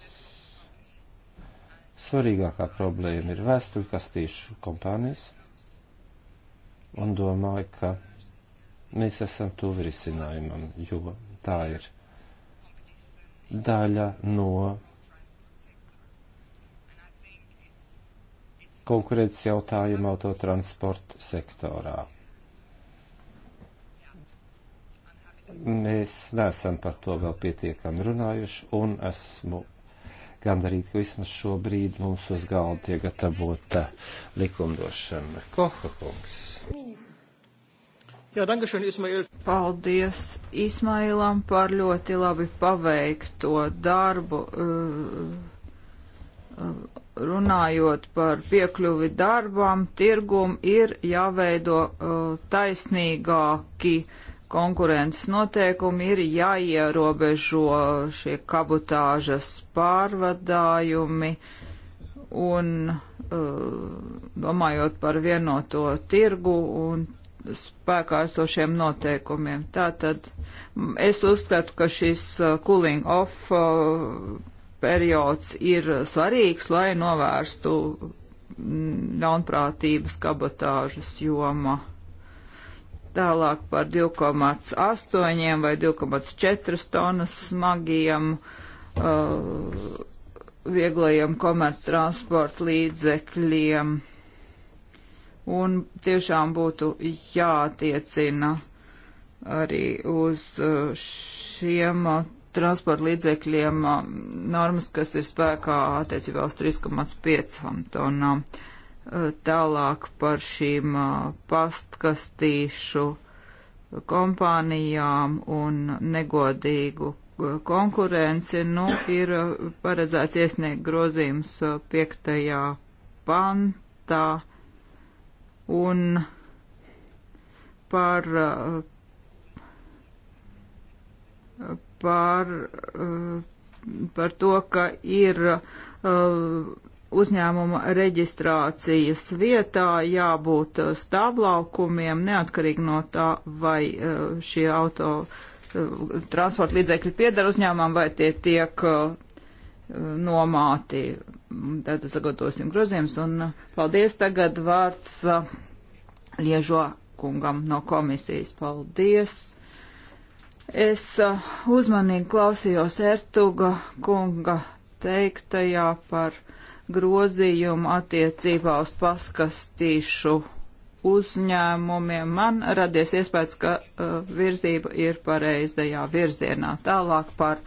svarīgākā problēma ir vēstuļkastīšu kompānijas, un domāju, ka mēs esam tuvi risinājumam, jo tā ir daļa no konkurences jautājuma autotransporta sektorā. Mēs neesam par to vēl pietiekami runājuši, un esmu gandarīt, ka vismaz šobrīd mums uz galda tiek gatavota likumdošana. Koha kungs. Jā, dankašana, Ismail. Paldies Ismailam par ļoti labi paveikto darbu, uh, uh, runājot par piekļuvi darbam, tirgum ir jāveido uh, taisnīgāki konkurences noteikumi, ir jāierobežo šie kabotāžas pārvadājumi un domājot par vienoto tirgu un spēkā esošiem noteikumiem. Tātad es uzskatu, ka šis uh, cooling off uh, periods ir svarīgs, lai novērstu mm, ļaunprātības kabatāžas joma. Tālāk par 2,8 vai 2,4 tonas smagiem uh, vieglajiem komerctransporta līdzekļiem. Uh, un tiešām būtu jātiecina arī uz uh, šiem uh, transporta līdzekļiem uh, normas, kas ir spēkā attiecībā uz 3,5 tonām. Tālāk par šīm pastkastīšu kompānijām un negodīgu konkurenci, nu, ir paredzēts iesniegt grozījums 5. pantā un par, eh, par, eh, par to, ka ir eh, uzņēmuma reģistrācijas vietā jābūt stāvlaukumiem, neatkarīgi no tā, vai šie auto transporta līdzekļi piedara uzņēmumam vai tie tiek nomāti tad sagatavosim grozījums un uh, paldies tagad vārds uh, Liežo kungam no komisijas. Paldies! Es uh, uzmanīgi klausījos Ertuga kunga teiktajā par grozījumu attiecībā uz paskastīšu uzņēmumiem. Man radies iespējas, ka uh, virzība ir pareizajā virzienā. Tālāk par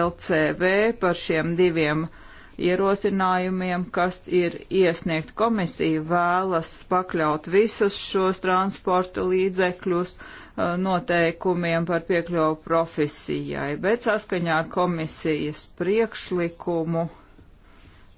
LCV, par šiem diviem uh, ierosinājumiem, kas ir iesniegt komisiju, vēlas pakļaut visus šos transporta līdzekļus uh, noteikumiem par piekļuvu profesijai, bet saskaņā ar komisijas priekšlikumu uh,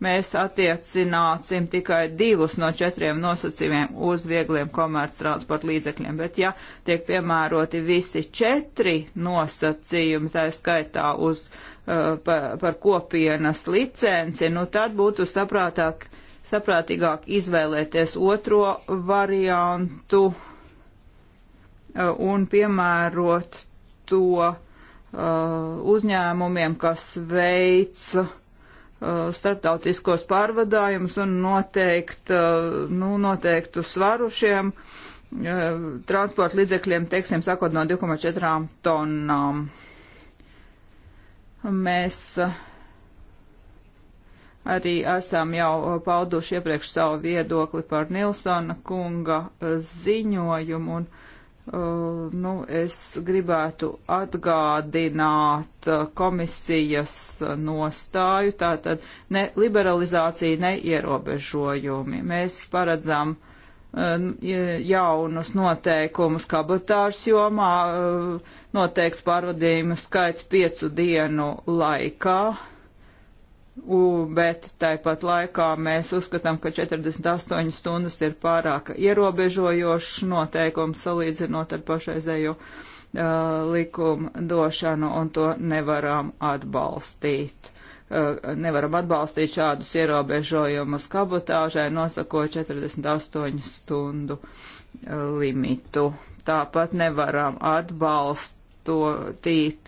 mēs attiecināsim tikai divus no četriem nosacījumiem uz viegliem komerctransporta līdzekļiem, bet ja tiek piemēroti visi četri nosacījumi, tā skaitā uz, uh, par, par kopienas licenci, nu tad būtu saprātāk, saprātīgāk izvēlēties otro variantu uh, un piemērot to uh, uzņēmumiem, kas veica Uh, starptautiskos pārvadājumus un noteikt, uh, nu, noteiktu svaru šiem uh, transporta līdzekļiem, teiksim, sakot no 2,4 tonnām. Mēs arī esam jau pauduši iepriekš savu viedokli par Nilsona kunga ziņojumu un uh, Uh, nu, es gribētu atgādināt uh, komisijas nostāju, tātad ne liberalizācija, ne ierobežojumi. Mēs paredzam uh, jaunus noteikumus kabatāžas jomā, uh, noteikts pārvadījumu skaits piecu dienu laikā. U, bet tāpat laikā mēs uzskatām, ka 48 stundas ir pārāk ierobežojošs noteikums salīdzinot ar pašreizējo uh, likumu došanu, un to nevaram atbalstīt. Uh, nevaram atbalstīt šādus ierobežojumus kabotāžai, nosakot 48 stundu uh, limitu. Tāpat nevaram atbalstīt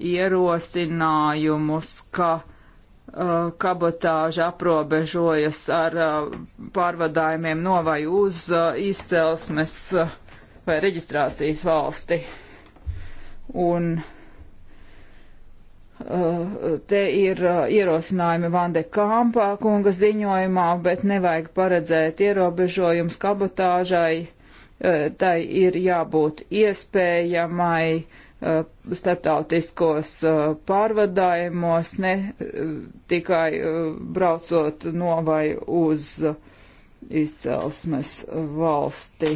ierosinājumus, ka Uh, kabotāža aprobežojas ar uh, pārvadājumiem no vai uz uh, izcelsmes vai reģistrācijas valsti. Un te ir ierosinājumi Vande Kāmpā kunga ziņojumā, bet nevajag paredzēt ierobežojums kabotāžai. Tai ir jābūt iespējamai uh, Uh, starptautiskos uh, pārvadājumos, ne uh, tikai braucot no vai uz izcelsmes valsti.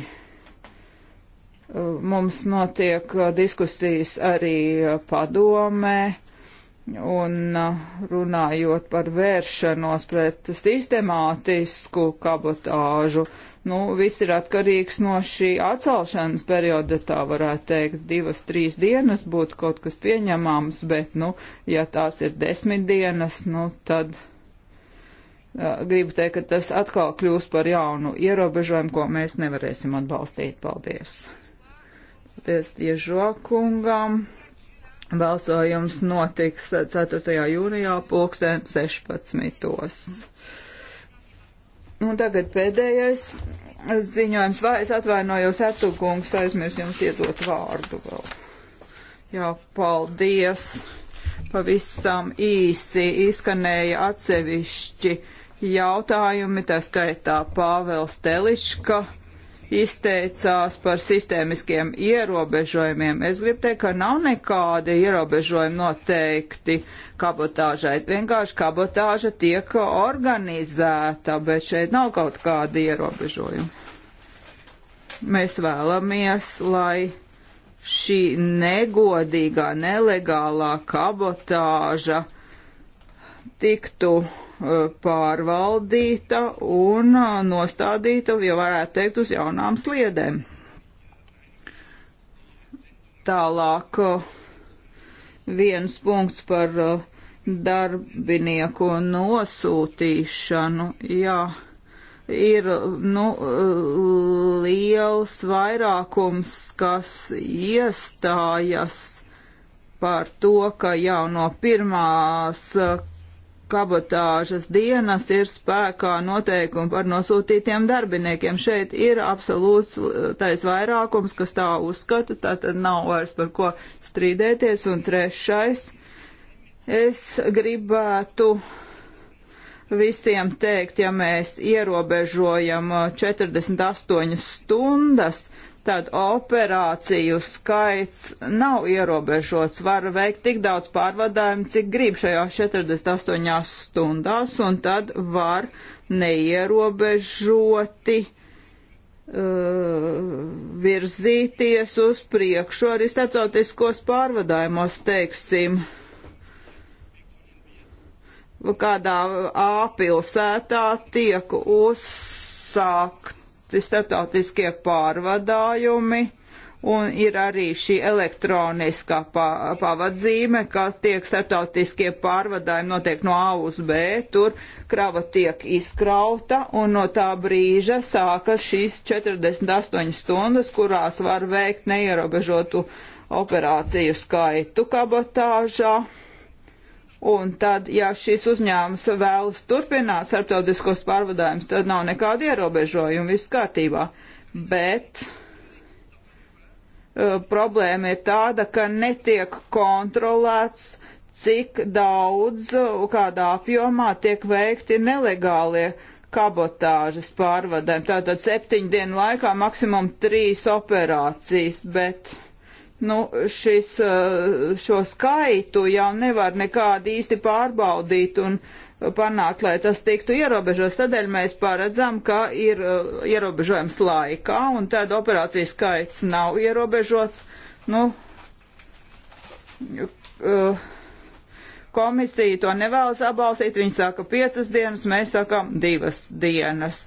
Mums notiek diskusijas arī padomē un runājot par vēršanos pret sistemātisku kabotāžu, nu, viss ir atkarīgs no šī atcelšanas perioda, tā varētu teikt, divas, trīs dienas būtu kaut kas pieņemams, bet, nu, ja tās ir desmit dienas, nu, tad gribu teikt, ka tas atkal kļūs par jaunu ierobežojumu, ko mēs nevarēsim atbalstīt. Paldies! Paldies Ježokungam! Balsojums notiks 4. jūnijā pulksten 16. Un tagad pēdējais ziņojums. Vai es atvainojos, Ecukungs, aizmirst jums iedot vārdu vēl. Jā, paldies. Pavisam īsi izskanēja atsevišķi jautājumi, tā skaitā Pāvels Teliška izteicās par sistēmiskiem ierobežojumiem. Es gribu teikt, ka nav nekādi ierobežojumi noteikti kabotāžai. Vienkārši kabotāža tiek organizēta, bet šeit nav kaut kādi ierobežojumi. Mēs vēlamies, lai šī negodīgā, nelegālā kabotāža tiktu Eh, pārvaldīta un eh, nostādīta, jau varētu teikt, uz jaunām sliedēm. Tālāk eh, viens punkts par darbinieku nosūtīšanu. Jā, ir nu, liels vairākums, kas iestājas par to, ka jau no pirmās kabotāžas dienas ir spēkā noteikumi par nosūtītiem darbiniekiem. Šeit ir absolūts uh, tais vairākums, kas tā uzskata, tā tad nav vairs par ko strīdēties. Un trešais, es gribētu visiem teikt, ja mēs ierobežojam uh, 48 stundas, tad operāciju skaits nav ierobežots. Var veikt tik daudz pārvadājumu, cik grib šajās 48 stundās, un tad var neierobežoti uh, virzīties uz priekšu arī starptautiskos pārvadājumos, teiksim, kādā A pilsētā tiek uzsākt starptautiskie pārvadājumi. Un ir arī šī elektroniskā pavadzīme, ka tiek starptautiskie pārvadājumi notiek no A uz B, tur krava tiek izkrauta, un no tā brīža sākas šīs 48 stundas, kurās var veikt neierobežotu operāciju skaitu kabotāžā Un tad, ja šīs uzņēmums vēlas turpināt starptautiskos pārvadājumus, tad nav nekāda ierobežojuma, viss kārtībā. Bet uh, problēma ir tāda, ka netiek kontrolēts, cik daudz, uh, kādā apjomā tiek veikti nelegālie kabotāžas pārvadājumi. Tātad septiņu dienu laikā maksimum trīs operācijas, bet nu, šis, eh, šo skaitu jau nevar nekādi īsti pārbaudīt un panākt, lai tas tiktu ierobežots. Tādēļ mēs paredzam, ka ir eh, ierobežojums laikā un tad operācijas skaits nav ierobežots. Nu, eh, komisija to nevēlas atbalstīt, viņi saka piecas dienas, mēs sakam divas dienas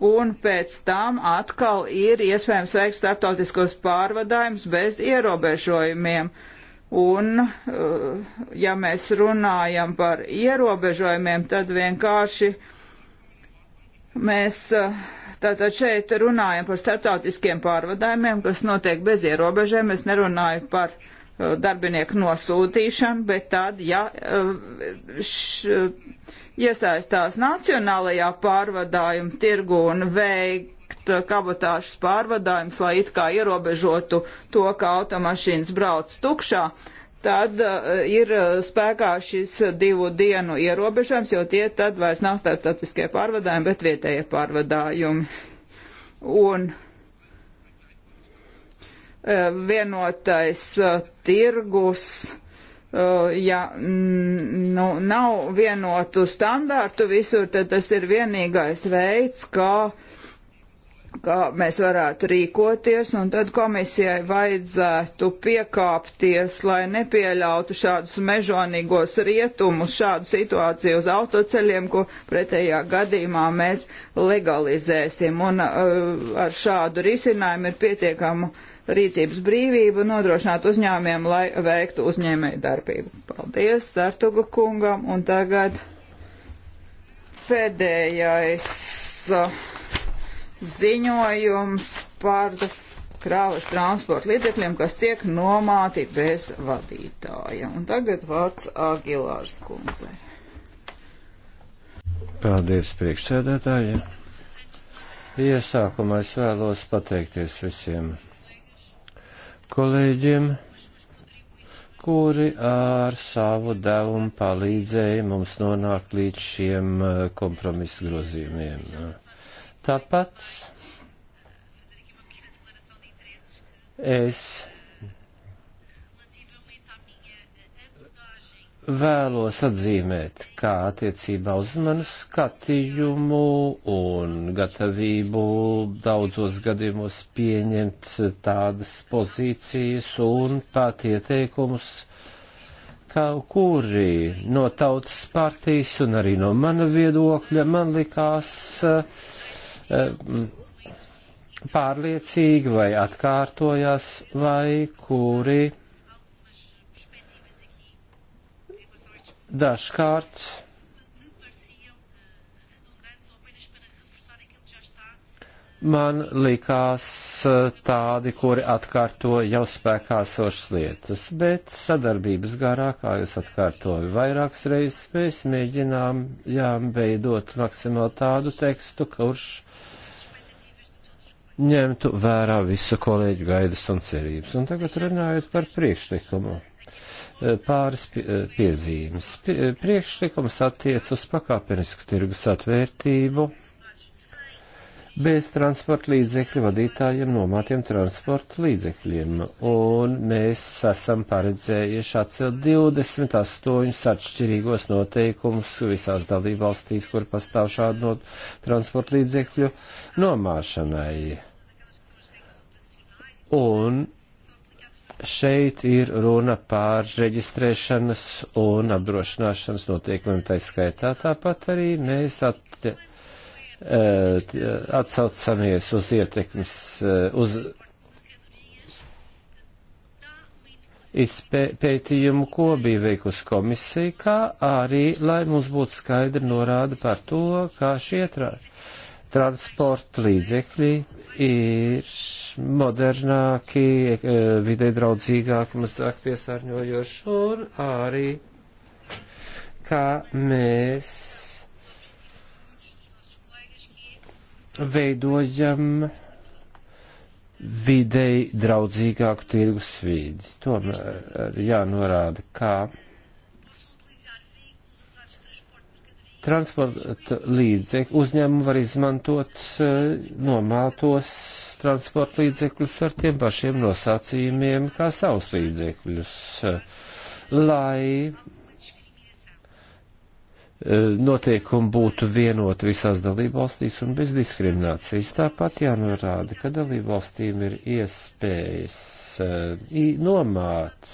un pēc tam atkal ir iespējams veikt starptautiskos pārvadājumus bez ierobežojumiem. Un, eh, ja mēs runājam par ierobežojumiem, tad vienkārši mēs eh, tātad šeit runājam par starptautiskiem pārvadājumiem, kas notiek bez ierobežojumiem. Es nerunāju par uh, Uh, darbinieku nosūtīšanu, bet tad, ja uh, š, iesaistās nacionālajā pārvadājuma tirgu un veik kabatāšas pārvadājums, lai it kā ierobežotu to, ka automašīnas brauc tukšā, tad uh, ir uh, spēkā šis divu dienu ierobežojums, jo tie tad vairs nav starptautiskie pārvadājumi, bet vietējie pārvadājumi. Un uh, E, vienotais e, tirgus e, ja nu, nav vienotu standārtu visur, tad tas ir vienīgais veids, kā, kā mēs varētu rīkoties, un tad komisijai vajadzētu piekāpties, lai nepieļautu šādus mežonīgos rietumus, šādu situāciju uz autoceļiem, ko pretējā gadījumā mēs legalizēsim. Un uh, ar šādu risinājumu ir pietiekama uh, rīcības brīvību nodrošināt uzņēmiem, lai veiktu uzņēmēju darbību. Paldies Sartuga kungam, un tagad pēdējais ziņojums par krāvas transporta līdzekļiem, kas tiek nomāti bez vadītāja. Un tagad vārds Agilārs kundzei. Paldies priekšsēdētājiem. Iesākumā es vēlos pateikties visiem kolēģiem, kuri ar savu devumu palīdzēja mums nonākt līdz šiem eh, kompromisu grozījumiem. Tāpat es vēlos atzīmēt, kā attiecībā uz manu skatījumu un gatavību daudzos gadījumos pieņemt tādas pozīcijas un pat ieteikumus, kā kuri no tautas partijas un arī no mana viedokļa man likās eh, pārliecīgi vai atkārtojās vai kuri dažkārt man likās uh, tādi, kuri atkārto jau spēkā sošas lietas, bet sadarbības garā, kā jūs atkārtoju vairākas reizes, mēs mēģinām jām veidot maksimāli tādu tekstu, kurš ņemtu vērā visu kolēģu gaidas un cerības. Un tagad runājot par priekšlikumu. Eh, pāris eh, piezīmes. Eh, priekšlikums attiec uz pakāpenisku tirgus atvērtību bez transporta līdzekļu vadītājiem nomātiem transporta līdzekļiem, un mēs esam paredzējuši atcelt 28 atšķirīgos noteikumus visās dalībvalstīs, kur pastāv šādu no transporta līdzekļu nomāšanai. Un šeit ir runa pār reģistrēšanas un apdrošināšanas noteikumiem taiskaitā. Tāpat arī mēs at, e, atsaucamies uz ietekmes, e, uz izpētījumu, ko bija veikusi komisija, kā arī, lai mums būtu skaidri norāda par to, kā šie tra transporta līdzekļi ir modernāki, e, vidē draudzīgāki, mazāk piesārņojoši un arī kā mēs veidojam videi draudzīgāku tirgus vīdi. Tomēr jānorāda, kā transporta līdzekļu uzņēmumu var izmantot eh, nomātos transporta līdzekļus ar tiem pašiem nosacījumiem kā savus līdzekļus, eh, lai eh, noteikumi būtu vienoti visās dalībvalstīs un bez diskriminācijas. Tāpat jānorāda, ka dalībvalstīm ir iespējas nomāts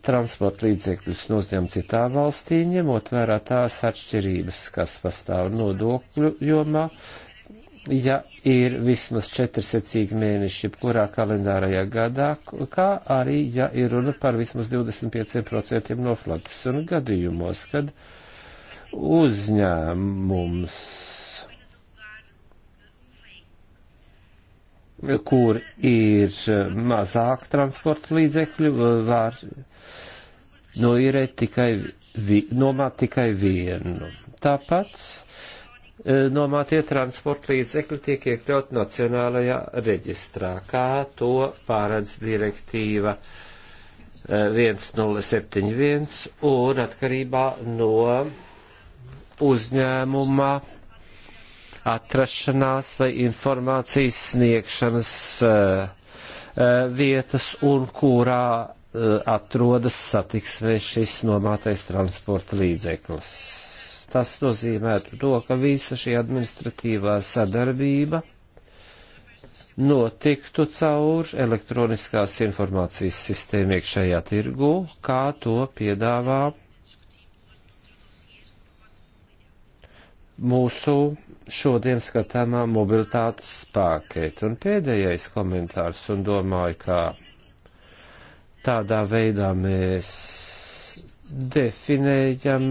transporta līdzekļus nozņem citā valstī, ņemot vērā tās atšķirības, kas pastāv nodokļu jomā, ja ir vismaz četri secīgi mēneši, jebkurā kalendārajā gadā, kā arī, ja ir runa par vismaz 25% no flotas un gadījumos, kad uzņēmums, kur ir mazāk transporta līdzekļu, var noirē nu, tikai, vi, nomāt tikai vienu. Tāpat e, nomātie transporta līdzekļi tiek iekļaut nacionālajā reģistrā, kā to pārēdz direktīva 1071 e, un atkarībā no uzņēmuma atrašanās vai informācijas sniegšanas e, vietas un kurā Eh, atrodas satiksmē šis nomātais transporta līdzeklis. Tas nozīmētu to, ka visa šī administratīvā sadarbība notiktu caur elektroniskās informācijas sistēmu iekšējā tirgu, kā to piedāvā mūsu šodien skatāmā mobilitātes pākete. Un pēdējais komentārs, un domāju, ka Tādā veidā mēs definējam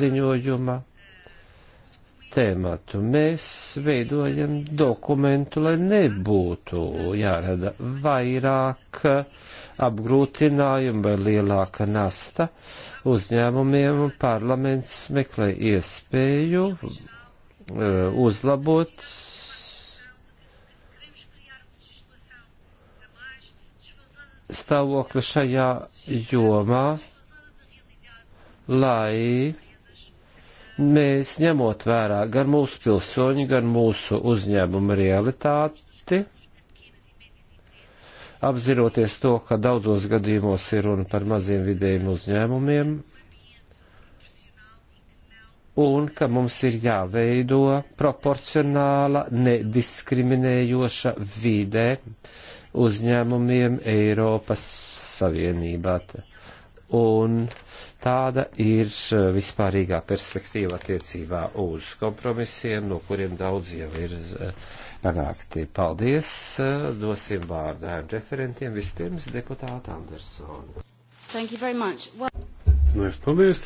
ziņojuma tēmatu. Mēs veidojam dokumentu, lai nebūtu jārada vairāk apgrūtinājumu vai lielāka nasta uzņēmumiem, un parlaments meklē iespēju eh, uzlabot stāvokli šajā jomā, lai mēs ņemot vērā gan mūsu pilsoņu, gan mūsu uzņēmumu realitāti, apziroties to, ka daudzos gadījumos ir runa par maziem vidējiem uzņēmumiem, un ka mums ir jāveido proporcionāla, nediskriminējoša vide uzņēmumiem Eiropas Savienībā. Un tāda ir eh, vispārīgā perspektīva attiecībā uz kompromisiem, no kuriem daudz jau ir eh, panākti. Paldies! Eh, dosim vārdu referentiem. Vispirms deputāta Andersona. Thank you very much. Well... Mēs nu, paldies!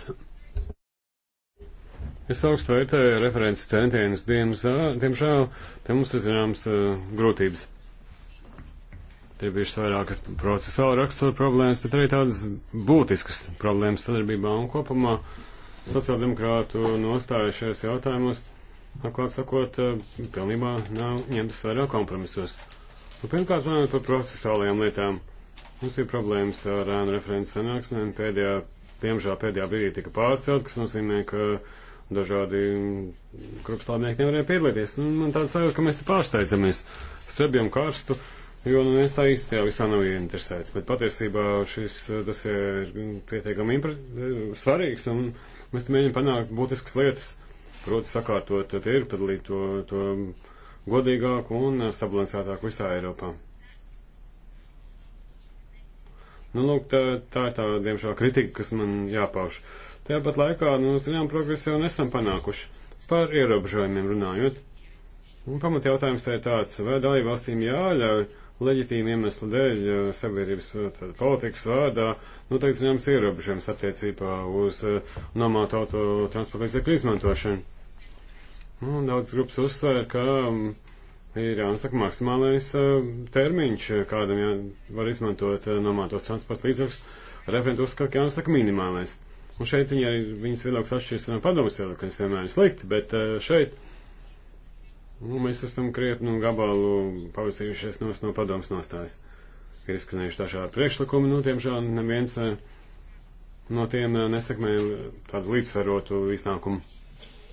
Es augstu vērtēju referents centienus, diemžēl, diemžēl te mums ir zināms grūtības. Te ir bijušas vairākas procesuāla rakstura problēmas, bet arī tādas būtiskas problēmas sadarbībā un kopumā sociāldemokrātu nostāju šajos jautājumos, atklāt sakot, eh, pilnībā nav ņemtas vērā kompromisos. Nu, pirmkārt, runājot par procesuālajām lietām, mums bija problēmas ar ēnu referents sanāksmēm pēdējā, diemžēl pēdējā brīdī tika pārcelt, kas nozīmē, ka dažādi krupslādnieki nevarēja piedalīties. Un man tāds sajūta, ka mēs te pārsteidzamies. Strebjam karstu Jo nu, viens tā īsti jau visā nav ieinteresēts, bet patiesībā šis eh, tas ir pietiekami eh, svarīgs, un mēs te mēģinām panākt būtiskas lietas, proti sakārtot tirgu, padalīt to, to godīgāku un eh, stabilizētāku visā Eiropā. Nu, lūk, tā, tā ir tā, diemžēl, kritika, kas man jāpauž. Tāpat laikā, nu, zinām, progresu jau nesam panākuši par ierobežojumiem runājot. Un pamat jautājums tā ir tāds, vai dalībvalstīm jāļauj leģitīmu iemeslu dēļ sabiedrības politikas vārdā noteikti nu, zināms ierobežojums attiecībā uz eh, nomātu auto transporta līdzekļu izmantošanu. Nu, un daudz grupas uzsver, ka mm, ir jānosaka nu maksimālais eh, termiņš, kādam jā, var izmantot eh, nomātos transporta līdzekļus. Referenti uzskata, ka jānosaka minimālais. Un šeit viņi arī viņas viedoklis atšķirs no padomus viedokļa, kas vienmēr ir slikti, bet šeit Nu, mēs esam krietnu gabalu pavisījušies no, no padomas nostājas. Ir izskanējuši dažādi priekšlikumi, nu, tiemžēl neviens eh, no tiem eh, nesakmē tādu līdzsvarotu iznākumu.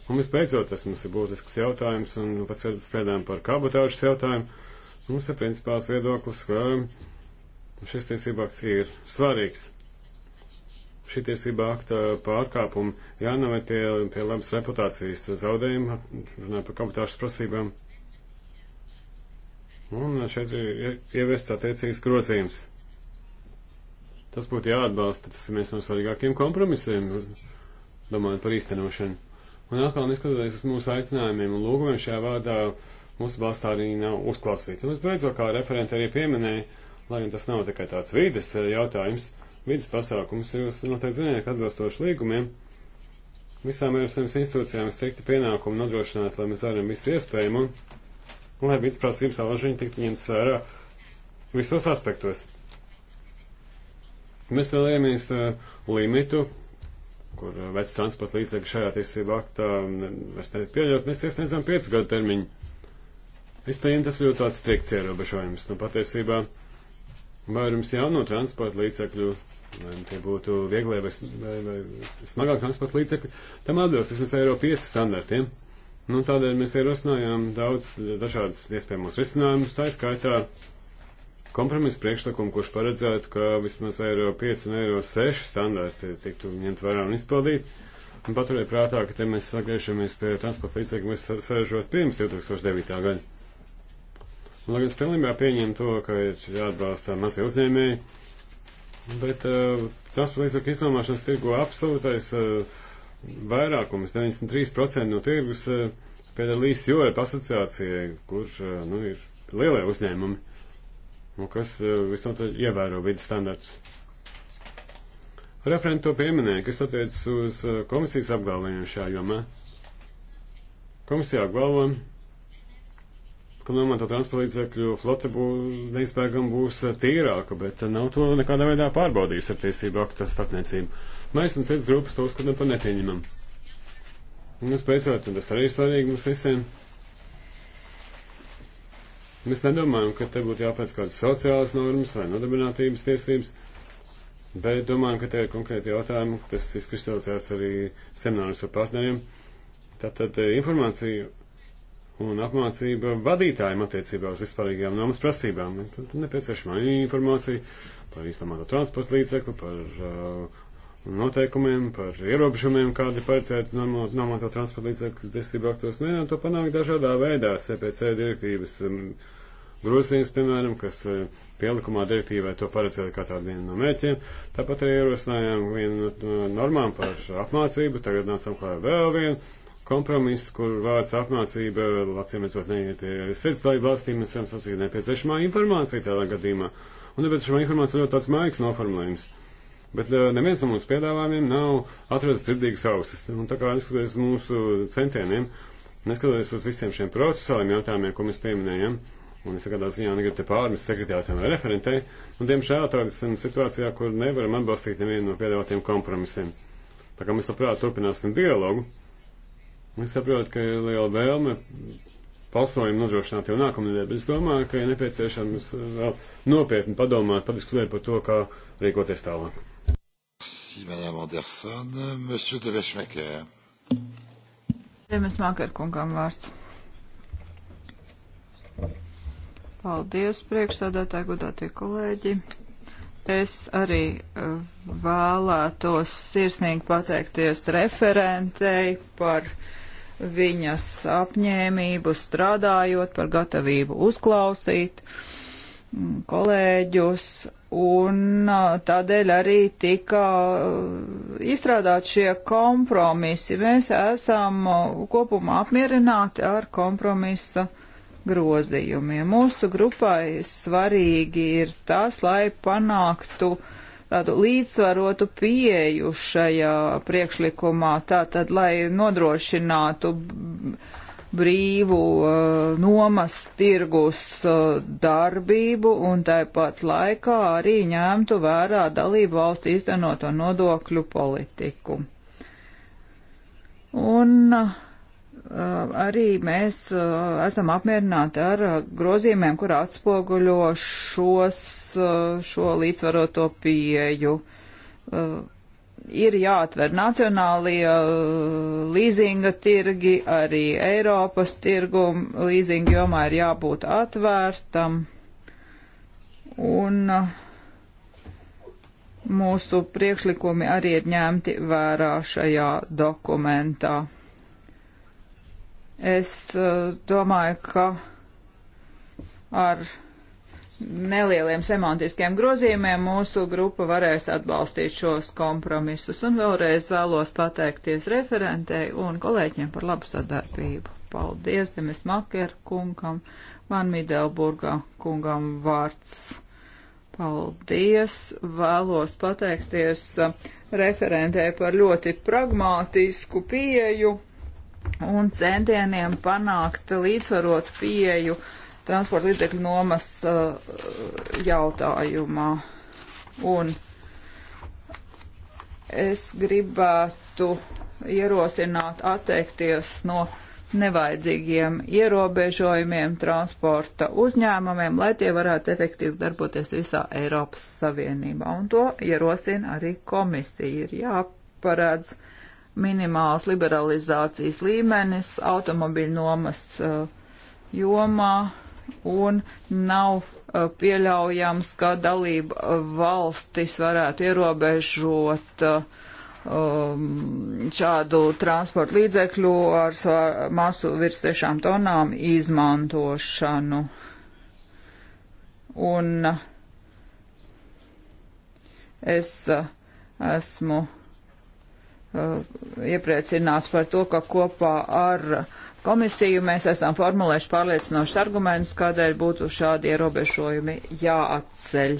Un visbeidzot, tas mums ir būtisks jautājums, un nu, pats spēdām par kabotāžas jautājumu. Mums ir principāls viedoklis, ka šis tiesībāks ir svarīgs šī tiesība akta pārkāpumi jānovērt pie, pie labas reputācijas zaudējuma, runājot par kapitāšu prasībām. Un šeit ir ieviests attiecīgs grozījums. Tas būtu jāatbalsta, tas ir viens no svarīgākiem kompromisiem, domājot par īstenošanu. Un atkal, neskatoties uz mūsu aicinājumiem un lūgumiem šajā vārdā, mūsu balss tā arī nav uzklausīta. Un es beidzot, kā referenti arī pieminēja, lai gan tas nav tikai tāds vīdes eh, jautājums, vidas pasākumus. Jūs noteikti zināt, ka atbilstoši līgumiem visām Eiropas Savienības institūcijām ir strikti pienākumi nodrošināt, lai mēs darām visu iespējumu un, un lai vidas prasības alažiņi tiktu ņemts vērā visos aspektos. Mēs vēlamies uh, limitu, kur uh, vecs transporta līdzekļi šajā tiesību aktā um, vairs netiek pieļaut, mēs iesniedzam piecu gadu termiņu. Vispējams, tas ļoti tāds strikts ierobežojums. Nu, patiesībā uh, vairums jauno transporta līdzekļu, vai tie būtu vieglie vai, vai, vai smagāk transporta līdzekļi, tam atbilst vismaz Eiro 5 standartiem. Nu, tādēļ mēs ierosinājām daudz dažādus iespējamos risinājumus, tā skaitā kompromisa priekšlikumu, kurš paredzētu, ka vismaz Eiro 5 un Eiro 6 standarti tiktu ņemt vērā un izpildīt. Un paturēt prātā, ka te mēs sagriežamies pie transporta līdzekļu, mēs sēžot pirms 2009. gada. Un, lai gan es pilnībā pieņemu to, ka ir jāatbalsta mazie uzņēmēji, bet uh, tas līdzekļu iznomāšanas tirgo absolūtais uh, vairākums, 93% no tirgus uh, piedalīs jūrēp asociācijai, kur uh, nu, ir lielie uzņēmumi, un kas uh, visnotaļ ievēro vidas standartus. Referenti to pieminēja, kas attiecas uz komisijas apgalvojumu šajā jomā. Komisija apgalvo, ka domāto transporta līdzekļu flote būs neizbēgam būs tīrāka, bet nav to nekādā veidā pārbaudījis ar tiesību akta starpniecību. Mēs un citas grupas to uzskatām par nepieņemam. Un es beidzot, un tas arī ir svarīgi mums visiem. Mēs nedomājam, ka te būtu jāpēc kādas sociālas normas vai nodarbinātības tiesības, bet domājam, ka te ir konkrēti jautājumi, tas izkristalizējās arī semināros ar partneriem. Tātad eh, informācija un apmācība vadītājiem attiecībā uz vispārīgām normas prasībām. Tad nepieciešama informācija par īstamāto transporta līdzekli, par uh, noteikumiem, par ierobežumiem, kādi paredzēti normāto transporta līdzekļu tiesību aktos. Mēģinām nu to panākt dažādā veidā. CPC direktīvas um, grozījums, piemēram, kas uh, pielikumā direktīvai to paredzēja kā tādu vienu no mērķiem. Tāpat arī ierosinājām vienu no uh, normām par apmācību, tagad nācām klāja vēl vienu kompromiss, kur vārds apmācība, acīm redzot, neiet sirds lai valstīm, mēs varam sasīt nepieciešamā informācija tādā gadījumā. Un nepieciešamā informācija ļoti tāds maigs noformulējums. Bet eh, neviens no mūsu piedāvājumiem nav atrasts dzirdīgas ausis. Un tā kā neskatoties mūsu centieniem, neskatoties uz visiem šiem procesuāliem jautājumiem, ko mēs pieminējam, un es kādā ziņā negribu te pārmest sekretāriem vai referentei, un diemžēl tāda esam situācijā, kur nevaram atbalstīt nevienu no piedāvātiem kompromisiem. Tā kā mēs labprāt turpināsim dialogu, Es saprotu, ka ir liela vēlme pasaulēm nodrošināt jau nākamnedēļ, bet es domāju, ka ir nepieciešams uh, vēl nopietni padomāt, padiskutēt par to, kā rīkoties tālāk. Merci, Madame Anderson. Monsieur de Vešmekē. Zemes Makar kungam vārds. Paldies, priekšsādātāji, godātie kolēģi. Es arī uh, vēlētos sirsnīgi pateikties referentei par viņas apņēmību strādājot, par gatavību uzklausīt mm, kolēģus, un uh, tādēļ arī tika uh, izstrādāt šie kompromisi. Mēs esam uh, kopumā apmierināti ar kompromisa grozījumiem. Mūsu grupai svarīgi ir tas, lai panāktu uh, tādu līdzsvarotu pieju šajā priekšlikumā, tātad, lai nodrošinātu brīvu uh, nomas tirgus uh, darbību un tāpat laikā arī ņemtu vērā dalību valstu izdenoto nodokļu politiku. Un uh, arī mēs esam apmierināti ar grozījumiem, kur atspoguļo šos, šo līdzvaroto pieju. Ir jāatver nacionālie līzinga tirgi, arī Eiropas tirgumu līzinga jomā ir jābūt atvērtam. Un mūsu priekšlikumi arī ir ņemti vērā šajā dokumentā. Es uh, domāju, ka ar nelieliem semantiskiem grozījumiem mūsu grupa varēs atbalstīt šos kompromisus. Un vēlreiz vēlos pateikties referentei un kolēģiem par labu sadarbību. Paldies Demis Maker kungam, Van Midelburgā kungam vārds. Paldies! Vēlos pateikties uh, referentē par ļoti pragmātisku pieju un centieniem panākt līdzsvarot pieju transporta līdzekļu nomas uh, jautājumā. Un es gribētu ierosināt atteikties no nevajadzīgiem ierobežojumiem transporta uzņēmumiem, lai tie varētu efektīvi darboties visā Eiropas Savienībā. Un to ierosina arī komisija. Ir jāparādz minimāls liberalizācijas līmenis automobiļu nomas uh, jomā un nav uh, pieļaujams, ka dalība uh, valstis varētu ierobežot uh, um, šādu transporta līdzekļu ar masu virs tiešām tonām izmantošanu. Un uh, es uh, esmu Uh, iepriecinās par to, ka kopā ar komisiju mēs esam formulējuši pārliecinošus argumentus, kādēļ būtu šādi ierobežojumi jāatceļ.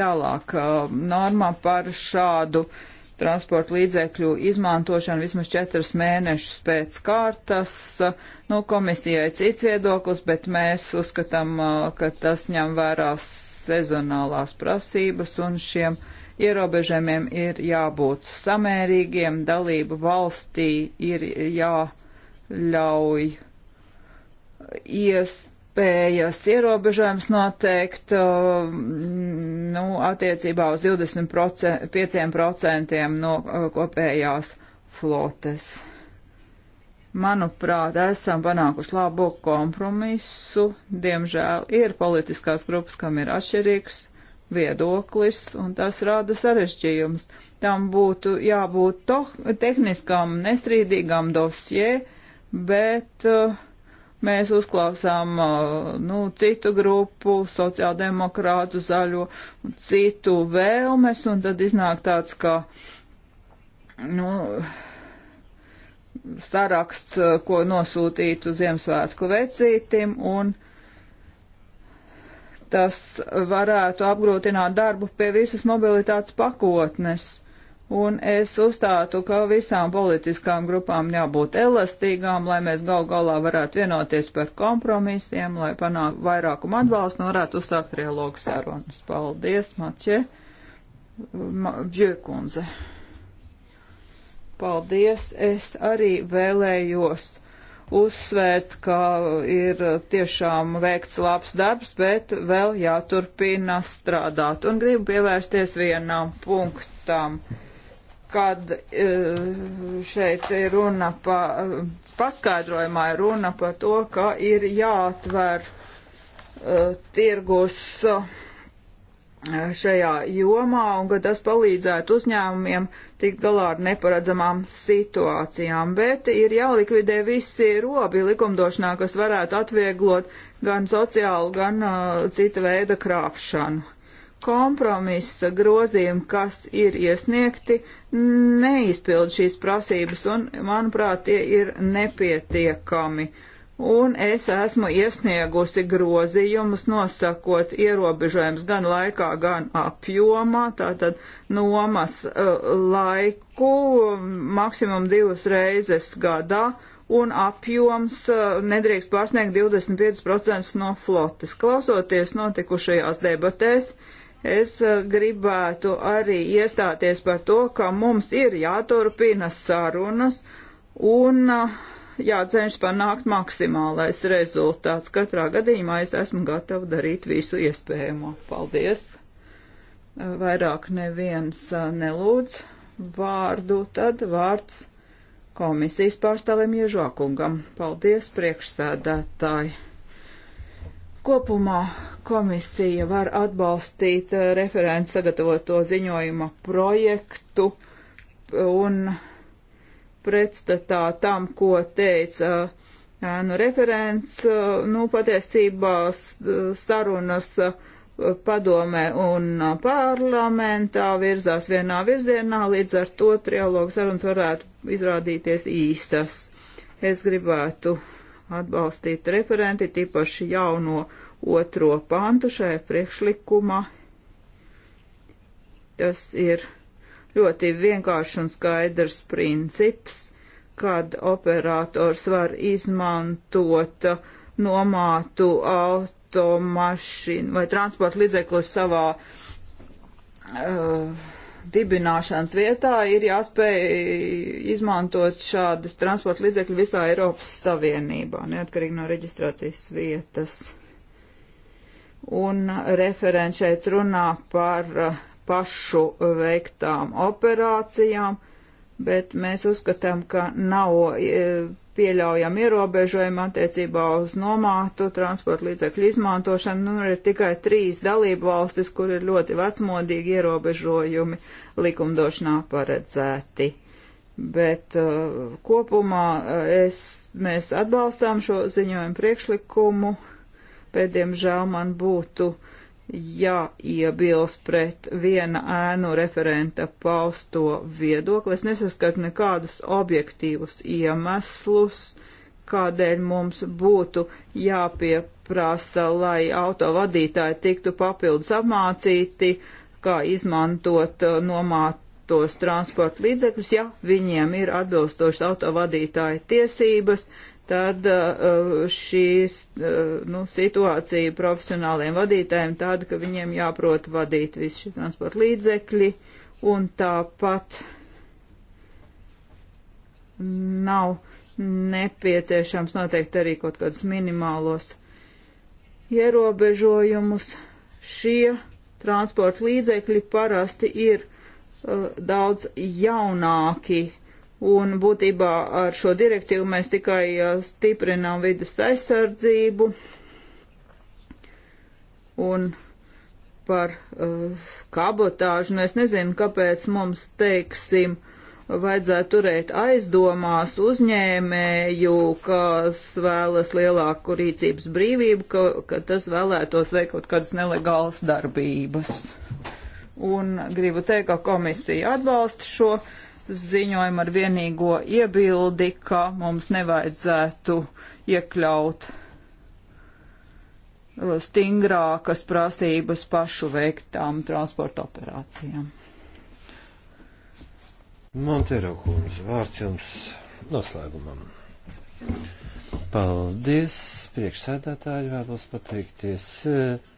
Tālāk, uh, norma par šādu transporta līdzekļu izmantošanu vismaz četrus mēnešus pēc kārtas. Nu, komisijai cits viedoklis, bet mēs uzskatām, uh, ka tas ņem vērā sezonālās prasības un šiem uh, ierobežojumiem ir jābūt samērīgiem, dalību valstī ir jāļauj iespējas ierobežojums noteikt um, nu, attiecībā uz 25% no uh, kopējās flotes. Manuprāt, esam panākuši labu kompromisu. Diemžēl ir politiskās grupas, kam ir atšķirīgs viedoklis, un tas rada sarežģījumus. Tam būtu jābūt to, tehniskam, nestrīdīgam dosjē, bet uh, mēs uzklausām uh, nu, citu grupu, sociāldemokrātu, zaļo un citu vēlmes, un tad iznāk tāds, ka nu, saraksts, uh, ko nosūtītu Ziemassvētku vecītim, un tas varētu apgrūtināt darbu pie visas mobilitātes pakotnes. Un es uzstātu, ka visām politiskām grupām jābūt elastīgām, lai mēs gal galā varētu vienoties par kompromisiem, lai panāktu vairākumu atbalstu un varētu uzsākt trialogu sarunas. Paldies, Maķe. Ma, Vjekundze. Paldies. Es arī vēlējos uzsvērt, ka ir tiešām veikts labs darbs, bet vēl jāturpina strādāt. Un gribu pievērsties vienam punktam, kad e, šeit ir runa pa, paskaidrojumā ir runa par to, ka ir jāatver uh, tirgus uh, šajā jomā un ka tas palīdzētu uzņēmumiem tikt galā ar neparedzamām situācijām, bet ir jālikvidē visi robi likumdošanā, kas varētu atvieglot gan sociālu, gan uh, cita veida krāpšanu. Kompromisa grozījumi, kas ir iesniegti, neizpild šīs prasības un, manuprāt, tie ir nepietiekami. Uh, un es esmu iesniegusi grozījumus, nosakot ierobežojumus gan laikā, gan apjomā, tātad nomas uh, laiku maksimum divas reizes gadā, un apjoms uh, nedrīkst pārsniegt 25% no flotes. Klausoties notikušajās debatēs, es uh, gribētu arī iestāties par to, ka mums ir jāturpina sarunas un uh, jācenšas panākt maksimālais rezultāts. Katrā gadījumā es esmu gatava darīt visu iespējamo. Paldies! Vairāk neviens nelūdz vārdu, tad vārds komisijas pārstāvim Iežokungam. Paldies, priekšsēdētāji! Kopumā komisija var atbalstīt referents sagatavoto ziņojuma projektu un pretstatā tam, ko teica nu, referents, uh, nu, patiesībā uh, sarunas padomē un parlamentā virzās vienā virzienā, līdz ar to trialogu sarunas varētu izrādīties īstas. Es gribētu atbalstīt referenti, tīpaši jauno otro pantu šajā priekšlikumā. Tas ir ļoti vienkāršs un skaidrs princips, kad operators var izmantot nomātu automašīnu vai transporta līdzeklu savā uh, dibināšanas vietā, ir jāspēj izmantot šādas transporta līdzekļu visā Eiropas Savienībā, neatkarīgi no reģistrācijas vietas. Un referents šeit runā par uh, pašu veiktām operācijām, bet mēs uzskatām, ka nav e, pieļaujam ierobežojumu attiecībā uz nomātu transporta līdzekļu izmantošanu. Nu, ir tikai trīs dalību valstis, kur ir ļoti vecmodīgi ierobežojumi likumdošanā paredzēti. Bet uh, kopumā e, es, mēs atbalstām šo ziņojumu priekšlikumu, bet, diemžēl, man būtu uh, jāiebilst pret viena ēnu referenta pausto viedokli. Es nesaskatu nekādus objektīvus iemeslus, kādēļ mums būtu jāpieprasa, lai autovadītāji tiktu papildus apmācīti, kā izmantot uh, nomātos transporta līdzekļus, ja viņiem ir atbilstošas autovadītāja tiesības, tad uh, šīs uh, nu, situācija profesionāliem vadītājiem tāda, ka viņiem jāprot vadīt visi šie transporta līdzekļi un tāpat nav nepieciešams noteikti arī kaut kādus minimālos ierobežojumus. Šie transporta līdzekļi parasti ir uh, daudz jaunāki uh, Un būtībā ar šo direktīvu mēs tikai stiprinām vidas aizsardzību un par uh, kabotāžu. Nu, es nezinu, kāpēc mums, teiksim, vajadzētu turēt aizdomās uzņēmēju, kas vēlas lielāku rīcības brīvību, ka, ka tas vēlētos veikt kaut kādas nelegālas darbības. Un gribu teikt, ka komisija atbalsta šo ziņojumu ar vienīgo iebildi, ka mums nevajadzētu iekļaut stingrākas prasības pašu veiktām transporta operācijām. Montero kundze, vārds jums noslēgumam. Paldies, priekšsēdētāji, vēlos pateikties. Uh,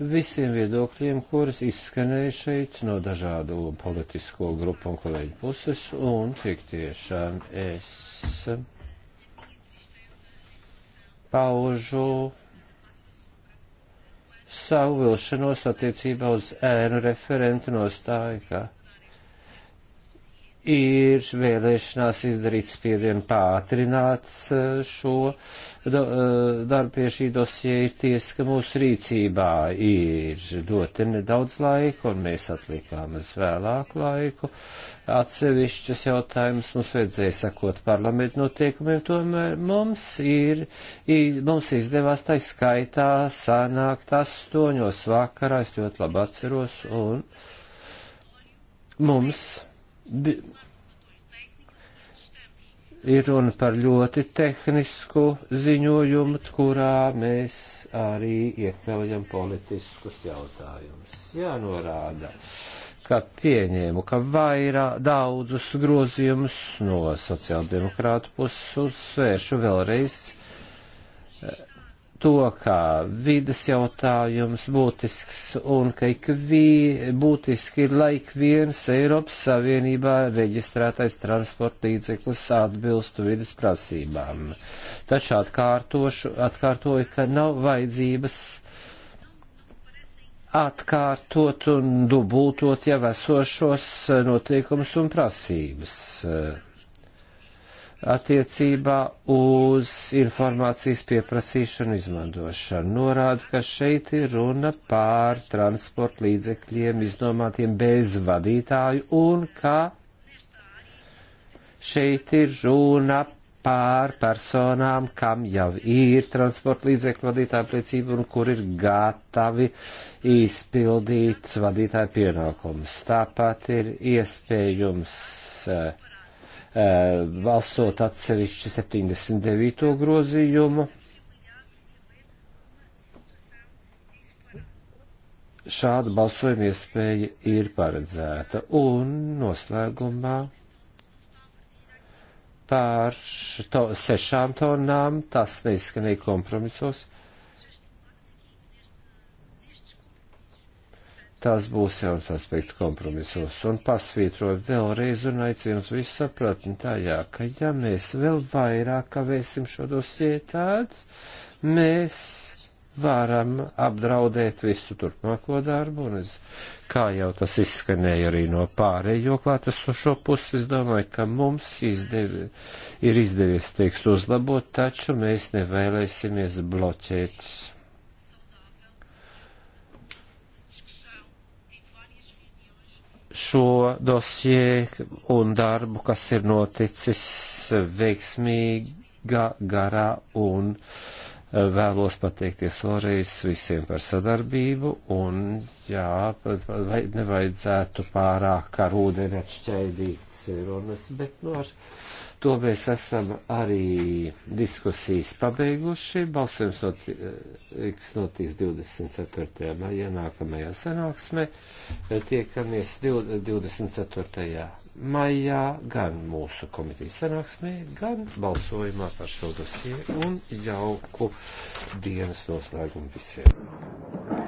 visiem viedokļiem, kuras izskanēja šeit no dažādu politisko grupu un kolēģu puses, un tik tiešām es paužu savu vilšanos attiecībā uz ēnu referentu nostāju, ka ir vēlēšanās izdarīt spiedienu pātrināt eh, šo eh, darbu pie šī dosie, ir tiesa, ka mūsu rīcībā ir ļoti nedaudz laika, un mēs atlikām uz vēlāku laiku. Atsevišķus jautājumus mums vajadzēja sakot parlamentu notiekumiem, tomēr mums ir, mums izdevās tai skaitā sanākt astoņos vakarā, es ļoti labi atceros, un mums Bi ir runa par ļoti tehnisku ziņojumu, kurā mēs arī iekļaujam politiskus jautājumus. Jānorāda, ka pieņēmu, ka vairāk daudzus grozījumus no sociāldemokrātu puses uzsvēršu vēlreiz. Eh, to, ka vidas jautājums būtisks un ka ik vī, būtiski ir, lai ik viens Eiropas Savienībā reģistrētais transporta līdzeklis atbilstu vidas prasībām. Taču atkārtošu, atkārtoju, ka nav vajadzības atkārtot un dubultot jau esošos noteikumus un prasības. Uh, attiecībā uz informācijas pieprasīšanu izmantošanu. Norādu, ka šeit ir runa pār transporta līdzekļiem izdomātiem bez vadītāju un ka šeit ir runa pār personām, kam jau ir transporta līdzekļu vadītāja apliecība un kur ir gatavi izpildīt vadītāja pienākumus. Tāpat ir iespējams uh, balsot eh, atsevišķi 79. grozījumu. Šāda balsojuma iespēja ir paredzēta. Un noslēgumā pār to, sešām tonām tas neizskanēja kompromisos tās būs jauns aspektu kompromisos. Un pasvītroju vēlreiz un aicinu uz visu sapratni tajā, ka ja mēs vēl vairāk kavēsim šo dosie tāds, mēs varam apdraudēt visu turpmāko darbu, un es, kā jau tas izskanēja arī no pārējo klātesošo pusi, es domāju, ka mums izdevi, ir izdevies tekstu uzlabot, taču mēs nevēlēsimies bloķēt šo dosie un darbu, kas ir noticis veiksmīga, garā un e, vēlos pateikties vēlreiz visiem par sadarbību un jā, nevajadzētu pārāk ar ūdeni atšķaidīt runas, bet no nu, ar. To mēs esam arī diskusijas pabeiguši. Balsojums notiks, notiks 24. maijā nākamajā sanāksmē. Tiekamies 24. maijā gan mūsu komitejas sanāksmē, gan balsojumā par šo dosie un jauku dienas noslēgumu visiem.